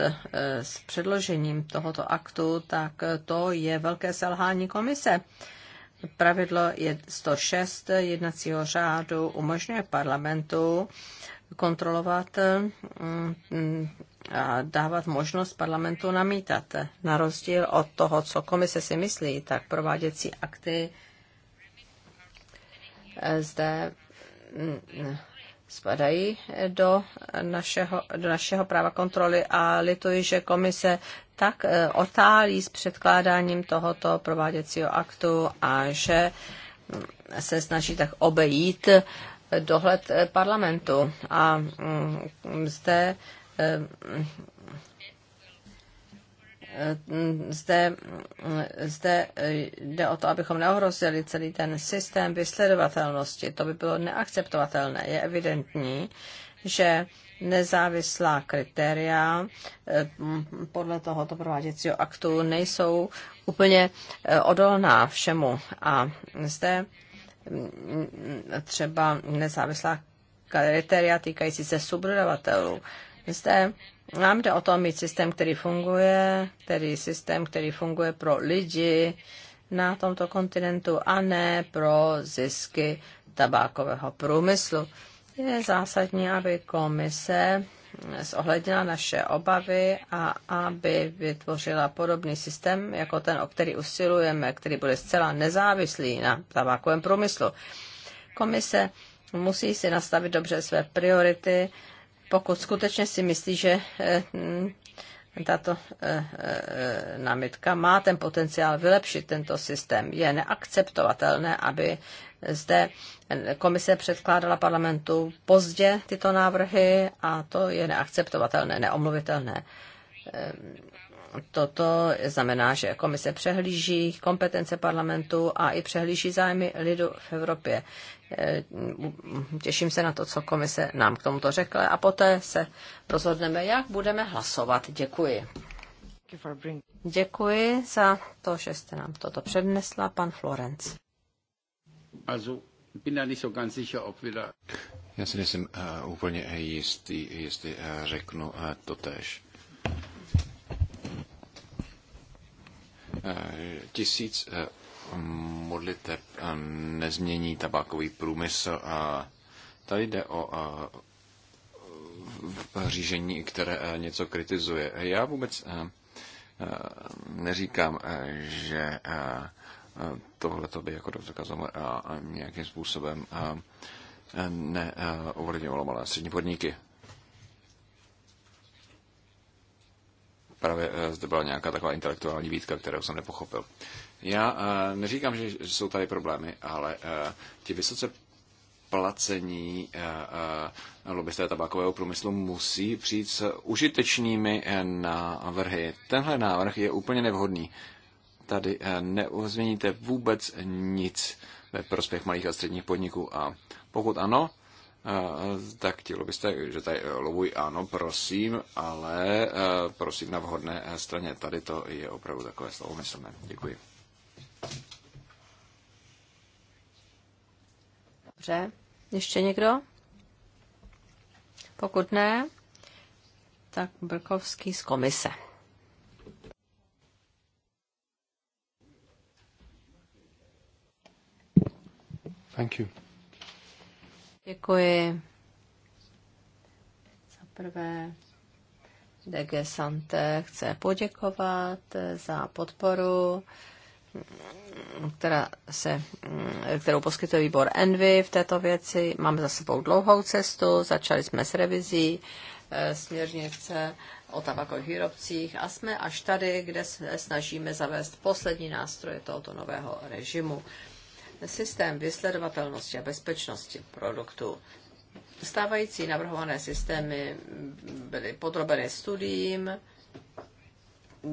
Speaker 4: s předložením tohoto aktu, tak to je velké selhání komise. Pravidlo je 106 jednacího řádu umožňuje parlamentu kontrolovat a dávat možnost parlamentu namítat. Na rozdíl od toho, co komise si myslí, tak prováděcí akty eh, zde mm, mm, spadají do našeho, do našeho práva kontroly a lituji, že komise tak eh, otálí s předkládáním tohoto prováděcího aktu a že mm, se snaží tak obejít eh, dohled parlamentu. A zde Ehm, zde, zde jde o to, abychom neohrozili celý ten systém vysledovatelnosti. To by bylo neakceptovatelné. Je evidentní, že nezávislá kritéria ehm, podle tohoto prováděcího aktu nejsou úplně eh, odolná všemu. A zde mm, třeba nezávislá kritéria týkající se subdodavatelů zde nám jde o to mít systém, který funguje, tedy systém, který funguje pro lidi na tomto kontinentu a ne pro zisky tabákového průmyslu. Je zásadní, aby komise zohlednila naše obavy a aby vytvořila podobný systém jako ten, o který usilujeme, který bude zcela nezávislý na tabákovém průmyslu. Komise musí si nastavit dobře své priority pokud skutečně si myslí, že eh, tato eh, eh, námitka má ten potenciál vylepšit tento systém. Je neakceptovatelné, aby zde komise předkládala parlamentu pozdě tyto návrhy a to je neakceptovatelné, neomluvitelné. Ehm, toto znamená, že komise přehlíží kompetence parlamentu a i přehlíží zájmy lidu v Evropě. Eh, těším se na to, co komise nám k tomuto řekla a poté se rozhodneme, jak budeme hlasovat. Děkuji. Děkuji za to, že jste nám toto přednesla, pan Florenc.
Speaker 3: Also, bin da nicht so ganz sicher, ob wir da...
Speaker 6: Já si nejsem uh, úplně jistý, jestli uh, řeknu uh, to tež. Uh, tisíc uh, modliteb nezmění tabákový průmysl. A tady jde o řízení, které něco kritizuje. Já vůbec neříkám, že tohle to by jako doktor a nějakým způsobem neovlivňovalo malé střední podniky. Právě e, zde byla nějaká taková intelektuální výtka, kterou jsem nepochopil. Já eh, neříkám, že jsou tady problémy, ale eh, ti vysoce placení eh, lobbysté tabakového průmyslu musí přijít s užitečnými návrhy. Tenhle návrh je úplně nevhodný. Tady neozměníte vůbec nic ve prospěch malých a středních podniků a pokud ano, tak ti lobbysté, že tady lobují ano, prosím, ale prosím na vhodné straně. Tady to je opravdu takové slovo myslné. Děkuji.
Speaker 4: Dobře. Ještě někdo? Pokud ne, tak Brkovský z komise. Thank you. Děkuji. Za prvé DG Sante chce poděkovat za podporu která se, kterou poskytuje výbor Envy v této věci. Máme za sebou dlouhou cestu, začali jsme s revizí eh, směrnice o tabakových výrobcích a jsme až tady, kde se snažíme zavést poslední nástroje tohoto nového režimu. Systém vysledovatelnosti a bezpečnosti produktů. Stávající navrhované systémy byly podrobeny studiím,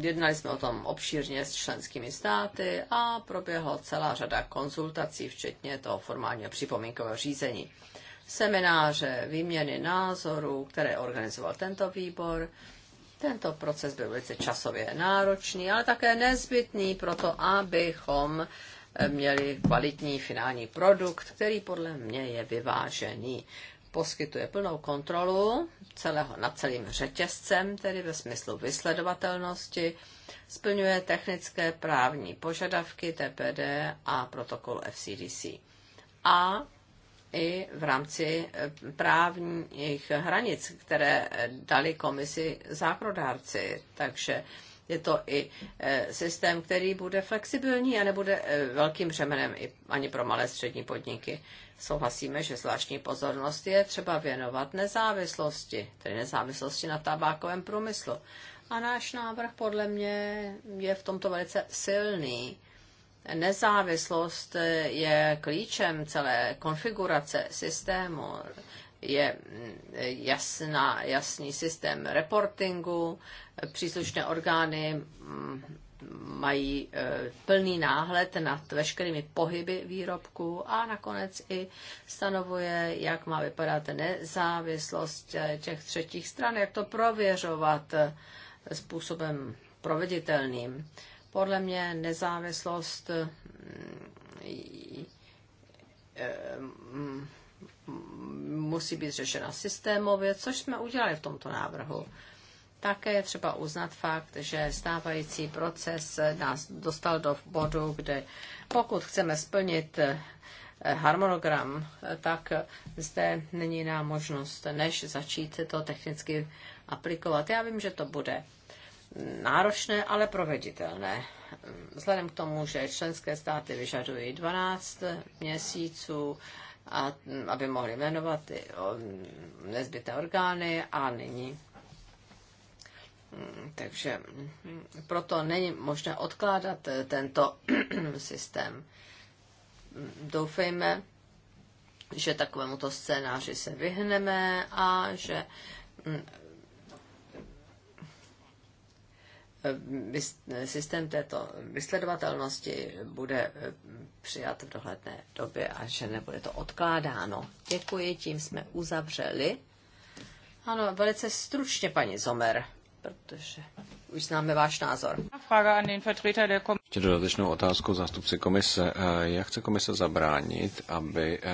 Speaker 4: Jednali jsme o tom obšírně s členskými státy a proběhla celá řada konzultací, včetně toho formálního připomínkového řízení. Semináře, výměny názorů, které organizoval tento výbor. Tento proces byl velice časově náročný, ale také nezbytný pro to, abychom eh, měli kvalitní finální produkt, který podle mě je vyvážený poskytuje plnou kontrolu celého, nad celým řetězcem, tedy ve smyslu vysledovatelnosti, splňuje technické právní požadavky TPD a protokol FCDC. A i v rámci eh, právních hranic, které dali komisi zákrodárci. Takže je to i eh, systém, který bude flexibilní a nebude eh, velkým řemenem ani pro malé střední podniky souhlasíme, že zvláštní pozornost je třeba věnovat nezávislosti, tedy nezávislosti na tabákovém průmyslu. A náš návrh podle mě je v tomto velice silný. Nezávislost je klíčem celé konfigurace systému. Je jasná, jasný systém reportingu, příslušné orgány mm, mají e, plný náhled nad veškerými pohyby výrobku a nakonec i stanovuje, jak má vypadat nezávislost e, těch třetích stran, jak to prověřovat e, způsobem proveditelným. Podle mě nezávislost musí být řešena systémově, což jsme udělali v tomto návrhu. Také je třeba uznat fakt, že stávající proces nás dostal do bodu, kde pokud chceme splnit eh, harmonogram, tak zde není nám možnost, než začít to technicky aplikovat. Já vím, že to bude náročné, ale proveditelné. Vzhledem k tomu, že členské státy vyžadují 12 měsíců, a, aby mohli jmenovat nezbytné orgány a nyní Mm, takže mm, proto není možné odkládat eh, tento *clears throat* systém. Mm, doufejme, že takovému to scénáři se vyhneme a že eh, systém této vysledovatelnosti bude eh, přijat v dohledné době a že nebude to odkládáno. Děkuji, tím jsme uzavřeli. Ano, velice stručně, paní Zomer protože už známe váš názor.
Speaker 6: Ještě dodatečnou otázku zástupci komise. Eh, jak chce komise zabránit, aby eh,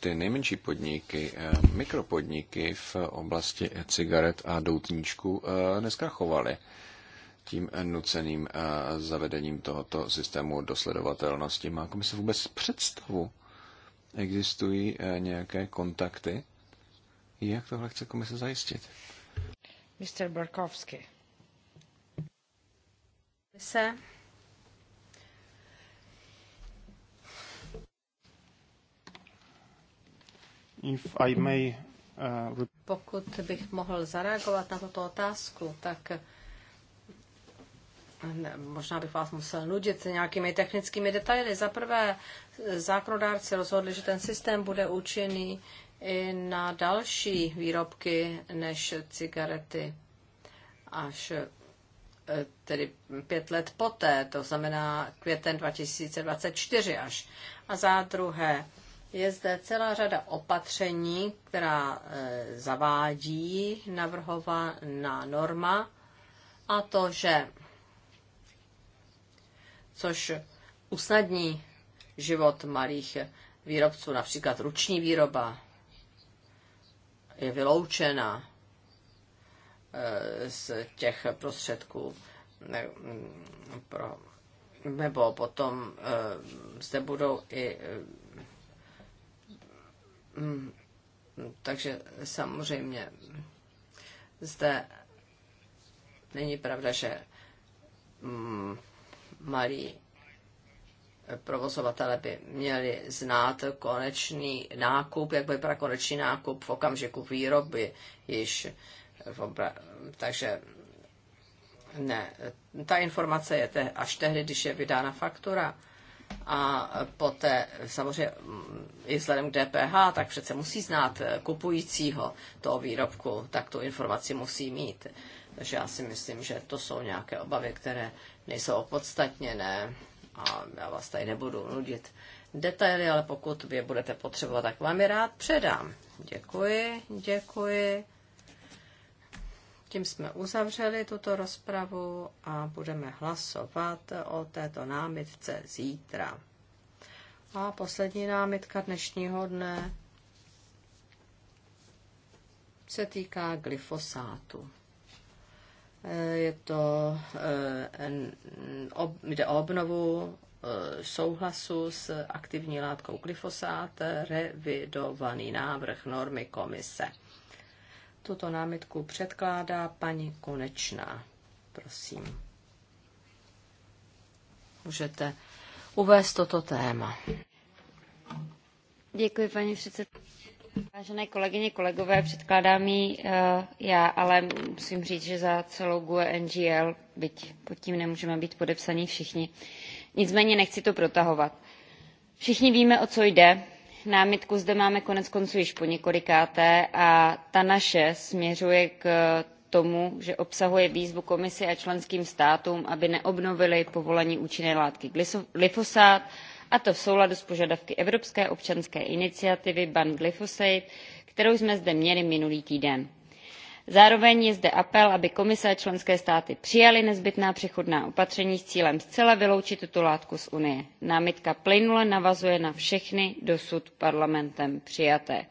Speaker 6: ty nejmenší podniky, eh, mikropodniky v oblasti cigaret a doutníčku neskrachovaly? tím nuceným zavedením tohoto systému dosledovatelnosti. Má komise vůbec představu? Existují nějaké kontakty? Jak tohle chce komise zajistit?
Speaker 1: Uh,
Speaker 4: Pokud bych mohl zareagovat na tuto otázku, tak ne, možná bych vás musel nudit nějakými technickými detaily. Za prvé, zákonodárci rozhodli, že ten systém bude účinný i na další výrobky než cigarety. Až e, tedy pět let poté, to znamená květen 2024 až. A za druhé, je zde celá řada opatření, která e, zavádí navrhovaná norma a to, že což usnadní život malých výrobců, například ruční výroba, je vyloučena eh, z těch prostředků mm, pro, nebo potom eh, zde budou i eh, mm, takže samozřejmě zde není pravda, že mm, malí provozovatele by měli znát konečný nákup, jak vypadá konečný nákup v okamžiku výroby již. Obra... Takže ne, ta informace je te, až tehdy, když je vydána faktura. A poté samozřejmě i vzhledem k DPH, tak přece musí znát kupujícího toho výrobku, tak tu informaci musí mít. Takže já si myslím, že to jsou nějaké obavy, které nejsou opodstatněné. Ne a já vás tady nebudu nudit detaily, ale pokud je budete potřebovat, tak vám je rád předám. Děkuji, děkuji. Tím jsme uzavřeli tuto rozpravu a budeme hlasovat o této námitce zítra. A poslední námitka dnešního dne se týká glyfosátu. Eh, je to, eh, jde o obnovu eh, souhlasu s aktivní látkou glyfosát, revidovaný návrh normy komise. Tuto námitku předkládá paní Konečná. Prosím. Můžete uvést toto téma.
Speaker 5: Děkuji, paní předsedkyně. Vážené kolegyně, kolegové, předkládám ji eh, já, ale musím říct, že za celou GUE NGL, byť pod tím nemůžeme být podepsaní všichni. Nicméně nechci to protahovat. Všichni víme, o co jde. Námitku zde máme konec konců již poněkolikáté a ta naše směřuje k tomu, že obsahuje výzvu komisi a členským státům, aby neobnovili povolení účinné látky glyfosát, a to v souladu s požadavky evropské občanské iniciativy ban glyphosate kterou jsme zde měli minulý týden. zároveň je zde apel aby komise a členské státy přijaly nezbytná přechodná opatření s cílem zcela vyloučit tuto látku z unie. námitka plynule navazuje na všechny dosud parlamentem přijaté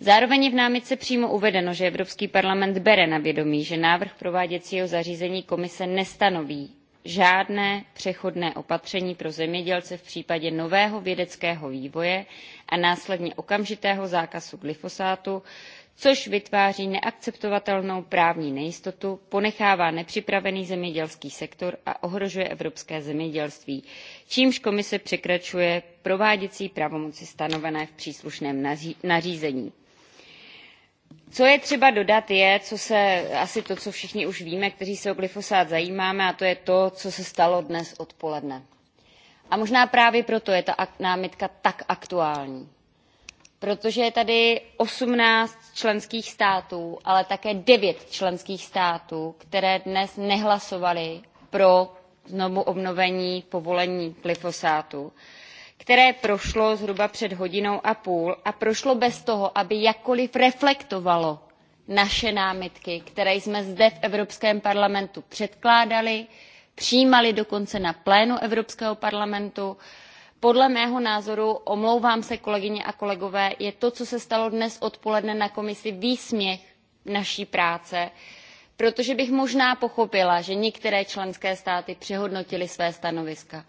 Speaker 5: zároveň je v námitce přímo uvedeno že evropský parlament bere na vědomí že návrh prováděcího nařízení komise nestanoví žádné přechodné opatření pro zemědělce v případě nového vědeckého vývoje a následně okamžitého zákazu glyfosátu což vytváří neakceptovatelnou právní nejistotu ponechává nepřipravený zemědělský sektor a ohrožuje evropské zemědělství čímž komise překračuje prováděcí pravomoci stanovené v příslušném nařízení co je třeba dodat je co se, asi to co všichni už víme kteří se o glyfosát zajímáme a to je to co se stalo dnes odpoledne. a možná právě proto je ta námitka tak aktuální protože je tady eighteen členských států ale také nine členských států které dnes nehlasovaly pro znovuobnovení povolení glyfosátu a které prošlo zhruba před hodinou a půl a prošlo bez toho aby jakkoliv reflektovalo naše námitky které jsme zde v evropském parlamentu předkládali přijímali dokonce na plénu evropského parlamentu podle mého názoru omlouvám se kolegyně a kolegové je to co se stalo dnes odpoledne na komisi výsměch naší práce, protože bych možná pochopila že některé členské státy přehodnotily své stanoviska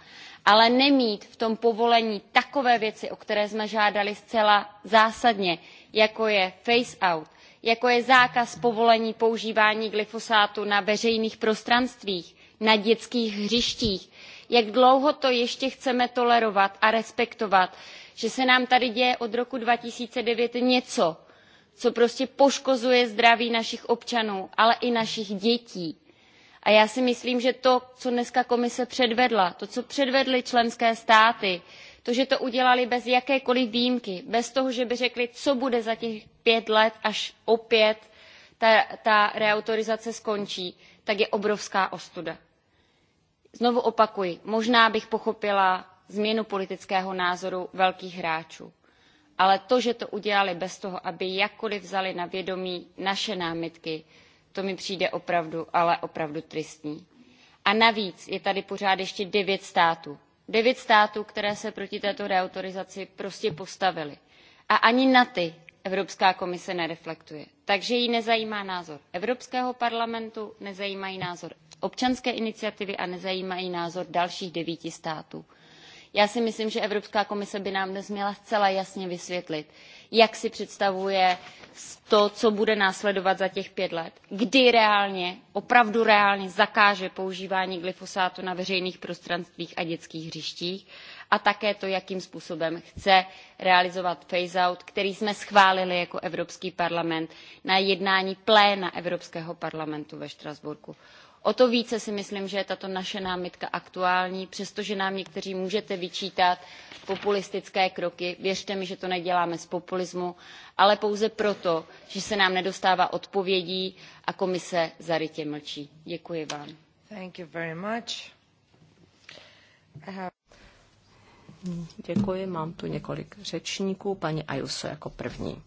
Speaker 5: ale nemít v tom povolení takové věci o které jsme žádali zcela zásadně jako je phase out jako je zákaz povolení používání glyfosátu na veřejných prostranstvích na dětských hřištích jak dlouho to ještě chceme tolerovat a respektovat že se nám tady děje od roku two thousand and nine něco co prostě poškozuje zdraví našich občanů ale i našich dětí a já si myslím že to co dnes komise předvedla to co předvedly členské státy to že to udělaly bez jakékoliv výjimky bez toho že by řekly co bude za těch pět let až opět ta, reautorizace skončí tak je obrovská ostuda. znovu opakuji možná bych pochopila změnu politického názoru velkých hráčů ale to že to udělali bez toho aby jakkoliv vzali na vědomí naše námitky to mi přijde opravdu, ale opravdu tristní. A navíc je tady pořád ještě devět států. Devět států, které se proti této reautorizaci prostě postavily. A ani na ty Evropská komise nereflektuje. Takže ji nezajímá názor Evropského parlamentu, nezajímá ji názor občanské iniciativy a nezajímá ji názor dalších devíti států. Já si myslím, že Evropská komise by nám dnes měla zcela jasně vysvětlit, jak si představuje to, co bude následovat za těch pět let. Kdy reálně, opravdu reálně zakáže používání glyfosátu na veřejných prostranstvích a dětských hřištích a také to, jakým způsobem chce realizovat phase-out, který jsme schválili jako Evropský parlament na jednání pléna Evropského parlamentu ve Štrasburku o to více si myslím že je tato naše námitka aktuální přestože nám někteří můžete vyčítat populistické kroky věřte mi že to neděláme z populismu ale pouze proto že se nám nedostává odpovědí a komise zarytě mlčí. děkuji vám.
Speaker 4: Have... Děkuji, mám tu několik řečníků, paní Ayuso jako první.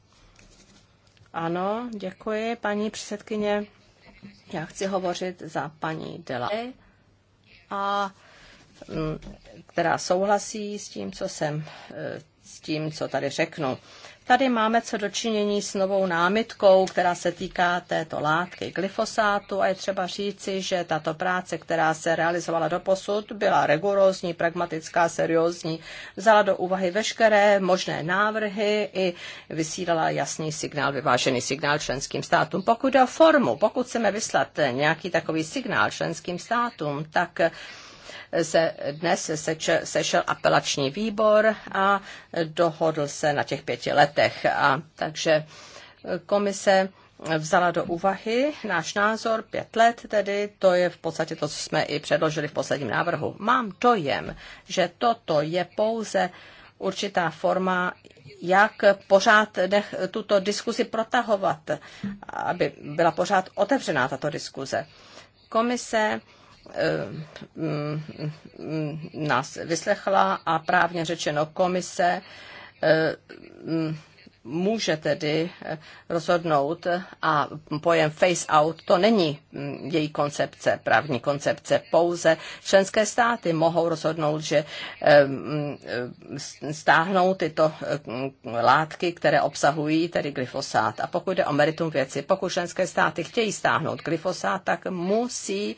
Speaker 4: Ano, děkuji, paní předsedkyně. Já chci hovořit za paní Delay, a, mm, která souhlasí s tím, co jsem, eh, s tím, co tady řeknu. Tady máme co dočinění s novou námitkou, která se týká této látky glyfosátu a je třeba říci, že tato práce, která se realizovala do posud, byla rigorózní, pragmatická, seriózní, vzala do úvahy veškeré možné návrhy i vysílala jasný signál, vyvážený signál členským státům. Pokud jde o formu, pokud chceme vyslat nějaký takový signál členským státům, tak se dnes sešel apelační výbor a dohodl se na těch pěti letech. A takže komise vzala do úvahy náš názor, pět let tedy, to je v podstatě to, co jsme i předložili v posledním návrhu. Mám dojem, že toto je pouze určitá forma, jak pořád nech tuto diskuzi protahovat, aby byla pořád otevřená tato diskuze. Komise Eh, mm, mm, mm, nás vyslechla a právně řečeno komise eh, může tedy eh, rozhodnout a pojem face out to není mm, její koncepce, právní koncepce. Pouze členské státy mohou rozhodnout, že eh, mm, eh, stáhnou tyto látky, které obsahují tedy glyfosát. A pokud jde o meritum věci, pokud členské státy chtějí stáhnout glyfosát, tak musí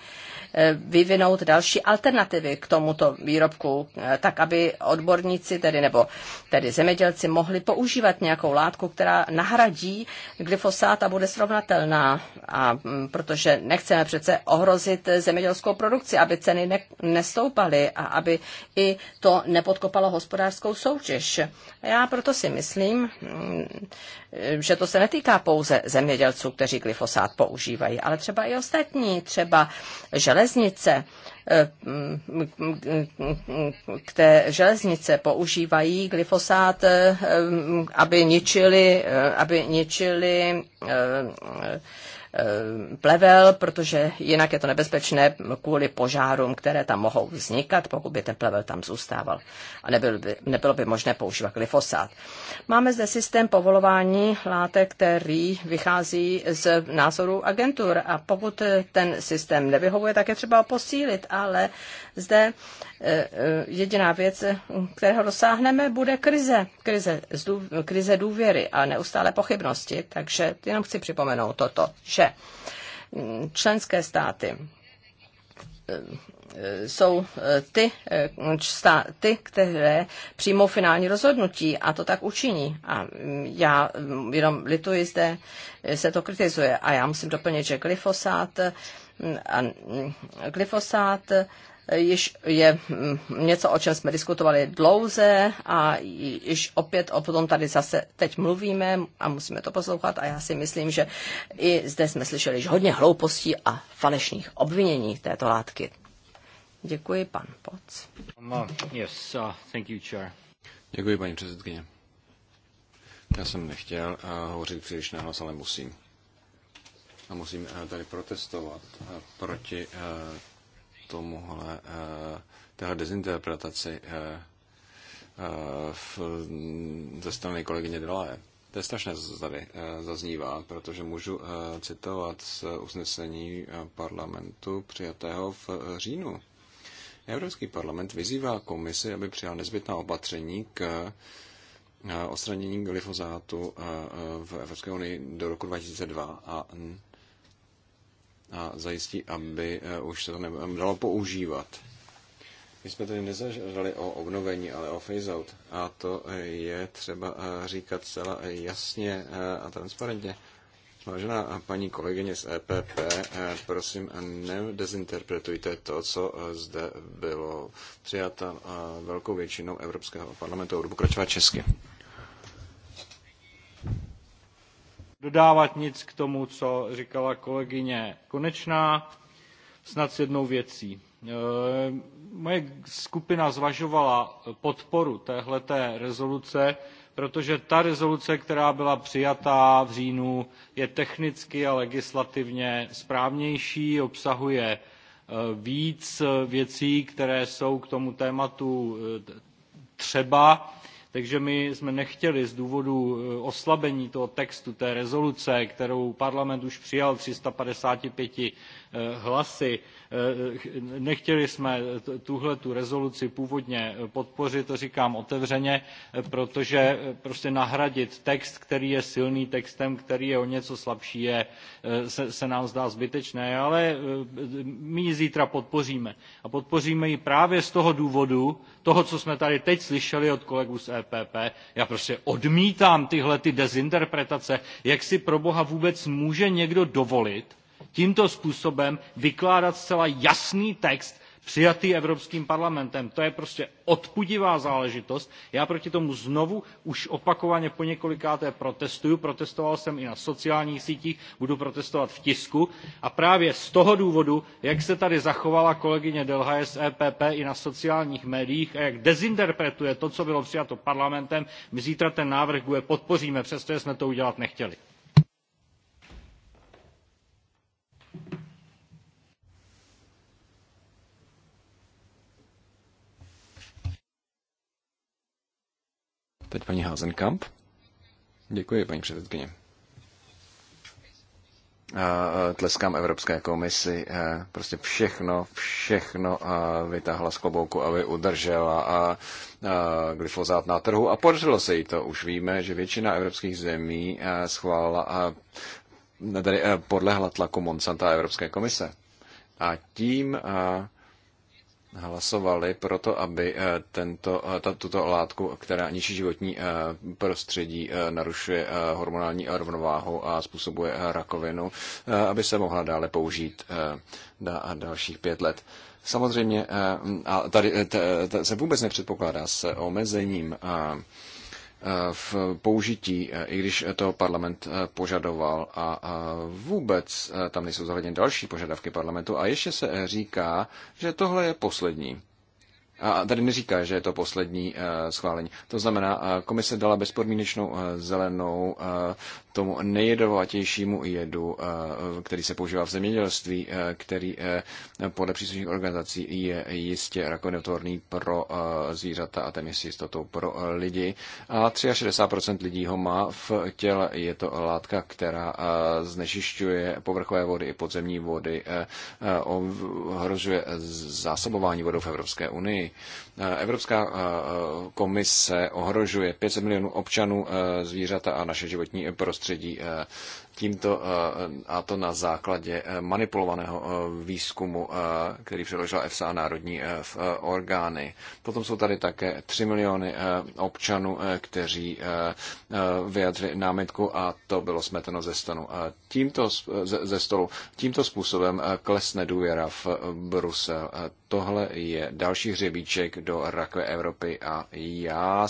Speaker 4: vyvinout další alternativy k tomuto výrobku, tak aby odborníci, tedy nebo tedy zemědělci mohli používat nějakou látku, která nahradí glyfosát a bude srovnatelná, a, mm, protože nechceme přece ohrozit zemědělskou produkci, aby ceny ne, nestoupaly a aby i to nepodkopalo hospodářskou soutěž. Já proto si myslím, mm, že to se netýká pouze zemědělců, kteří glyfosát používají, ale třeba i ostatní, třeba železnice, k té železnice používají glyfosát, eh, eh, aby ničili, eh, aby ničili Eh, plevel, protože jinak je to nebezpečné kvůli požárům, které tam mohou vznikat, pokud by ten plevel tam zůstával a nebylo by, nebylo by možné používat glyfosát. Máme zde systém povolování látek, který vychází z názoru agentur a pokud ten systém nevyhovuje, tak je třeba posílit, ale zde eh, eh, jediná věc, kterého dosáhneme, bude krize, krize, krize důvěry a neustále pochybnosti. Takže jenom chci připomenout toto, že že členské státy eh, jsou eh, ty, eh, ty, které přijmou finální rozhodnutí a to tak učiní. A mm, já mm, jenom lituji zde, se to kritizuje. A já musím doplnit, že glyfosát, a mm, glyfosát již je mm, něco, o čem jsme diskutovali dlouze a již opět o tom tady zase teď mluvíme a musíme to poslouchat a já si myslím, že i zde jsme slyšeli hodně hloupostí a falešných obvinění této látky. Děkuji, pan Poc.
Speaker 3: Um, uh, yes, uh, thank you, chair.
Speaker 6: Děkuji, paní předsedkyně. Já jsem nechtěl uh, hovořit příliš nahlas, ale musím. A musím uh, tady protestovat uh, proti uh, tomuhle, eh, téhle dezinterpretaci eh, eh, ze strany kolegyně Delaje. To je strašné, co tady zaznívá, protože můžu citovat z usnesení parlamentu přijatého v říjnu. Evropský parlament vyzývá komisi, aby přijal nezbytná opatření k odstranění glyfozátu v Evropské unii do roku 2002 a a zajistí, aby eh, už se to nedalo používat. My jsme tedy nezažadali o obnovení, ale o phase-out. A to eh, je třeba eh, říkat zcela jasně a transparentně. Vážená paní kolegyně z EPP, prosím, nedezinterpretujte to, co zde bylo přijata velkou většinou Evropského parlamentu. Budu pokračovat česky.
Speaker 3: dodávat nic k tomu, co říkala kolegyně Konečná, snad s jednou věcí. E, moje skupina zvažovala podporu téhleté rezoluce, protože ta rezoluce, která byla přijata v říjnu, je technicky a legislativně správnější, obsahuje e, víc věcí, které jsou k tomu tématu e, třeba takže my jsme nechtěli z důvodu eh, oslabení toho textu té rezoluce, kterou parlament už přijal 355 Eh, hlasy. Eh, nechtěli jsme tuhle tu rezoluci původně podpořit, to říkám otevřeně, eh, protože prostě nahradit text, který je silný textem, který je o něco slabší, je, se, se nám zdá zbytečné, ale my ji zítra podpoříme. A podpoříme ji právě z toho důvodu, toho, co jsme tady teď slyšeli od kolegů z EPP. Já prostě odmítám tyhle ty dezinterpretace, jak si pro boha vůbec může někdo dovolit, tímto způsobem vykládat zcela jasný text přijatý Evropským parlamentem. To je prostě odpudivá záležitost. Já proti tomu znovu už opakovaně po protestuji Protestoval jsem i na sociálních sítích, budu protestovat v tisku. A právě z toho důvodu, jak se tady zachovala kolegyně Delhaje z EPP i na sociálních médiích a jak dezinterpretuje to, co bylo přijato parlamentem, my zítra ten návrh GUE podpoříme, přestože jsme to udělat nechtěli.
Speaker 6: Teď paní Házenkamp. Děkuji, paní předsedkyně. Tleskám Evropské komisi. Prostě všechno, všechno vytáhla z klobouku, aby udržela a glyfozát na trhu. A podařilo se jí to. Už víme, že většina evropských zemí schválila, tady podlehla tlaku Monsanta a Evropské komise. A tím hlasovali pro to, aby eh, tento, eh, tuto látku, která ničí životní eh, prostředí, narušuje hormonální rovnováhu a způsobuje rakovinu, aby se mohla dále použít na dalších pět let. Samozřejmě, a tady se vůbec nepředpokládá s omezením Eh, v použití, eh, i když to parlament eh, požadoval a vůbec tam nejsou zohledněny další požadavky parlamentu a ještě se říká, že tohle je poslední. A tady neříká, že je to poslední schválení. To znamená, komise dala bezpodmínečnou zelenou tomu nejjedovatějšímu jedu, eh, který se používá v zemědělství, eh, který eh, podle příslušných organizací je jistě rakovinotvorný pro zvířata a ten je jistotou pro lidi. A 63% lidí ho má v těle. Je to látka, která znečišťuje povrchové vody i podzemní vody, ohrožuje zásobování vodou v Evropské unii. Evropská komise ohrožuje 500 milionů občanů, zvířata a naše životní prostředí prostředí eh, tímto eh, a to na základě eh, manipulovaného eh, výzkumu, který předložila FSA a národní orgány. Potom jsou tady také 3 miliony občanů, kteří vyjadřili námitku a to bylo smeteno ze, stanu. Tímto, ze stolu. Tímto způsobem klesne důvěra v Brusel. Tohle je další hřebíček do rakve Evropy a já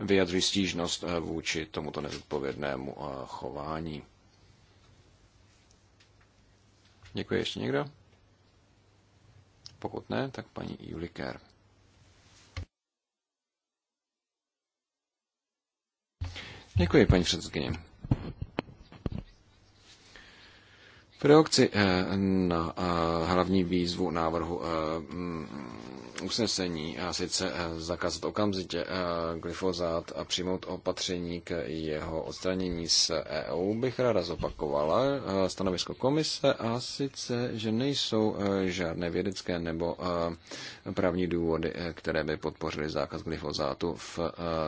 Speaker 6: vyjadřuji stížnost vůči tomuto nezodpovědnému chování. Děkuji ještě někdo? Pokud ne, tak paní Juliker. Děkuji, paní předsedkyně. V reakci eh, na eh, hlavní výzvu návrhu eh, usnesení, a sice eh, zakázat okamžitě eh, glyfozát a přijmout opatření k jeho odstranění z EU, bych ráda zopakovala eh, stanovisko komise a sice, že nejsou žádné vědecké nebo právní důvody, které by podpořily zákaz glyfozátu v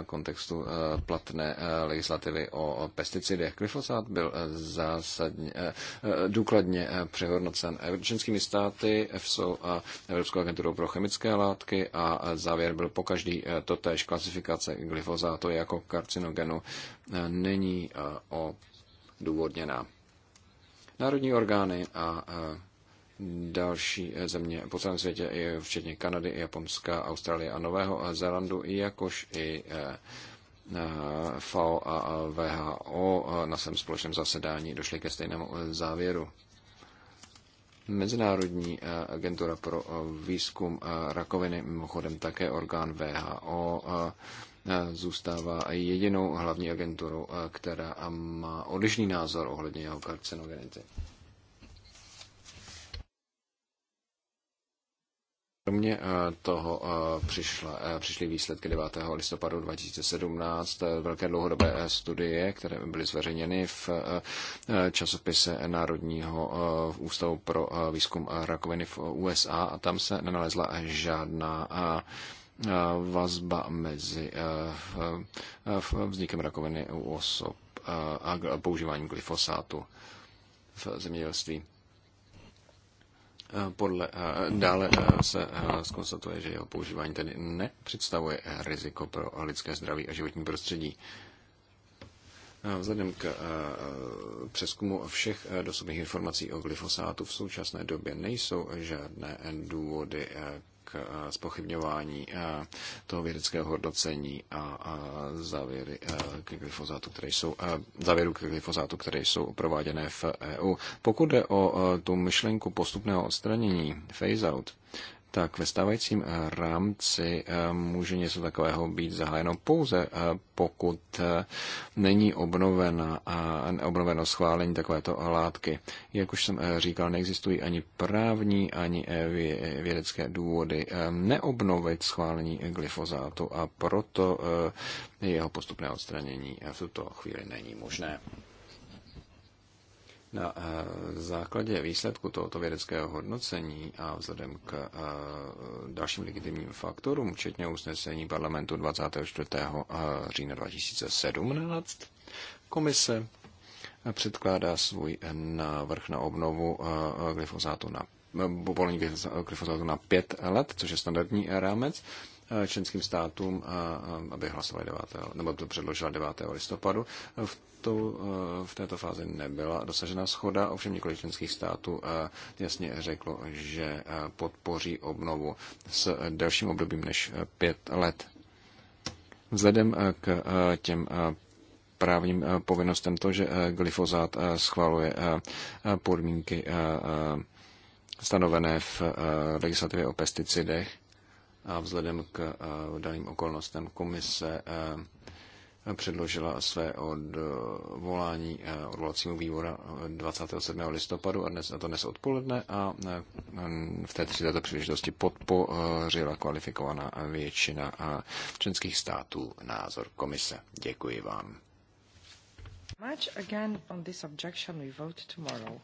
Speaker 6: kontextu platné legislativy o pesticidech. Glyfozát byl zásadně, důkladně přehodnocen členskými státy, EFSO a Evropskou agenturou pro chemické látky a závěr byl každý eh, totéž. Klasifikace glyfozátu jako karcinogenu eh, není eh, odůvodněná. Národní orgány a další země po celém světě, včetně Kanady, Japonska, Austrálie a Nového Zélandu, jakož i FAO a VHO na svém společném zasedání došli ke stejnému závěru. Mezinárodní eh, agentura pro eh, výzkum eh, rakoviny, mimochodem také orgán VHO, zůstává jedinou hlavní agenturou, která má odlišný názor ohledně jeho karcinogenity. Kromě eh, toho eh, přišla, eh, přišly výsledky 9. listopadu 2017 velké dlouhodobé studie, které byly zveřejněny v časopise Národního ústavu pro výzkum rakoviny v USA a tam se nenalezla žádná vazba mezi vznikem rakoviny u osob a používáním glyfosátu v zemědělství. Eh, podle, eh, dále eh, se skonstatuje, že jeho používání tedy nepředstavuje riziko pro lidské zdraví a životní prostředí. Vzhledem k přeskumu všech dostupných informací o glyfosátu v současné době nejsou žádné důvody k spochybňování eh, eh, toho vědeckého hodnocení a závěry eh, k glyfozátu, které jsou, závěru k glyfozátu, které jsou prováděné v EU. Pokud jde o tu myšlenku postupného odstranění, phase out, tak ve stávajícím eh, rámci eh, může něco takového být zahájeno pouze, eh, pokud není obnovena, obnoveno schválení takovéto látky. Jak už jsem říkal, neexistují ani právní, ani vědecké důvody neobnovit schválení glyfozátu a proto jeho postupné odstranění v tuto chvíli není možné. Na eh, základě výsledku tohoto vědeckého hodnocení a vzhledem k eh, dalším legitimním faktorům, včetně usnesení parlamentu 24. Eh, října 2017, komise předkládá svůj návrh na obnovu glyfosátu na povolení glyfosátu na pět let, což je standardní rámec. Eh, členským státům, eh, eh, aby hlasovali 9. nebo to předložila 9. listopadu. V, v této fázi nebyla dosažena schoda, ovšem několik členských států jasně řeklo, že podpoří obnovu s delším obdobím než pět let. Vzhledem k těm právním povinnostem to, že glyfozát schvaluje podmínky stanovené v legislativě o pesticidech, a vzhledem k eh, daným okolnostem komise eh, předložila své odvolání eh, odvolacímu výbora 27. listopadu a, dnes, a to dnes odpoledne a v té této příležitosti podpořila kvalifikovaná většina členských států názor komise. Děkuji vám.
Speaker 3: Much again on this objection we vote tomorrow.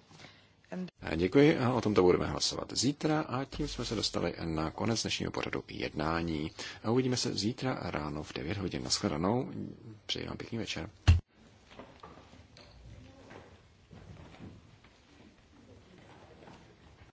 Speaker 6: Děkuji a o tomto budeme hlasovat zítra a tím jsme se dostali na konec dnešního pořadu jednání. A uvidíme se zítra ráno v 9 hodin. Naschledanou, přeji vám pěkný večer.